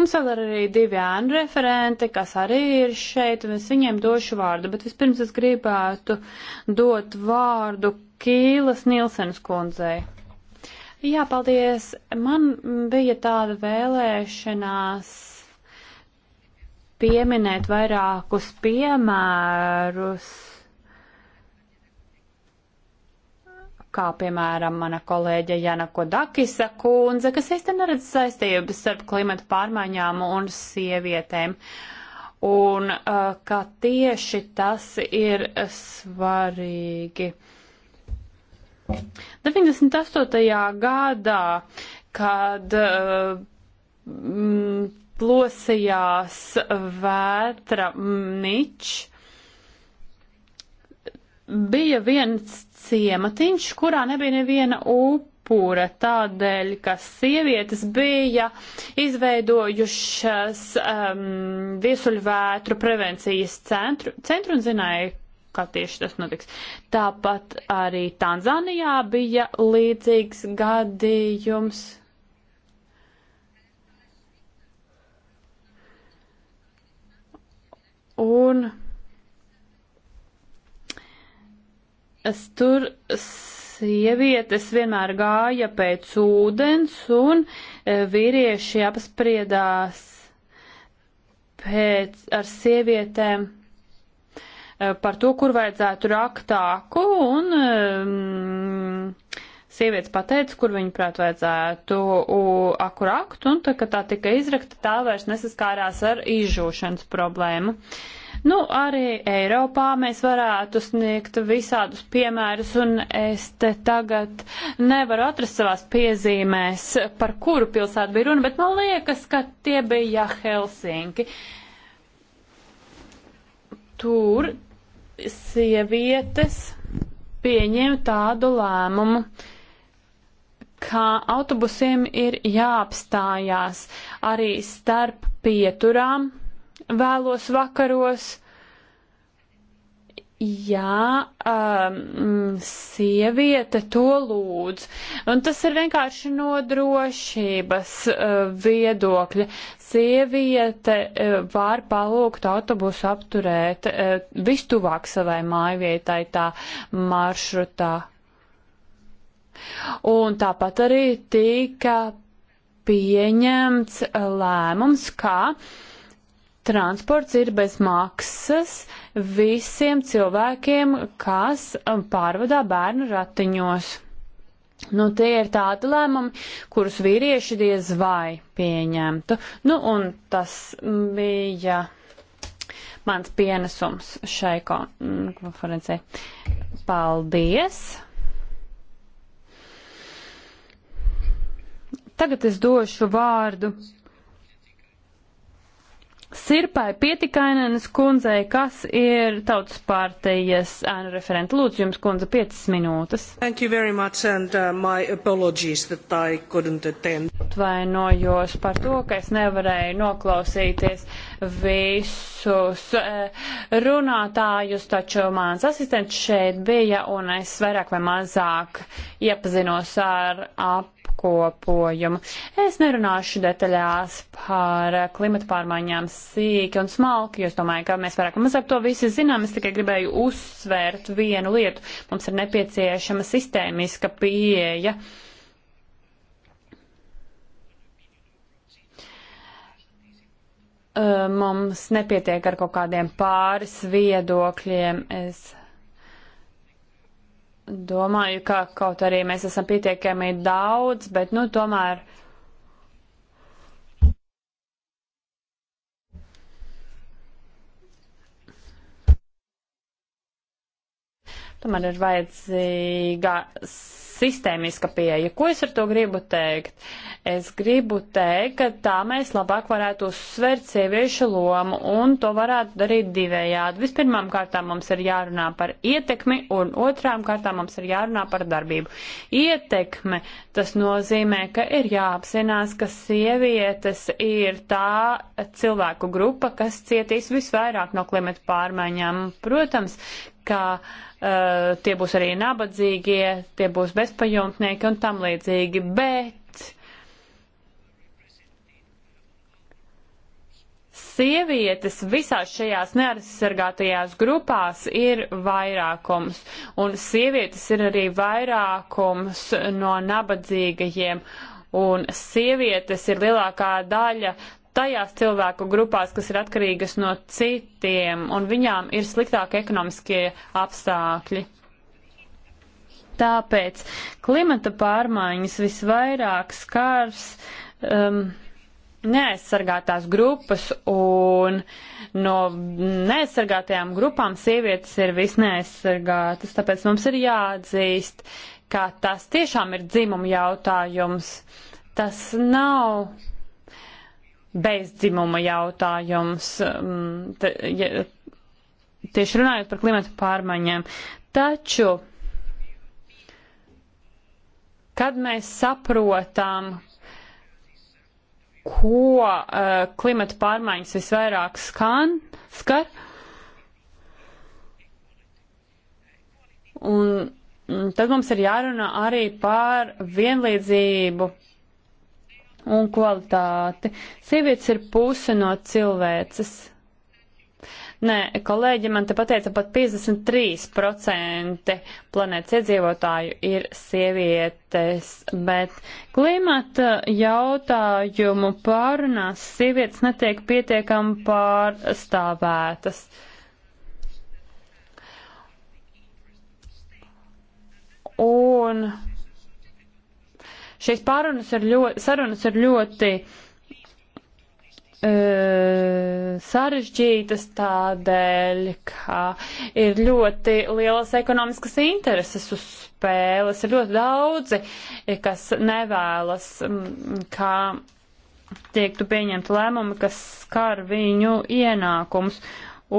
Mums vēl ir arī divi ēnu referenti, kas arī ir šeit, un es viņiem došu vārdu, bet vispirms es gribētu dot vārdu Kīlas Nilsenas kundzei. Jā, paldies. Man bija tāda vēlēšanās pieminēt vairākus piemērus kā piemēram mana kolēģa Jana Kodakisa kundze, kas īstenībā neredz saistības starp klimatu pārmaiņām un sievietēm. Un uh, ka tieši tas ir svarīgi. 98. gadā, kad mm, plosījās vētra nič, bija viens ciematiņš, kurā nebija neviena upura tādēļ, ka sievietes bija izveidojušas um, viesuļvētru prevencijas centru, centru un zināja, kā tieši tas notiks. Tāpat arī Tanzānijā bija līdzīgs gadījums. Un Es tur sievietes vienmēr gāja pēc ūdens un e, vīrieši apspriedās pēc ar sievietēm e, par to, kur vajadzētu raktāku un um, sievietes pateica, kur viņa prāt vajadzētu akurakt, un tā, kad tā tika izrakta, tā vairs nesaskārās ar izžūšanas problēmu. Uh, Nu, arī Eiropā mēs varētu sniegt visādus piemērus, un es te tagad nevaru atrast savās piezīmēs, par kuru pilsētu bija runa, bet man liekas, ka tie bija Helsinki. Tur sievietes pieņēma tādu lēmumu, ka autobusiem ir jāapstājās arī starp pieturām vēlos vakaros. Jā, um, sieviete to lūdz. Un tas ir vienkārši no drošības uh, viedokļa. Sieviete uh, var palūgt autobusu apturēt uh, vistuvāk savai mājvietai tā maršrutā. Un tāpat arī tika pieņemts lēmums, ka uh, transports ir bez maksas visiem cilvēkiem, kas um, pārvadā bērnu ratiņos. Nu, tie ir tādi lēmumi, kurus vīrieši diez vai pieņemtu. Nu, un tas bija mans pienesums šai konferencē. Paldies! Tagad es došu vārdu Sirpai Pietikainenes kundzei, kas ir tautas pārtejas ēnu referenta. Lūdzu, jums kundze 5 minūtes. Thank you very much and uh, my apologies that I couldn't attend. Atvainojos par to, ka es nevarēju noklausīties visus eh, runātājus, taču mans asistents šeit bija un es vairāk vai mazāk iepazinos ar ap apkopojumu. Es nerunāšu detaļās par klimata pārmaiņām sīki un smalki, jo es domāju, ka mēs vairāk mazāk to visi zinām. Es tikai gribēju uzsvērt vienu lietu. Mums ir nepieciešama sistēmiska pieeja. mums nepietiek ar kaut kādiem pāris viedokļiem. Es Domāju, ka kaut arī mēs esam pietiekami daudz, bet nu tomēr Tomēr ir vajadzīga sistēmiska pieeja. Ko es ar to gribu teikt? Es gribu teikt, ka tā mēs labāk varētu uzsvērt sieviešu lomu un to varētu darīt divējādi. Vispirmām kārtām mums ir jārunā par ietekmi un otrām kārtām mums ir jārunā par darbību. Ietekme tas nozīmē, ka ir jāapzinās, ka sievietes ir tā cilvēku grupa, kas cietīs visvairāk no klimata pārmaiņām. Protams, ka uh, Eh, tie būs arī nabadzīgie, tie būs bezpajumtnieki un tam līdzīgi, bet sievietes visās šajās neaizsargātajās grupās ir vairākums, un sievietes ir arī vairākums no nabadzīgajiem, un sievietes ir lielākā daļa tajās cilvēku grupās, kas ir atkarīgas no citiem, un viņām ir sliktāki ekonomiskie apstākļi. Tāpēc klimata pārmaiņas visvairāk skars um, neaizsargātās grupas, un no neaizsargātajām grupām sievietes ir visneaizsargātas. Tāpēc mums ir jāatzīst, ka tas tiešām ir dzimuma jautājums. Tas nav bezdzimuma jautājums, mm, te, ja, tieši runājot par klimatu pārmaiņām. Taču, kad mēs saprotam, ko uh, klimata pārmaiņas visvairāk skan, skar, un mm, tad mums ir jārunā arī par vienlīdzību un kvalitāti. Sievietes ir puse no cilvēces. Nē, kolēģi man te pateica, pat 53% planētas iedzīvotāju ir sievietes, bet klimata jautājumu pārunās sievietes netiek pietiekami pārstāvētas. Un Šīs pārunas ir ļoti, sarunas ir ļoti eh, sarežģītas tādēļ, ka ir ļoti lielas ekonomiskas intereses uz spēles, ir ļoti daudzi, eh, kas nevēlas, mm, kā tiektu pieņemti lēmumi, kas skar viņu ienākums.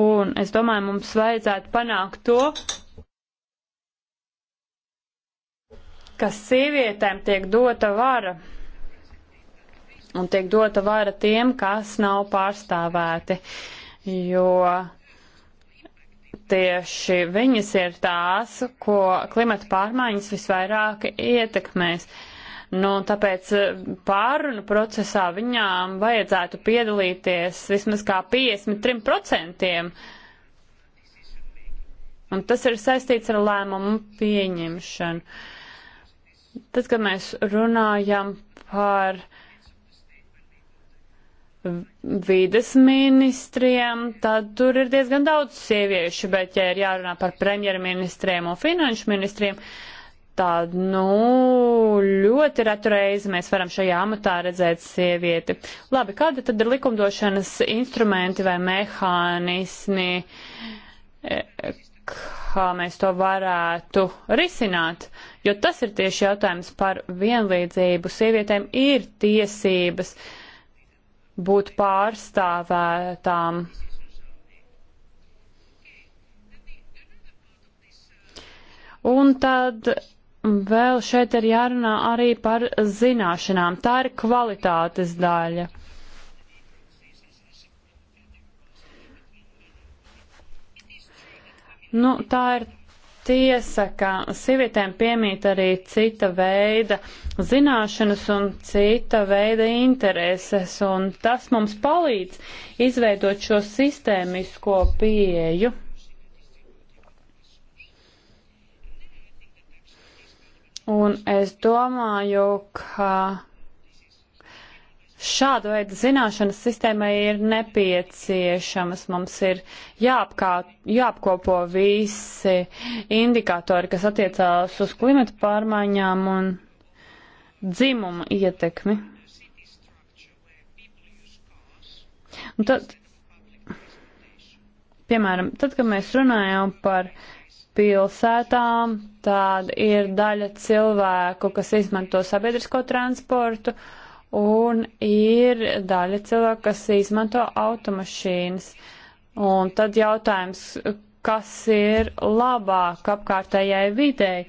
Un es domāju, mums vajadzētu panākt to, ka sievietēm tiek dota vara un tiek dota vara tiem, kas nav pārstāvēti, jo tieši viņas ir tās, ko klimata pārmaiņas visvairāk ietekmēs. Nu, tāpēc eh, pārunu procesā viņām vajadzētu piedalīties vismaz kā 53%. Un tas ir saistīts ar lēmumu pieņemšanu. Uh, Tad, kad mēs runājam par vides ministriem, tad tur ir diezgan daudz sieviešu, bet, ja ir jārunā par premjerministriem un finanšu ministriem, tad, nu, ļoti retu reizi mēs varam šajā amatā redzēt sievieti. Labi, kādi tad ir likumdošanas instrumenti vai mehānismi, e, e, kā mēs to varētu risināt? Uh, Jo tas ir tieši jautājums par vienlīdzību. Sievietēm ir tiesības būt pārstāvētām. Un tad vēl šeit ir jārunā arī par zināšanām. Tā ir kvalitātes daļa. Nu, tā ir tiesa, ka sievietēm piemīt arī cita veida zināšanas un cita veida intereses, un tas mums palīdz izveidot šo sistēmisko pieeju. Un es domāju, ka Šāda veida zināšanas sistēmai ir nepieciešamas. Mums ir jāapkā, jāapkopo visi indikatori, kas attiecās uz klimatu pārmaiņām un dzimumu ietekmi. Un tad, piemēram, tad, kad mēs runājam par pilsētām, tad ir daļa cilvēku, kas izmanto sabiedrisko transportu. Uh, un ir daļa cilvēku, kas izmanto automašīnas. Un tad jautājums, kas ir labāk apkārtējai videi?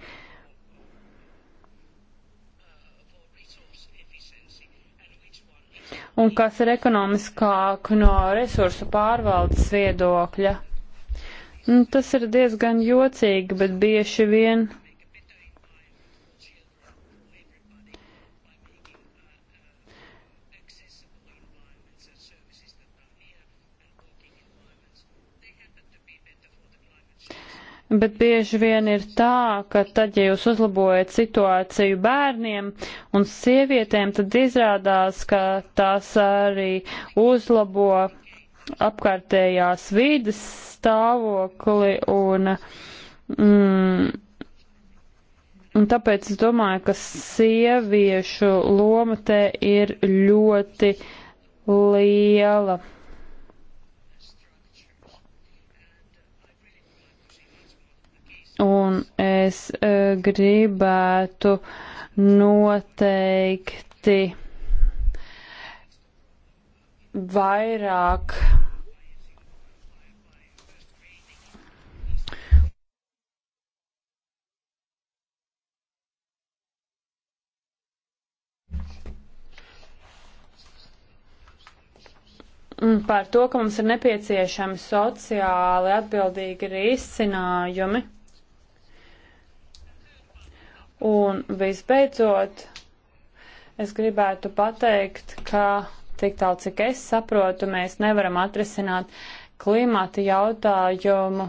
Un kas ir ekonomiskāk no resursu pārvaldes viedokļa? Un nu, tas ir diezgan jocīgi, bet bieži vien bet bieži vien ir tā, ka tad, ja jūs uzlabojat situāciju bērniem un sievietēm, tad izrādās, ka tās arī uzlabo apkārtējās vīdes stāvokli un, mm, un tāpēc es domāju, ka sieviešu loma te ir ļoti liela. Un es e, gribētu noteikti vairāk par to, ka mums ir nepieciešami sociāli atbildīgi risinājumi. Un visbeidzot, es gribētu pateikt, ka tik tālu, cik es saprotu, mēs nevaram atrisināt klimata jautājumu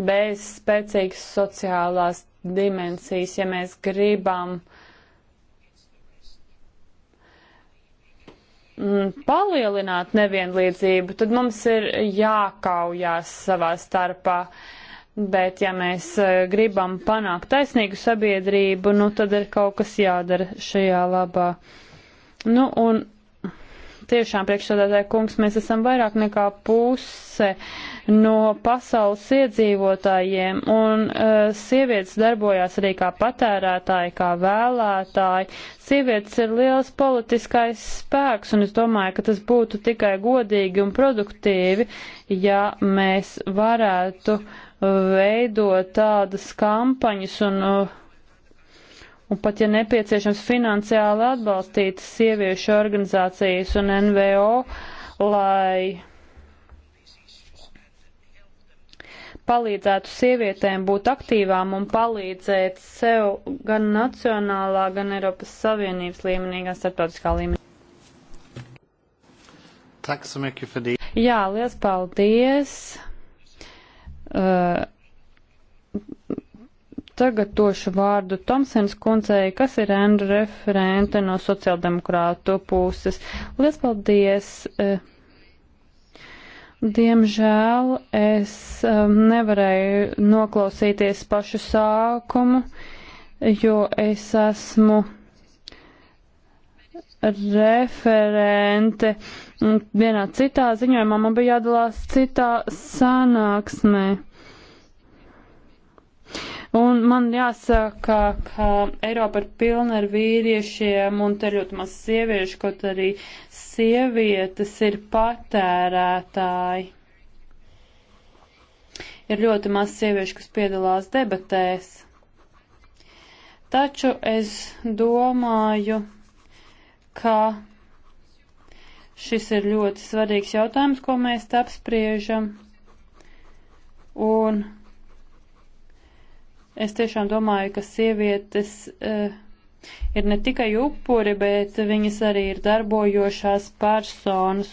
bez spēcīgas sociālās dimensijas, ja mēs gribam mm, palielināt nevienlīdzību, tad mums ir jākaujās savā starpā. Uh, Bet, ja mēs e, gribam panākt taisnīgu sabiedrību, nu tad ir kaut kas jādara šajā labā. Nu, un tiešām priekšsādātāja kungs, mēs esam vairāk nekā puse no pasaules iedzīvotājiem, un uh, sievietes darbojās arī kā patērētāji, kā vēlētāji. Sievietes ir liels politiskais spēks, un es domāju, ka tas būtu tikai godīgi un produktīvi, ja mēs varētu uh, veidot tādas kampaņas un, uh, un pat, ja nepieciešams, finansiāli atbalstīt sieviešu organizācijas un NVO, lai palīdzētu sievietēm būt aktīvām un palīdzēt sev gan nacionālā, gan Eiropas Savienības līmenī, gan starptautiskā līmenī. Jā, liels paldies! Uh, tagad došu vārdu Tomsens kundzei, kas ir Endra referente no sociāldemokrātu puses. Liels paldies! Uh, Diemžēl es um, nevarēju noklausīties pašu sākumu, jo es esmu referente vienā citā ziņojumā man bija jādalās citā sanāksmē. Un man jāsaka, ka Eiropa ir pilna ar vīriešiem un te ļoti maz sieviešu, kaut arī sievietes ir patērētāji. Ir ļoti maz sieviešu, kas piedalās debatēs. Taču es domāju, ka Šis ir ļoti svarīgs jautājums, ko mēs apspriežam. Un es tiešām domāju, ka sievietes uh, ir ne tikai upuri, bet viņas arī ir darbojošās personas.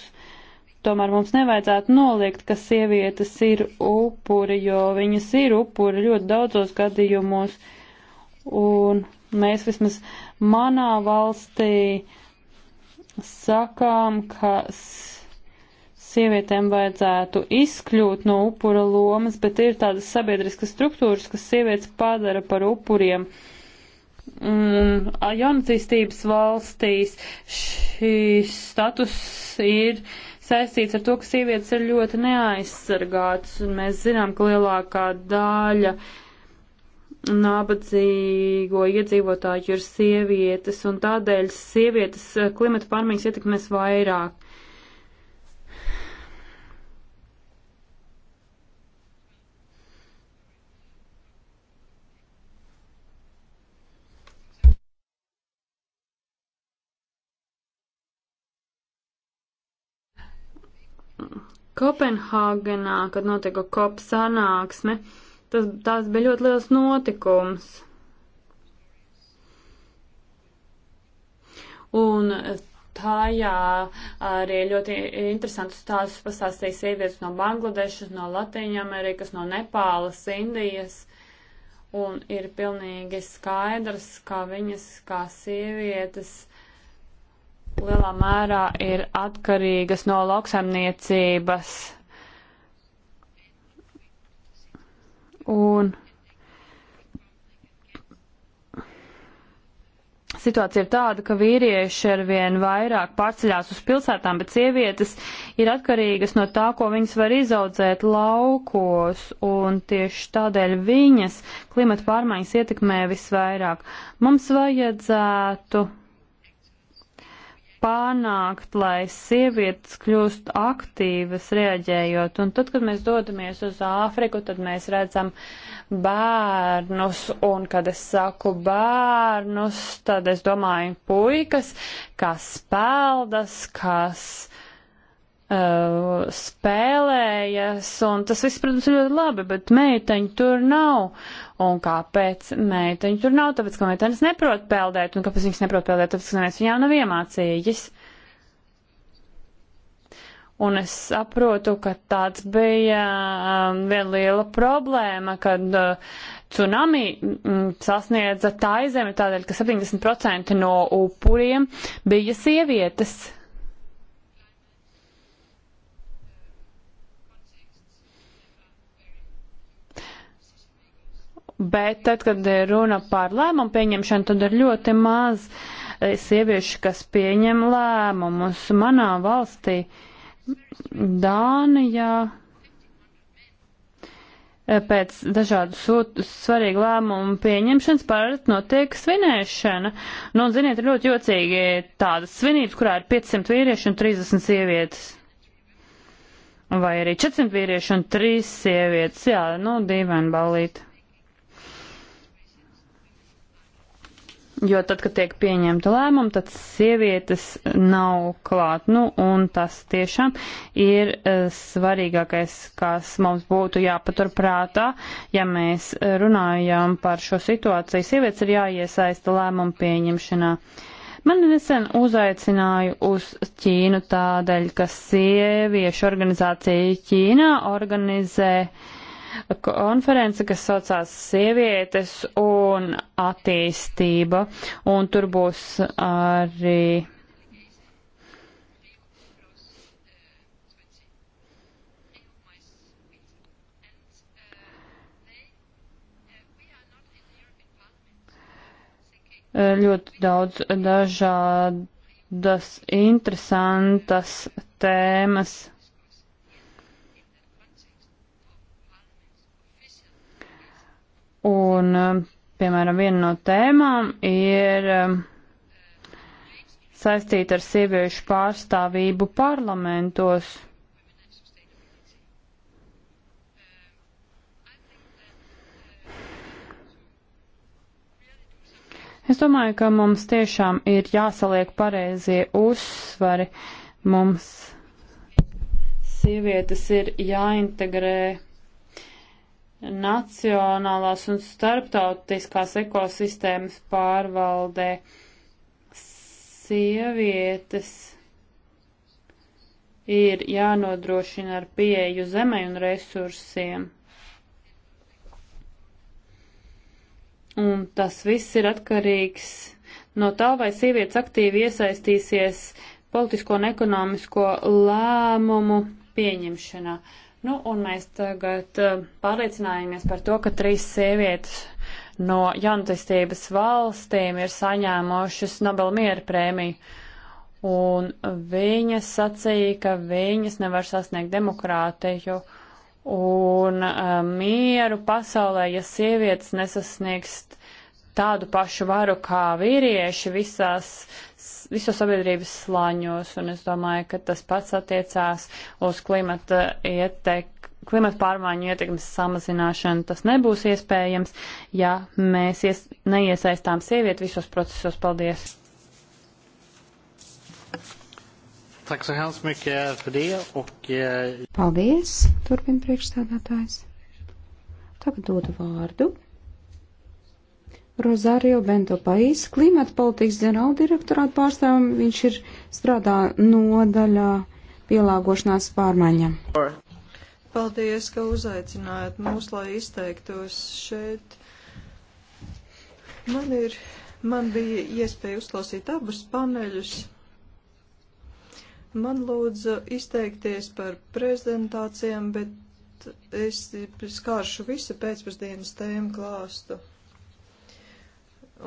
Tomēr mums nevajadzētu noliegt, ka sievietes ir upuri, jo viņas ir upuri ļoti daudzos gadījumos. Un mēs vismaz manā valstī uh, sakām, ka sievietēm vajadzētu izkļūt no upura lomas, bet ir tādas sabiedriskas struktūras, kas sievietes padara par upuriem. Un jaunatīstības valstīs šīs status ir saistīts ar to, ka sievietes ir ļoti neaizsargātas, un mēs zinām, ka lielākā daļa uh, nabadzīgo iedzīvotāju ir sievietes, un tādēļ sievietes eh, klimata pārmaiņas ietekmēs vairāk. Kopenhāgenā, kad notiek COP sanāksme, uh, Tas, tas bija ļoti liels notikums. Un tajā arī ļoti interesantus stāstus pastāstīja sievietes no Bangladešas, no Latīņamerikas, no Nepālas, Indijas. Un ir pilnīgi skaidrs, ka viņas kā sievietes lielā mērā ir atkarīgas no lauksaimniecības Un situācija ir tāda, ka vīrieši ar vien vairāk pārceļās uz pilsētām, bet sievietes ir atkarīgas no tā, ko viņas var izaudzēt laukos, un tieši tādēļ viņas klimata pārmaiņas ietekmē visvairāk. Mums vajadzētu panākt, lai sievietes kļūst aktīvas reaģējot. Un tad, kad mēs dodamies uz Āfriku, tad mēs redzam bērnus, un kad es saku bērnus, tad es domāju puikas, kas peldas, kas uh, spēlējas, un tas viss, protams, ir ļoti labi, bet meiteņu tur nav. Un kāpēc meiteņu tur nav? Tāpēc, ka meitenes neprot peldēt, un kāpēc viņas neprot peldēt? Tāpēc, ka neviens viņām nav iemācījis. Un es saprotu, ka tāds bija um, viena liela problēma, kad uh, tsunami mm, sasniedza tā izemi tādēļ, ka 70% no upuriem bija sievietes. bet tad, kad ir runa par lēmumu pieņemšanu, tad ir ļoti maz eh, sieviešu, kas pieņem lēmumus. Manā valstī, Dānijā, eh, pēc dažādu sūtu svarīgu lēmumu pieņemšanas parasti notiek svinēšana. Nu, ziniet, ir ļoti jocīgi tādas svinības, kurā ir 500 vīrieši un 30 sievietes. Vai arī 400 vīrieši un 3 sievietes. Jā, nu, dīvaini balīti. Jo tad, kad tiek pieņemta lēmuma, tad sievietes nav klāt. Nu, un tas tiešām ir uh, svarīgākais, kas mums būtu jāpatur prātā, ja mēs runājam par šo situāciju. Sievietes ir jāiesaista lēmumu pieņemšanā. Mani nesen uzaicināja uz Ķīnu tādēļ, ka sieviešu organizācija Ķīnā organizē uh, konference, kas saucās Sievietes un attīstība, un tur būs arī. ļoti daudz dažādas interesantas tēmas. Un, um, piemēram, viena no tēmām ir um, saistīta ar sieviešu pārstāvību parlamentos. Es domāju, ka mums tiešām ir jāsaliek pareizie uzsvari. Mums sievietes ir jāintegrē nacionālās un starptautiskās ekosistēmas pārvaldē sievietes ir jānodrošina ar pieeju zemē un resursiem. Un tas viss ir atkarīgs no tā, vai sievietes aktīvi iesaistīsies politisko un ekonomisko lēmumu pieņemšanā. Uh, Nu, un mēs tagad eh, pārliecinājāmies par to, ka trīs sievietes no jaunatistības valstīm ir saņēmušas Nobel miera prēmiju. Un viņas sacīja, ka viņas nevar sasniegt demokrātiju un uh, mieru pasaulē, ja sievietes nesasniegs tādu pašu varu kā vīrieši visās visos sabiedrības slāņos, un es domāju, ka tas pats attiecās uz klimata ietek, klimata pārmaiņu ietekmes samazināšanu. Tas nebūs iespējams, ja mēs ies, neiesaistām sievieti visos procesos. Paldies! Tack så hemskt mycket för det och... Eh, Paldies, turpin priekšstādātājs. Tagad dodu vārdu Rozario Bento Pais, klimata politikas ģenerāldirektorāta pārstāvam, viņš ir strādā nodaļā pielāgošanās pārmaiņam. Paldies, ka uzaicinājāt mūs, lai izteiktos šeit. Man ir, man bija iespēja uzklausīt abus paneļus. Man lūdza izteikties par prezentācijām, bet es skāršu visu pēcpusdienas tēmu klāstu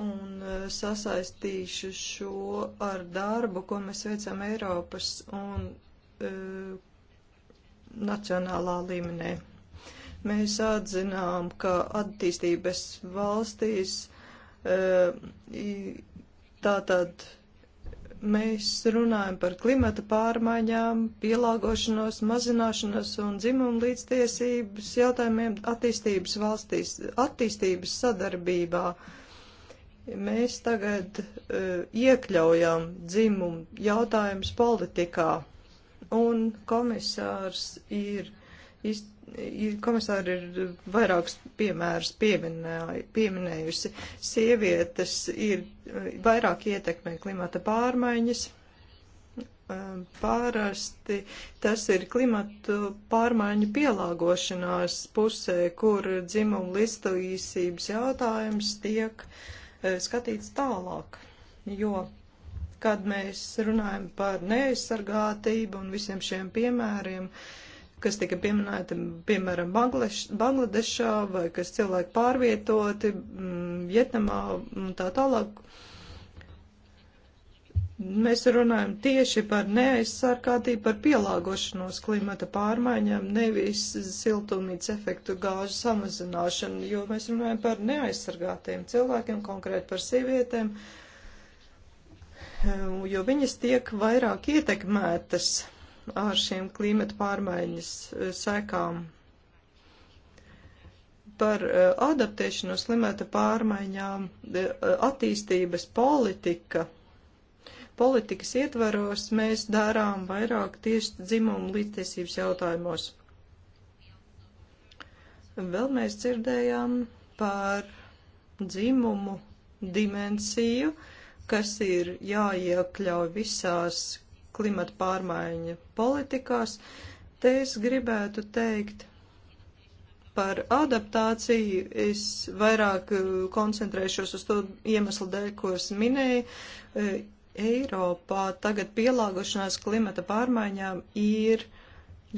un eh, sasaistīšu šo ar darbu, ko mēs veicam Eiropas un e, nacionālā līmenī. Mēs atzinām, ka attīstības valstīs e, tātad mēs runājam par klimata pārmaiņām, pielāgošanos, mazināšanos un dzimumu līdztiesības jautājumiem attīstības valstīs, attīstības sadarbībā. E, Mēs tagad uh, iekļaujam dzimumu jautājumus politikā, un komisārs ir, iz, ir, komisāri ir vairākus piemērus pieminējusi. Sievietes ir uh, vairāk ietekmē klimata pārmaiņas. Uh, e, Pārasti tas ir klimatu pārmaiņu pielāgošanās pusē, kur dzimumu listalīsības jautājums tiek uh, E, skatīts tālāk, jo, kad mēs runājam par neaizsargātību un visiem šiem piemēriem, kas tika pieminēti, piemēram, Bangleš, Bangladešā vai kas cilvēki pārvietoti, mm, Vietnamā un tā tālāk, Mēs runājam tieši par neaizsargātību, par pielāgošanos klimata pārmaiņām, nevis siltumnīca efektu gāžu samazināšanu, jo mēs runājam par neaizsargātiem cilvēkiem, konkrēti par sievietēm, jo viņas tiek vairāk ietekmētas ar šiem klimata pārmaiņas eh, sekām. Par eh, adaptēšanos klimata pārmaiņām eh, attīstības politika politikas ietvaros mēs darām vairāk tieši dzimumu līdztiesības jautājumos. Vēl mēs dzirdējām par dzimumu dimensiju, kas ir jāiekļauj visās klimata pārmaiņa politikās. Te es gribētu teikt, par adaptāciju es vairāk koncentrēšos uz to iemeslu dēļ, ko es minēju. Eiropā tagad pielāgošanās klimata pārmaiņām ir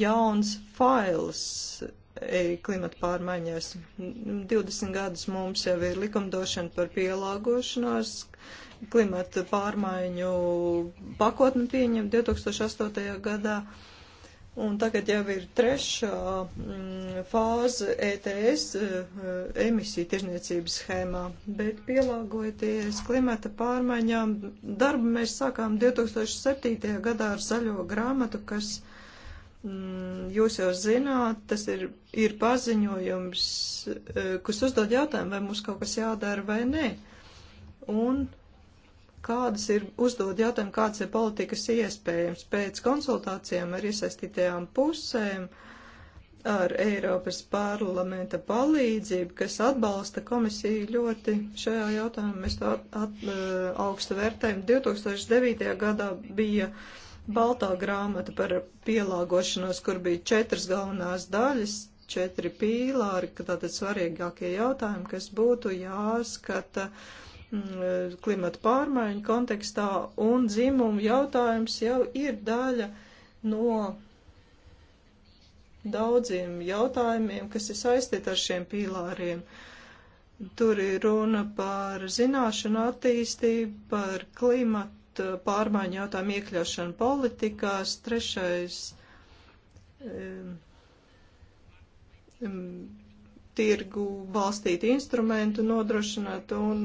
jauns fails e, klimata pārmaiņās. 20 nu, gadus mums jau ir likumdošana par pielāgošanos, klimata pārmaiņu pakotni pieņem 2008. gadā. Un tagad jau ir trešā mm, fāze ETS eh, emisiju tirzniecības schēmā, bet pielāgojoties klimata pārmaiņām, darbu mēs sākām 2007. gadā ar zaļo grāmatu, kas, mm, jūs jau zināt, tas ir, ir paziņojums, eh, kas uzdod jautājumu, vai mums kaut kas jādara vai nē. Un kādas ir uzdod jautājumu, kādas ir politikas iespējams pēc konsultācijām ar iesaistītajām pusēm, ar Eiropas parlamenta palīdzību, kas atbalsta komisiju ļoti šajā jautājumā. Mēs to at, at, eh, augstu vērtējam. 2009. gadā bija Baltā grāmata par pielāgošanos, kur bija četras galvenās daļas, četri pīlāri, tātad svarīgākie jautājumi, kas būtu jāskata. Uh, Mm, klimata pārmaiņu kontekstā, un dzimumu jautājums jau ir daļa no daudziem jautājumiem, kas ir saistīti ar šiem pīlāriem. Tur ir runa par zināšanu attīstību, par klimata pārmaiņu jautājumu iekļaušanu politikās, trešais. Um, um, tirgu balstītu instrumentu nodrošināt un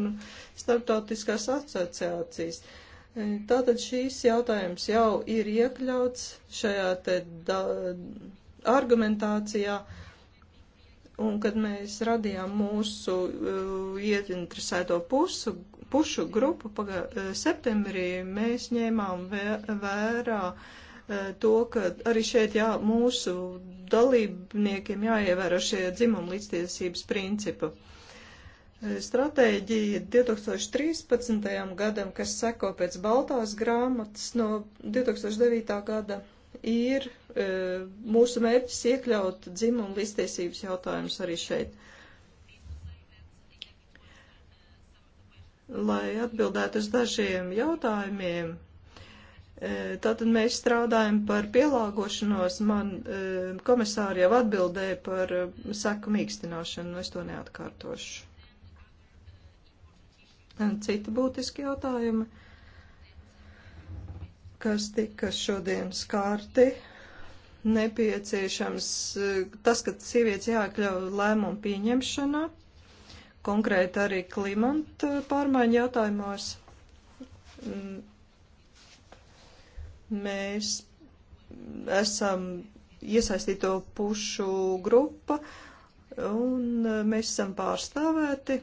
starptautiskās asociācijas. E, Tātad šīs jautājums jau ir iekļauts šajā te da, argumentācijā, un kad mēs radījām mūsu uh, ieinteresēto pusu, pušu grupu pagā, e, septembrī, mēs ņēmām vērā uh, Eh, to, ka arī šeit jā, mūsu dalībniekiem jāievēro šie dzimuma līdztiesības principi. Eh, stratēģija 2013. gadam, kas seko pēc Baltās grāmatas no 2009. gada, ir e, mūsu mērķis iekļaut dzimumu līdztiesības jautājumus arī šeit. Lai atbildētu uz dažiem jautājumiem, E, tātad mēs strādājam par pielāgošanos. Man e, komisāri jau atbildēja par e, seku mīkstināšanu, es to neatkārtošu. Citi būtiski jautājumi, kas tika šodien skārti. Nepieciešams tas, ka sievietes jāiekļauj lēmumu pieņemšanā, konkrēti arī klimata pārmaiņu jautājumos mm, Mēs esam iesaistīto pušu grupa un mēs esam pārstāvēti.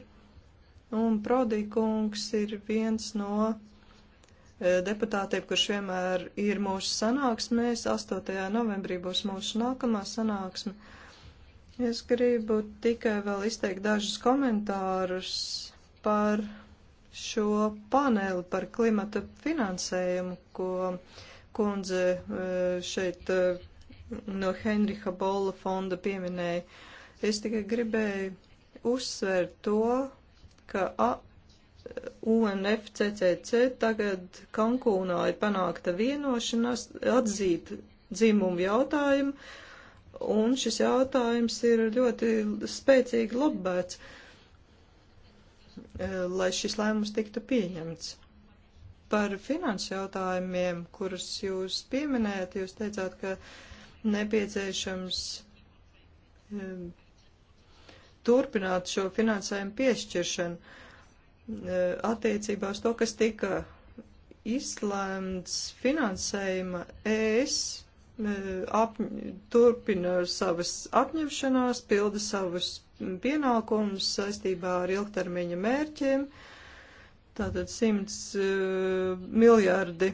Un Prodīkungs ir viens no eh, deputātiem, kurš vienmēr ir mūsu sanāksmēs. 8. novembrī būs mūsu nākamā sanāksme. Es gribu tikai vēl izteikt dažus komentārus par šo paneli par klimata finansējumu, ko kundze e, šeit e, no Henriha Bola fonda pieminēja. Es tikai gribēju uzsvērt to, ka A UNFCCC tagad Kankūnā ir panākta vienošanās atzīt dzimumu jautājumu, un šis jautājums ir ļoti spēcīgi lobēts, e, lai šis lēmums tiktu pieņemts. Par finanšu jautājumiem, kurus jūs pieminējat, jūs teicāt, ka nepieciešams um, turpināt šo finansējumu piešķiršanu uh, attiecībā uz to, kas tika izslēmts finansējuma ES uh, ap, turpina savas apņemšanās, pilda savus pienākumus saistībā ar ilgtermiņa mērķiem. Uh, tātad 100 uh, eh, miljardi.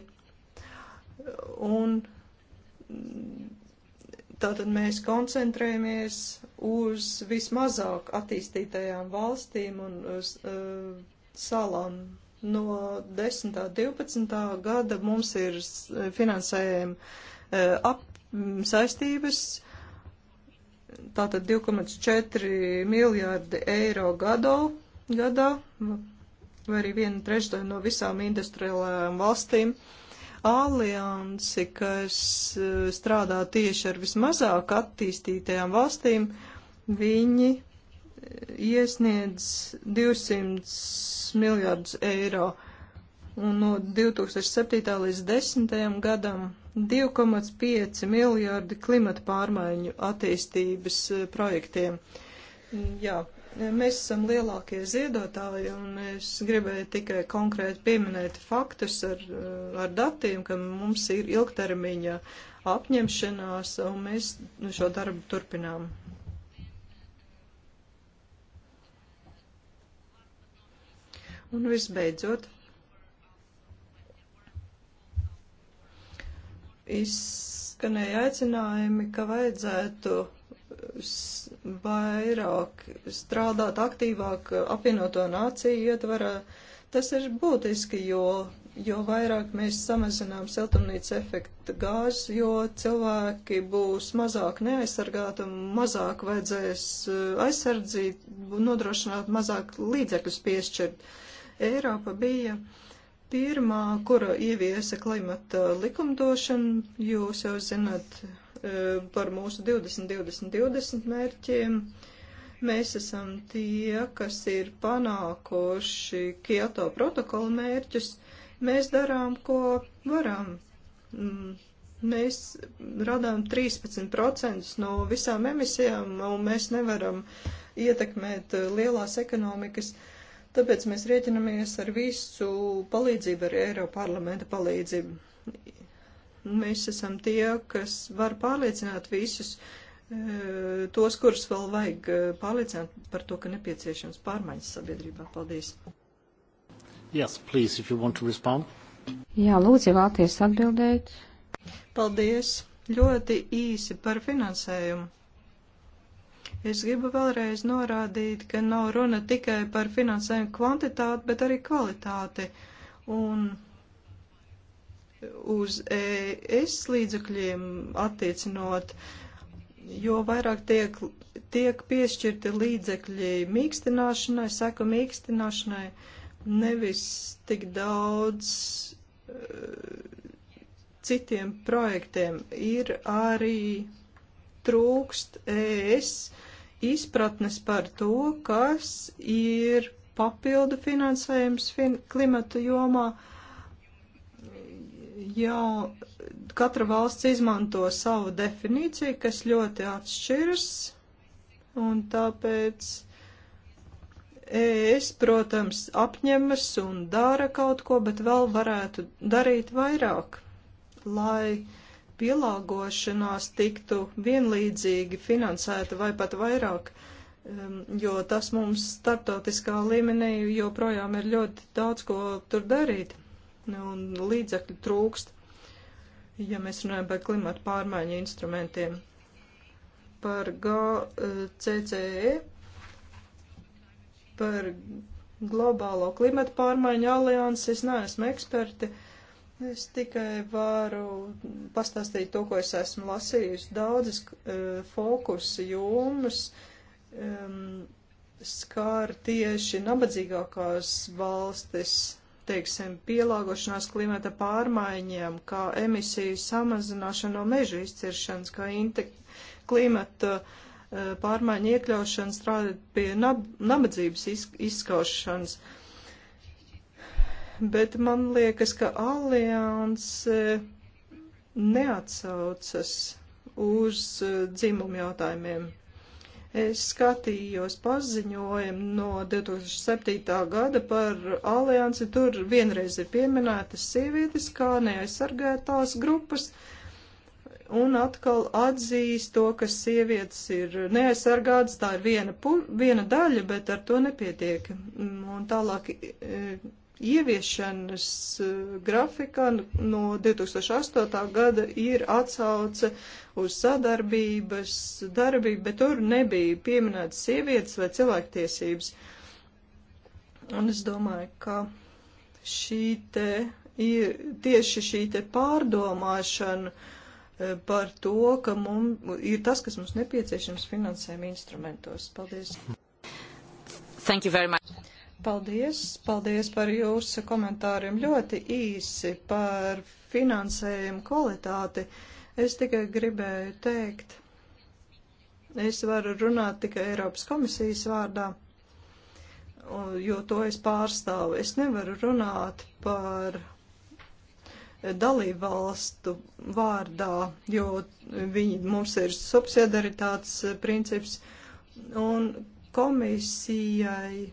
Un tātad mēs koncentrējamies uz vismazāk attīstītajām valstīm un uz uh, eh, salām. No 10. 12. gada mums ir eh, finansējumi uh, ap saistības, tātad 2,4 miljārdi eiro gado, gadā, vai arī viena trešdaļa no visām industriālajām valstīm. Aliansi, kas eh, strādā tieši ar vismazāk attīstītajām valstīm, viņi eh, iesniedz 200 miljardus eiro. Un no 2007. līdz 2010. gadam 2,5 miljardi klimata pārmaiņu attīstības eh, projektiem. Jā, Mēs esam lielākie ziedotāji, un es gribēju tikai konkrēti pieminēt faktus ar, ar datiem, ka mums ir ilgtermiņa apņemšanās, un mēs šo darbu turpinām. Un visbeidzot, izskanēja aicinājumi, ka vajadzētu vairāk strādāt aktīvāk apvienoto nāciju ietvarā. Tas ir būtiski, jo, jo vairāk mēs samazinām siltumnīca efekta gāzes, jo cilvēki būs mazāk neaizsargāti un mazāk vajadzēs eh, aizsardzīt, nodrošināt mazāk līdzekļus piešķirt. Eiropa bija pirmā, kura ieviesa klimata likumdošanu, jūs jau zinat, Eh, par mūsu 20-20-20 mērķiem. Mēs esam tie, kas ir panākoši Kyoto protokola mērķus. Mēs darām, ko varam. Mm, mēs radām 13% no visām emisijām, un mēs nevaram ietekmēt eh, lielās ekonomikas. Tāpēc mēs rēķinamies ar visu palīdzību, ar Eiroparlamenta palīdzību Mēs esam tie, kas var pārliecināt visus e, tos, kurus vēl vajag e, pārliecināt par to, ka nepieciešams pārmaiņas sabiedrībā. Paldies! Yes, please, if you want to respond. Jā, lūdzu, ja vēlties atbildēt. Paldies! Ļoti īsi par finansējumu. Es gribu vēlreiz norādīt, ka nav runa tikai par finansējumu kvantitāti, bet arī kvalitāti. Un uz ES līdzekļiem attiecinot, jo vairāk tiek, tiek piešķirti līdzekļi mīkstināšanai, seku mīkstināšanai, nevis tik daudz eh, citiem projektiem. Ir arī trūkst ES izpratnes par to, kas ir papildu finansējums fin klimatu jomā. Uh, Jā, katra valsts izmanto savu definīciju, kas ļoti atšķiras, un tāpēc es, protams, apņemas un dara kaut ko, bet vēl varētu darīt vairāk, lai pielāgošanās tiktu vienlīdzīgi finansēta vai pat vairāk um, jo tas mums startautiskā līmenī joprojām ir ļoti daudz ko tur darīt un līdzekļu trūkst, ja mēs runājam par klimatu pārmaiņu instrumentiem. Par GCE, par globālo klimatu pārmaiņu aliansi, es neesmu eksperti. Es tikai varu pastāstīt to, ko es esmu lasījusi. Daudzas uh, e, fokusa jomas um, e, skār tieši nabadzīgākās valstis teiksim, pielāgošanās klimata pārmaiņām, kā emisiju samazināšana no meža izciršanas, kā klimata eh, pārmaiņu iekļaušana, strādāt pie nab nabadzības izskaušanas. Bet man liekas, ka alianse neatsaucas uz eh, dzimumu jautājumiem. Es skatījos paziņojumu no 2007. gada par aliansi. Tur vienreiz ir pieminētas sievietes kā neaizsargētās grupas. Un atkal atzīst to, ka sievietes ir neaizsargātas, tā ir viena, pu, viena daļa, bet ar to nepietiek. Un tālāk e, ieviešanas eh, grafikā no 2008. gada ir atsauce uz sadarbības darbību, bet tur nebija pieminētas sievietes vai cilvēktiesības. Un es domāju, ka šī te ir tieši šī te pārdomāšana eh, par to, ka mums ir tas, kas mums nepieciešams finansējuma instrumentos. Paldies! Thank you very much. Paldies, paldies par jūsu komentāriem. Ļoti īsi par finansējumu kvalitāti. Es tikai gribēju teikt, es varu runāt tikai Eiropas komisijas vārdā, jo to es pārstāvu. Es nevaru runāt par dalību valstu vārdā, jo viņi, mums ir subsidiaritātes princips un komisijai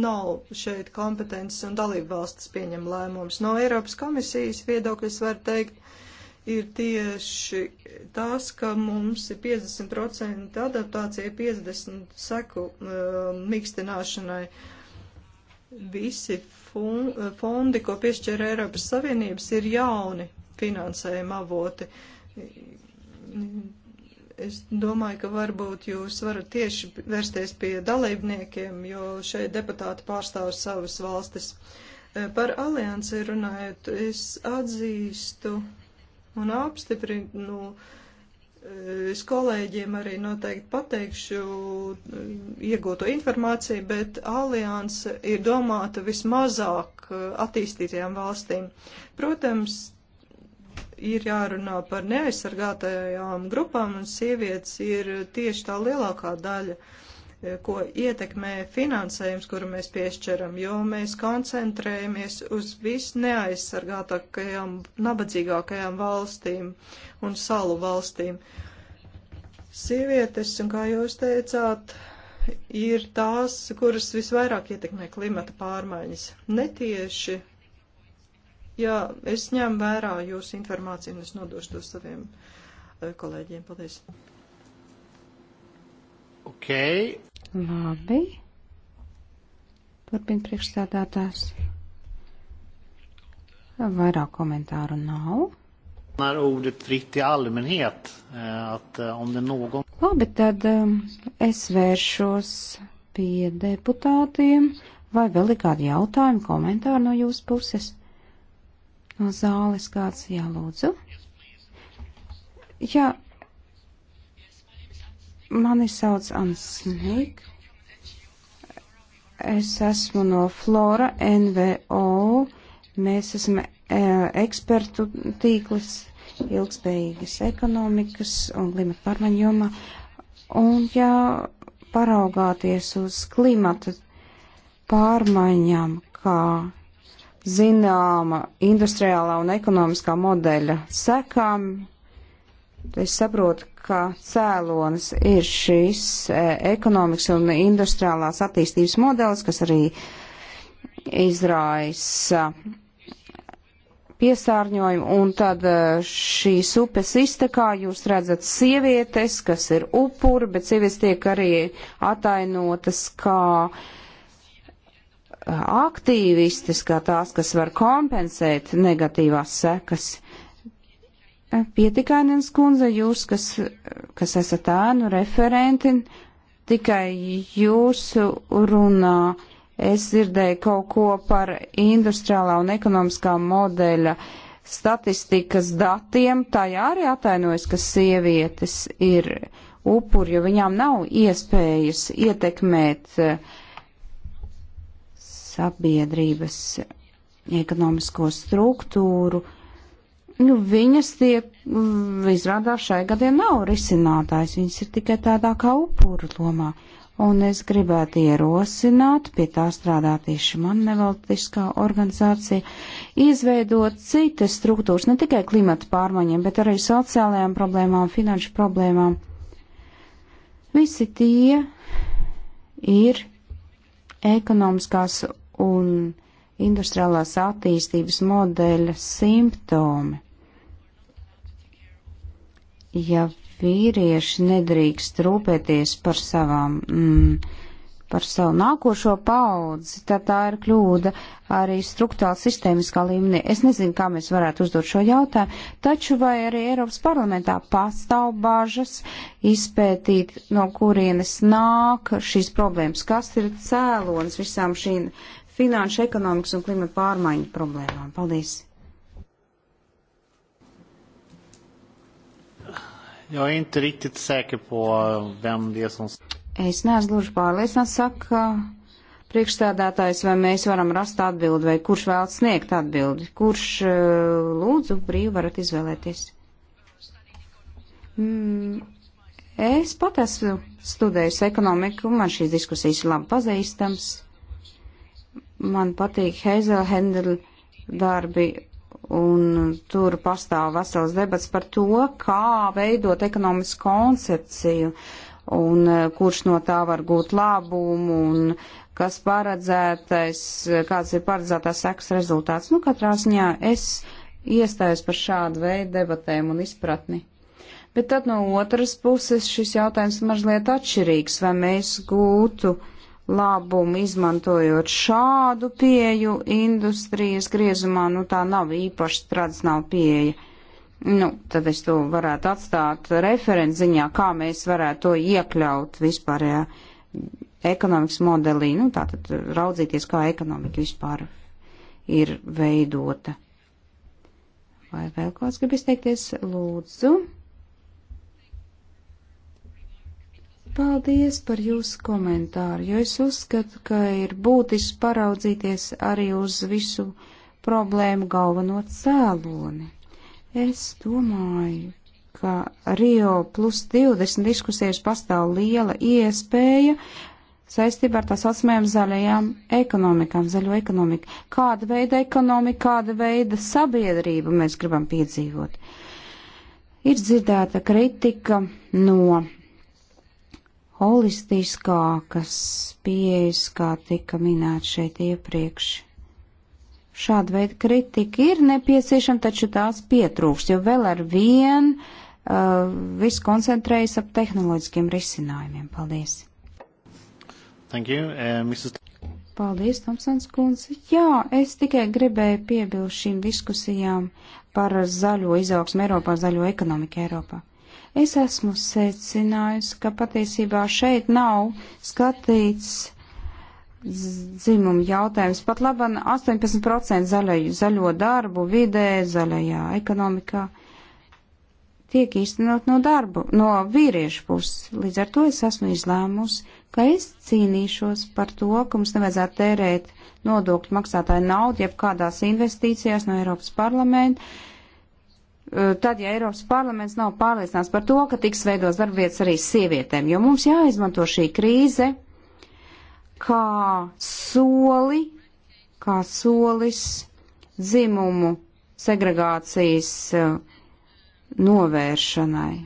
nav šeit kompetences un dalību valstis pieņem lēmumus. No Eiropas komisijas viedokļas var teikt, ir tieši tas, ka mums ir 50% adaptācija, 50% seku uh, mīkstināšanai. Visi fun, fondi, ko piešķēra Eiropas Savienības, ir jauni finansējuma avoti Es domāju, ka varbūt jūs varat tieši vērsties pie dalībniekiem, jo šeit deputāti pārstāv savas valstis. E, par aliansi runājot, es atzīstu un apstiprinu, e, es kolēģiem arī noteikti pateikšu e, iegūto informāciju, bet alianse ir domāta vismazāk attīstītajām valstīm. Protams, ir jārunā par neaizsargātajām grupām, un sievietes ir tieši tā lielākā daļa, eh, ko ietekmē finansējums, kuru mēs piešķiram, jo mēs koncentrējamies uz visneaizsargātākajām, nabadzīgākajām valstīm un salu valstīm. Sievietes, un kā jūs teicāt, ir tās, kuras visvairāk ietekmē klimata pārmaiņas. Netieši Jā, es ņemu vērā jūsu informāciju un es nodošu to saviem eh, kolēģiem. Paldies. Ok. Labi. Turpin priekšstādātājs. Vairāk komentāru nav. När ordet fritt i allmänhet, eh, att eh, om det någon... Labi, tad ehm, es vēršos pie deputātiem. Vai vēl ir kādi jautājumi, komentāri no jūsu puses? no zāles kāds jālūdzu. Jā, mani sauc Ansnīk. Es esmu no Flora NVO. Mēs esam e, ekspertu tīklis ilgspējīgas ekonomikas un klimata pārmaiņu jomā. Un ja paraugāties uz klimata pārmaiņām kā zināma industriālā un ekonomiskā modeļa sekām. Es saprotu, ka cēlonis ir šis e, ekonomikas un industriālās attīstības modelis, kas arī izraisa piesārņojumu, un tad e, šīs upes iztekā jūs redzat sievietes, kas ir upuri, bet sievietes tiek arī atainotas kā uh, aktīvistes, kā tās, kas var kompensēt negatīvās sekas. Pietikainens kundze, jūs, kas, kas esat ēnu referenti, tikai jūsu runā es dzirdēju kaut ko par industriālā un ekonomiskā modeļa statistikas datiem. Tā arī atainojas, ka sievietes ir upuri, jo viņām nav iespējas ietekmēt uh, sabiedrības ekonomisko struktūru, nu, viņas tiek, mm, izrādās šai gadiem nav risinātājs, viņas ir tikai tādā kā upuru lomā. Un es gribētu ierosināt, pie tā strādā tieši man nevalstiskā organizācija, izveidot citas struktūras, ne tikai klimata pārmaiņiem, bet arī sociālajām problēmām, finanšu problēmām. Visi tie ir ekonomiskās un industriālās attīstības modeļa simptomi. Ja vīrieši nedrīkst rūpēties par savām. Mm, par savu nākošo paudzi, tad tā ir kļūda arī struktūrāli sistēmiskā līmenī. Es nezinu, kā mēs varētu uzdot šo jautājumu, taču vai arī Eiropas parlamentā pastāv bažas izpētīt, no kurienes nāk šīs problēmas, kas ir cēlons visām šīm finanšu, ekonomikas un klimata pārmaiņu problēmām. Paldies! Jag är inte riktigt säker på eh, vem det är som... Es neesmu gluži pārliecināts, saka eh, priekšstādātājs, vai mēs varam rast atbildi, vai kurš vēl sniegt atbildi. Kurš eh, lūdzu brīvi varat izvēlēties? Mm, es pat esmu studējusi ekonomiku, man šīs diskusijas labi pazīstams. Man patīk Heizela Hendela darbi, un tur pastāv vesels debats par to, kā veidot ekonomisku koncepciju, un e, kurš no tā var gūt labumu, un kas paredzētais, kāds ir paredzētās sekas rezultāts. Nu, katrā ziņā es iestājos par šādu veidu debatēm un izpratni. Bet tad no otras puses šis jautājums mazliet atšķirīgs, vai mēs gūtu uh, labumu izmantojot šādu pieju industrijas griezumā, nu tā nav īpaši tradicionāla pieeja. Nu, tad es to varētu atstāt referentziņā, kā mēs varētu to iekļaut vispārējā ekonomikas modelī, nu tā tad raudzīties, kā ekonomika vispār ir veidota. Vai vēl kāds grib izteikties? Lūdzu. Paldies par jūsu komentāru, jo es uzskatu, ka ir būtiski paraudzīties arī uz visu problēmu galveno cēloni. Es domāju, ka Rio plus 20 diskusijas pastāv liela iespēja saistībā ar tā saucamajām zaļajām ekonomikām, zaļo ekonomiku. Kāda veida ekonomika, kāda veida sabiedrība mēs gribam piedzīvot? Ir dzirdēta kritika no holistiskākas pieejas, kā tika minēts šeit iepriekš. Šāda veida kritika ir nepieciešama, taču tās pietrūks, jo vēl ar vienu uh, viss koncentrējas ap tehnoloģiskiem risinājumiem. Paldies! Thank you, uh, Mrs. Paldies, Tomsons kundze. Jā, es tikai gribēju piebilst šīm diskusijām par zaļo izaugsmu Eiropā, zaļo ekonomiku Eiropā. Es esmu secinājusi, ka patiesībā šeit nav skatīts dzimumu jautājums. Pat labam 18% zaļaju, zaļo darbu vidē, zaļajā ekonomikā tiek īstenot no darbu, no vīriešu puses. Līdz ar to es esmu izlēmusi, ka es cīnīšos par to, ka mums nevajadzētu tērēt nodokļu maksātāju naudu, jeb kādās investīcijās no Eiropas parlamenta Eh, tad, ja Eiropas parlaments nav pārliecināts par to, ka tiks veidos darbvietas arī sievietēm, jo mums jāizmanto šī krīze kā soli, kā solis dzimumu segregācijas eh, novēršanai,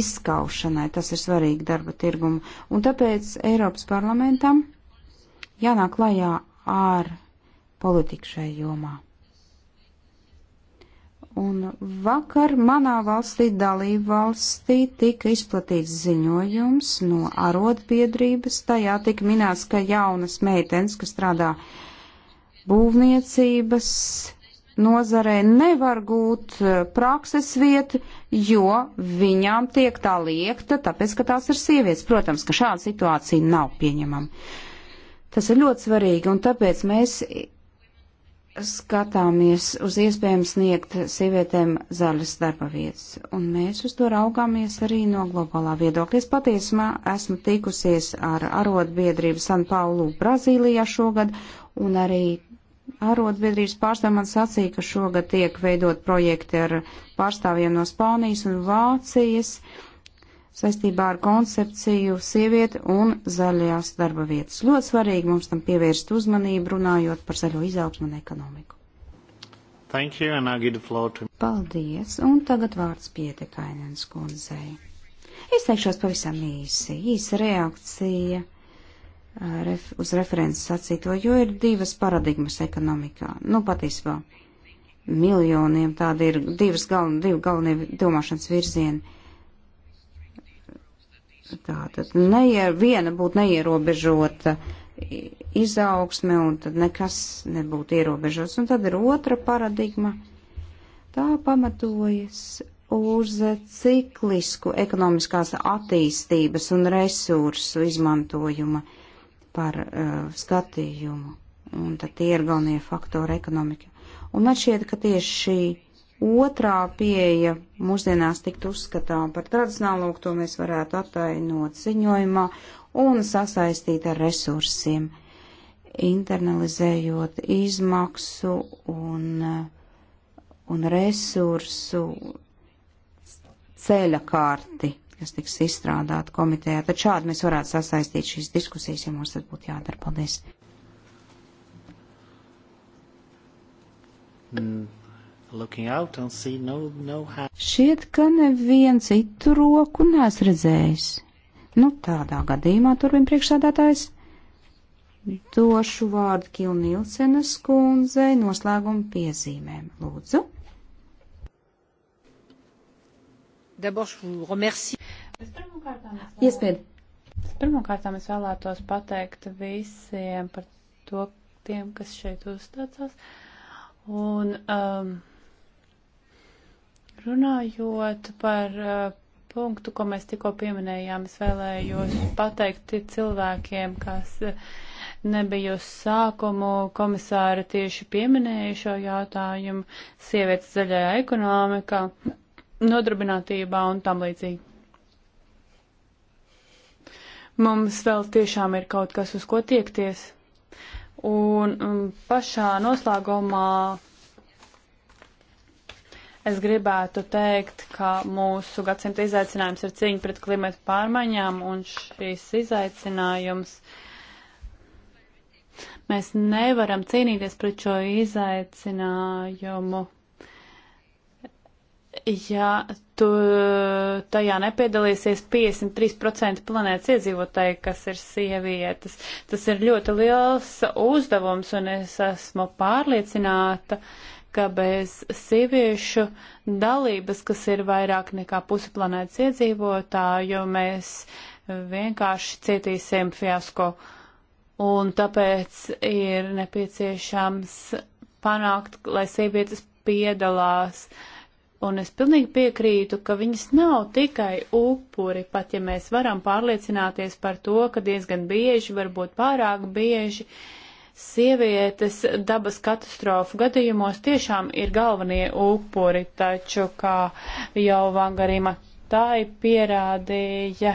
izskaušanai. Tas ir svarīgi darba tirgumu. Un tāpēc Eiropas parlamentam jānāk lajā ar politiku šai jomā. Un vakar manā valstī, dalību valstī, tika izplatīts ziņojums no arotbiedrības. Tajā tika minēts, ka jaunas meitenes, kas strādā būvniecības nozarē, nevar gūt eh, prakses vietu, jo viņām tiek tā liekta, tāpēc, ka tās ir sievietes. Protams, ka šāda situācija nav pieņemama. Tas ir ļoti svarīgi, un tāpēc mēs skatāmies uz iespējām sniegt sievietēm zaļas darba vietas, un mēs uz to raugāmies arī no globālā viedokļa. Es patiesumā esmu tikusies ar arotbiedrību San Paulu Brazīlijā šogad, un arī arotbiedrības pārstāvja man sacīja, ka šogad tiek veidot projekti ar pārstāvjiem no Spānijas un Vācijas. Uh, saistībā ar koncepciju sievieti un zaļajās darba vietas. Ļoti svarīgi mums tam pievērst uzmanību, runājot par zaļo izaugsmu un ekonomiku. Thank you, and I give the floor to... Paldies, un tagad vārds pietekainens kundzei. Es teikšos pavisam īsi, īsa reakcija ref, uz referents sacīto, jo ir divas paradigmas ekonomikā. Nu, patiesībā miljoniem tāda ir divas galvenie, divi galvenie domāšanas virzieni Tātad neier, viena būtu neierobežota izaugsme, un tad nekas nebūtu ierobežots. Un tad ir otra paradigma. Tā pamatojas uz ciklisku ekonomiskās attīstības un resursu izmantojuma par uh, skatījumu. Un tad tie ir galvenie faktori ekonomika. Un man šķiet, ka tieši šī otrā pieeja mūsdienās tikt uzskatām par tradicionālo, to mēs varētu attainot ziņojumā un sasaistīt ar resursiem, internalizējot izmaksu un, un resursu ceļa kārti, kas tiks izstrādāta komitejā. Tad šādi mēs varētu sasaistīt šīs diskusijas, ja mums tad būtu jādara. Paldies! Mm. No, no Šķiet, ka neviens citu roku nes redzējis. Nu, tādā gadījumā turpin priekšsādātājs. Došu vārdu Kilnīlsenas kundzei noslēguma piezīmēm. Lūdzu. Iespēja. Pirmkārt, es vēlētos pateikt visiem par to, tiem, kas šeit uzstādās. Un um, Runājot par uh, punktu, ko mēs tikko pieminējām, es vēlējos pateikt cilvēkiem, kas uh, nebija uz sākumu komisāra tieši pieminēja šo jautājumu sievietes zaļajā ekonomikā, nodarbinātībā un tam līdzīgi. Mums vēl tiešām ir kaut kas, uz ko tiekties. Un, un um, pašā noslēgumā Es gribētu teikt, ka mūsu gadsimta izaicinājums ir cīņa pret klimatu pārmaiņām, un šīs izaicinājums mēs nevaram cīnīties pret šo izaicinājumu. Ja tu tajā nepiedalīsies 53% planētas iedzīvotāji, kas ir sievietes, tas ir ļoti liels uzdevums, un es esmu pārliecināta, uh, ka bez sieviešu dalības, kas ir vairāk nekā pusi planētas iedzīvotāju, mēs vienkārši cietīsim fiasko. Un tāpēc ir nepieciešams panākt, lai sievietes piedalās. Un es pilnīgi piekrītu, ka viņas nav tikai upuri, pat ja mēs varam pārliecināties par to, ka diezgan bieži, varbūt pārāk bieži, uh, Sievietes dabas katastrofu gadījumos tiešām ir galvenie upuri, taču, kā jau Vangarīma tai pierādīja,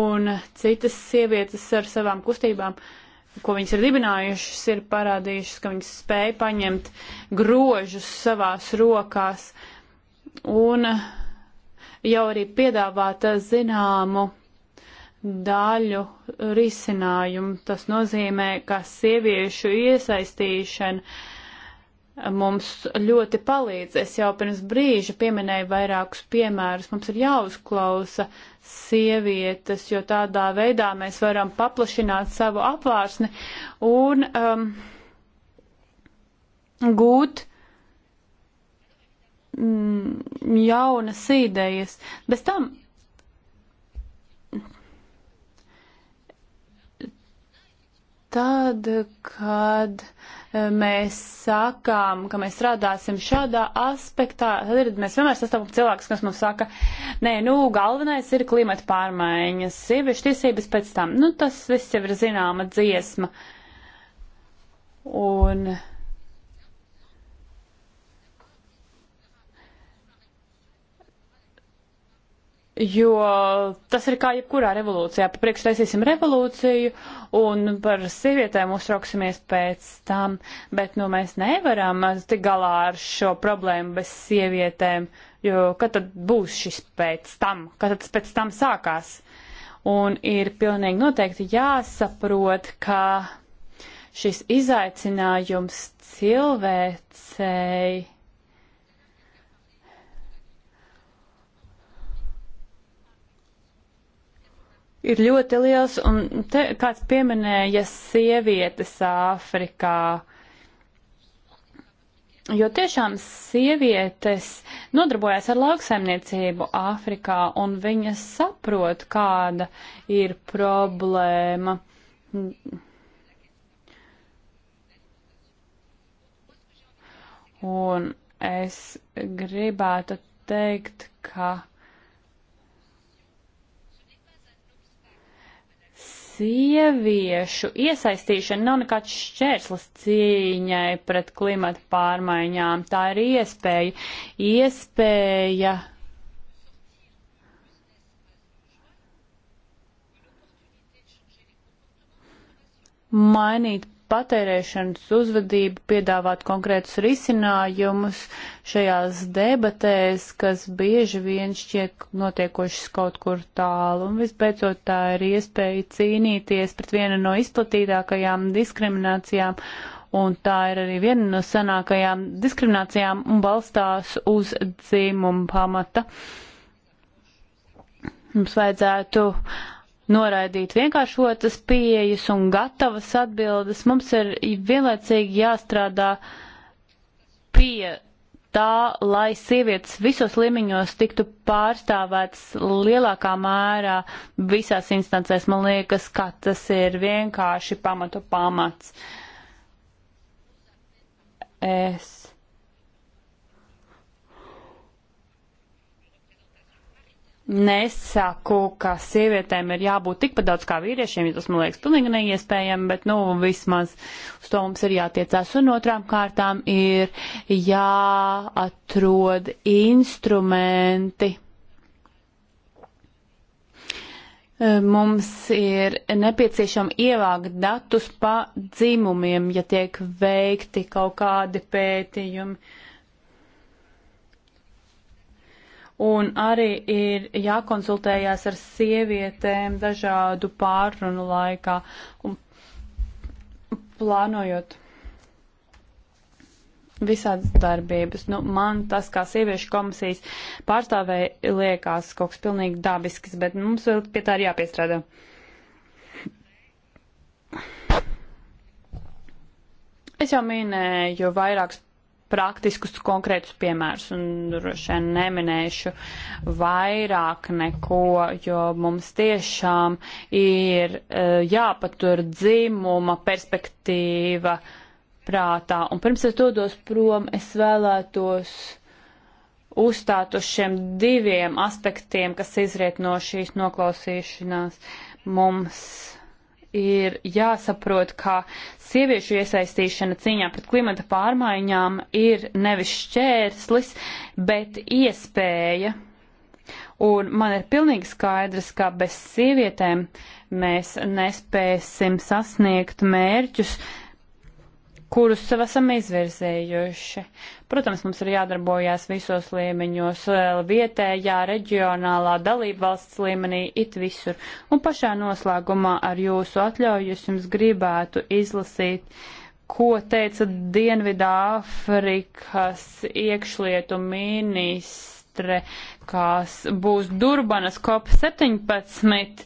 un citas sievietes ar savām kustībām ko viņas ir dibinājušas, ir parādījušas, ka viņas spēja paņemt grožus savās rokās un jau arī piedāvāt zināmu daļu risinājumu. Tas nozīmē, ka sieviešu iesaistīšana mums ļoti palīdz. Es jau pirms brīža pieminēju vairākus piemērus. Mums ir jāuzklausa sievietes, jo tādā veidā mēs varam paplašināt savu apvārsni un um, gūt mm, jaunas idejas. Bez tam tad, kad e, mēs sakām, ka mēs strādāsim šādā aspektā, tad ir, mēs vienmēr sastāvam cilvēkus, kas mums saka, nē, nu, galvenais ir klimata pārmaiņas, sieviešu tiesības pēc tam. Nu, tas viss jau ir zināma dziesma. Un Jo tas ir kā jebkurā revolūcijā. Pa priekš taisīsim revolūciju un par sievietēm uztrauksimies pēc tam, bet nu mēs nevaram tik galā ar šo problēmu bez sievietēm, jo kad tad būs šis pēc tam, kad tas pēc tam sākās. Un ir pilnīgi noteikti jāsaprot, ka šis izaicinājums cilvēcei ir ļoti liels, un te kāds pieminēja sievietes Āfrikā. Jo tiešām sievietes nodarbojas ar lauksaimniecību Āfrikā, un viņas saprot, kāda ir problēma. Un es gribētu teikt, ka sieviešu iesaistīšana nav nekāds šķērslis cīņai pret klimata pārmaiņām. Tā ir iespēja, iespēja mainīt patērēšanas uzvedību, piedāvāt konkrētus risinājumus šajās debatēs, kas bieži vien šķiet notiekošas kaut kur tālu. Un visbeidzot, tā ir iespēja cīnīties pret vienu no izplatītākajām diskriminācijām, un tā ir arī viena no senākajām diskriminācijām un balstās uz dzimumu pamata. Mums vajadzētu uh, noraidīt vienkāršotas pieejas un gatavas atbildes, mums ir vienlaicīgi jāstrādā pie tā, lai sievietes visos līmeņos tiktu pārstāvētas lielākā mērā visās instancēs. Man liekas, ka tas ir vienkārši pamatu pamats. Es Nesaku, ka sievietēm ir jābūt tikpat daudz kā vīriešiem, jo ja tas man liekas pilnīgi neiespējami, bet, nu, vismaz uz to mums ir jātiecās. Un otrām kārtām ir jāatrod instrumenti. Mums ir nepieciešama ievākt datus pa dzimumiem, ja tiek veikti kaut kādi pētījumi Un arī ir jākonsultējās ar sievietēm dažādu pārrunu laikā un plānojot visādas darbības. Nu, man tas, kā sieviešu komisijas pārstāvēja, liekas kaut kas pilnīgi dabisks, bet mums vēl pie tā ir jāpiestrādā. Es jau minēju vairākus praktiskus konkrētus piemērus un droši vien neminēšu vairāk neko, jo mums tiešām ir eh, jāpatur dzimuma perspektīva prātā. Un pirms es dodos prom, es vēlētos uzstāt uz šiem diviem aspektiem, kas izriet no šīs noklausīšanās mums ir jāsaprot, ka sieviešu iesaistīšana cīņā pret klimata pārmaiņām ir nevis šķērslis, bet iespēja. Un man ir pilnīgi skaidrs, ka bez sievietēm mēs nespēsim sasniegt mērķus, kurus sev esam izvirzējuši. Protams, mums ir jādarbojās visos līmeņos, vietējā, reģionālā, dalība valsts līmenī, it visur. Un pašā noslēgumā ar jūsu atļauju es jums gribētu izlasīt, ko teica Dienvidā Afrikas iekšlietu ministre, kas būs Durbanas COP17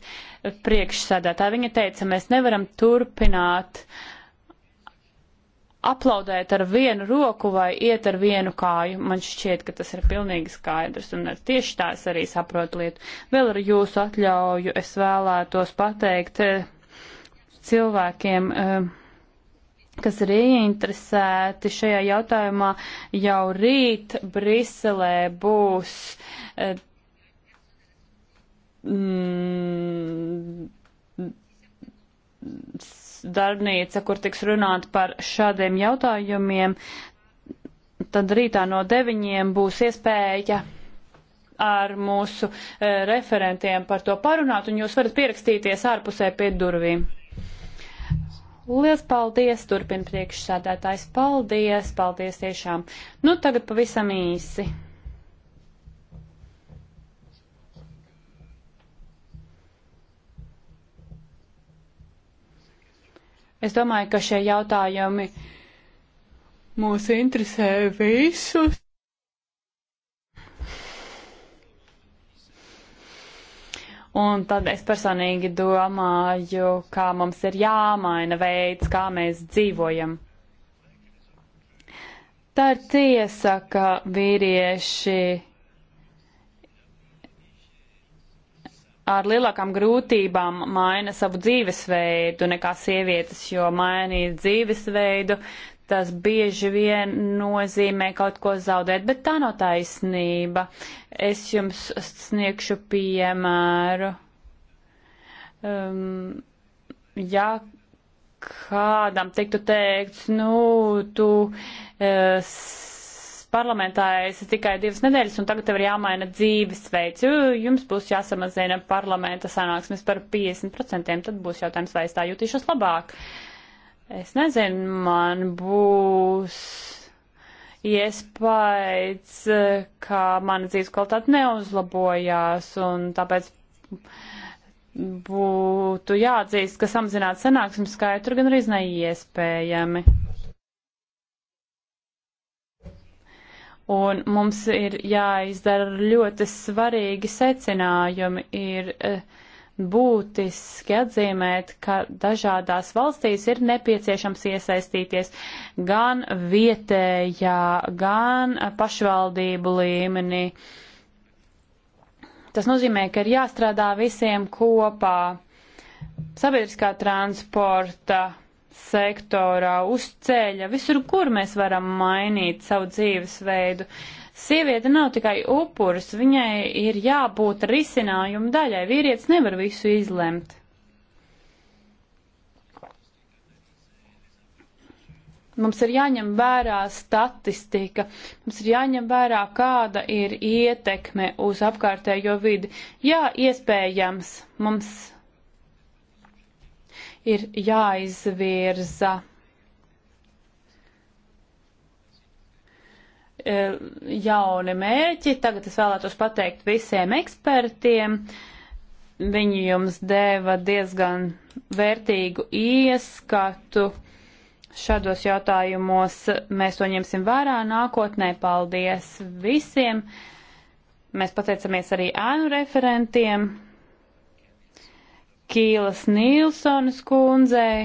priekšsēdētā. Viņa teica, mēs nevaram turpināt uh, aplaudēt ar vienu roku vai iet ar vienu kāju. Man šķiet, ka tas ir pilnīgi skaidrs, un ar tieši tā es arī saprotu lietu. Vēl ar jūsu atļauju es vēlētos pateikt eh, cilvēkiem, eh, kas ir ieinteresēti šajā jautājumā, jau rīt Briselē būs. Eh, mm, darbnīca, kur tiks runāt par šādiem jautājumiem, tad rītā no deviņiem būs iespēja ar mūsu eh, referentiem par to parunāt, un jūs varat pierakstīties ārpusē pie durvīm. Lielas paldies, turpina priekšsādātājs. Paldies, paldies tiešām. Nu, tagad pavisam īsi. Es domāju, ka šie jautājumi mūs interesē visus. Un tad es personīgi domāju, kā mums ir jāmaina veids, kā mēs dzīvojam. Tā ir tiesa, ka vīrieši ar lielākām grūtībām maina savu dzīvesveidu nekā sievietes, jo mainīt dzīvesveidu tas bieži vien nozīmē kaut ko zaudēt, bet tā nav taisnība. Es jums sniegšu piemēru. Um, ja kādam tiktu teikts, nu, tu uh, parlamentā esi tikai divas nedēļas, un tagad tev ir jāmaina dzīvesveids. Jums būs jāsamazina parlamenta sanāksmes par 50%, tad būs jautājums, vai es tā jutīšos labāk. Es nezinu, man būs iespējas, ka mana dzīves kvalitāte neuzlabojās, un tāpēc būtu jāatzīst, ka samazināt sanāksmes skaitu gan arī neiespējami. un mums ir jāizdara ļoti svarīgi secinājumi. Ir eh, būtiski atzīmēt, ka dažādās valstīs ir nepieciešams iesaistīties gan vietējā, gan pašvaldību līmenī. Tas nozīmē, ka ir jāstrādā visiem kopā sabiedriskā transporta sektorā, uz ceļa, visur, kur mēs varam mainīt savu dzīvesveidu. Sieviete nav tikai upuris, viņai ir jābūt risinājuma daļai. Vīrietis nevar visu izlemt. Mums ir jāņem vērā statistika, mums ir jāņem vērā, kāda ir ietekme uz apkārtējo vidi. Jā, iespējams, mums ir jāizvirza. E, jauni mērķi. Tagad es vēlētos pateikt visiem ekspertiem. Viņi jums deva diezgan vērtīgu ieskatu šādos jautājumos. Mēs to ņemsim vērā nākotnē. Paldies visiem! Mēs pateicamies arī ēnu referentiem. Kīlas Nīlsonas kundzei.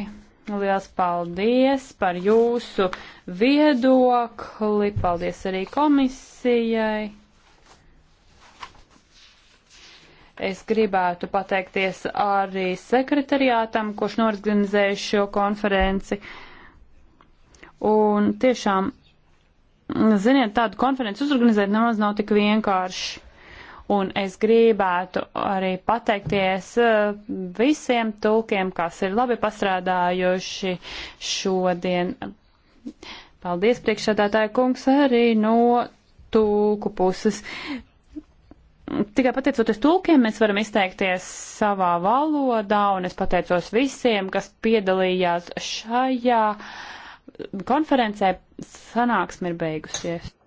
Liels paldies par jūsu viedokli, paldies arī komisijai. Es gribētu pateikties arī sekretariātam, kurš norganizēja šo konferenci. Un tiešām, ziniet, tādu konferenci uzorganizēt nemaz nav tik vienkārši. Un es gribētu arī pateikties uh, visiem tulkiem, kas ir labi pastrādājuši šodien. Paldies, priekšsādātāja kungs, arī no tulku puses tikai pateicoties tulkiem, mēs varam izteikties savā valodā, un es pateicos visiem, kas piedalījās šajā konferencē. Sanāksme ir beigusies.